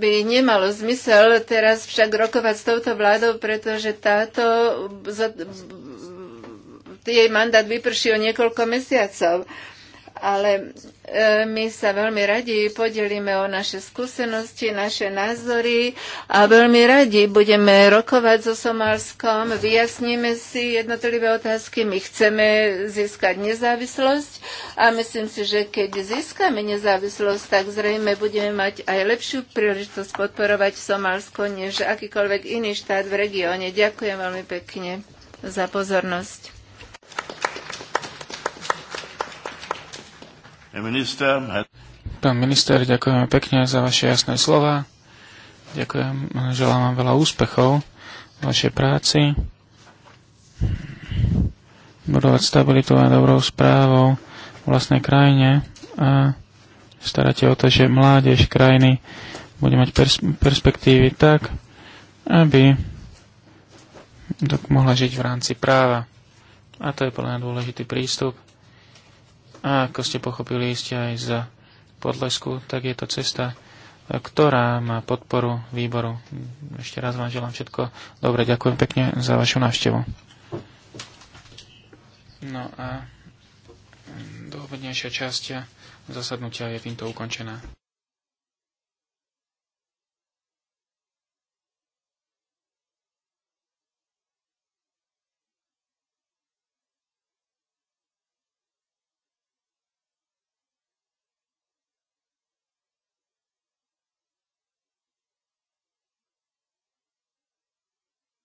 by nemalo zmysel teraz však rokovať s touto vládou, pretože táto jej mandát vyprší o niekoľko mesiacov ale e, my sa veľmi radi podelíme o naše skúsenosti, naše názory a veľmi radi budeme rokovať so Somálskom, vyjasníme si jednotlivé otázky, my chceme získať nezávislosť a myslím si, že keď získame nezávislosť, tak zrejme budeme mať aj lepšiu príležitosť podporovať Somálsko, než akýkoľvek iný štát v regióne. Ďakujem veľmi pekne za pozornosť. Pán minister, ďakujem pekne za vaše jasné slova. Ďakujem, želám vám veľa úspechov v vašej práci. Budovať stabilitu a dobrou správou v vlastnej krajine a staráte o to, že mládež krajiny bude mať pers- perspektívy tak, aby mohla žiť v rámci práva. A to je plne dôležitý prístup. A ako ste pochopili ste aj z podlesku, tak je to cesta, ktorá má podporu výboru. Ešte raz vám želám všetko dobre. Ďakujem pekne za vašu návštevu. No a dôvodnejšia časť zasadnutia je týmto ukončená.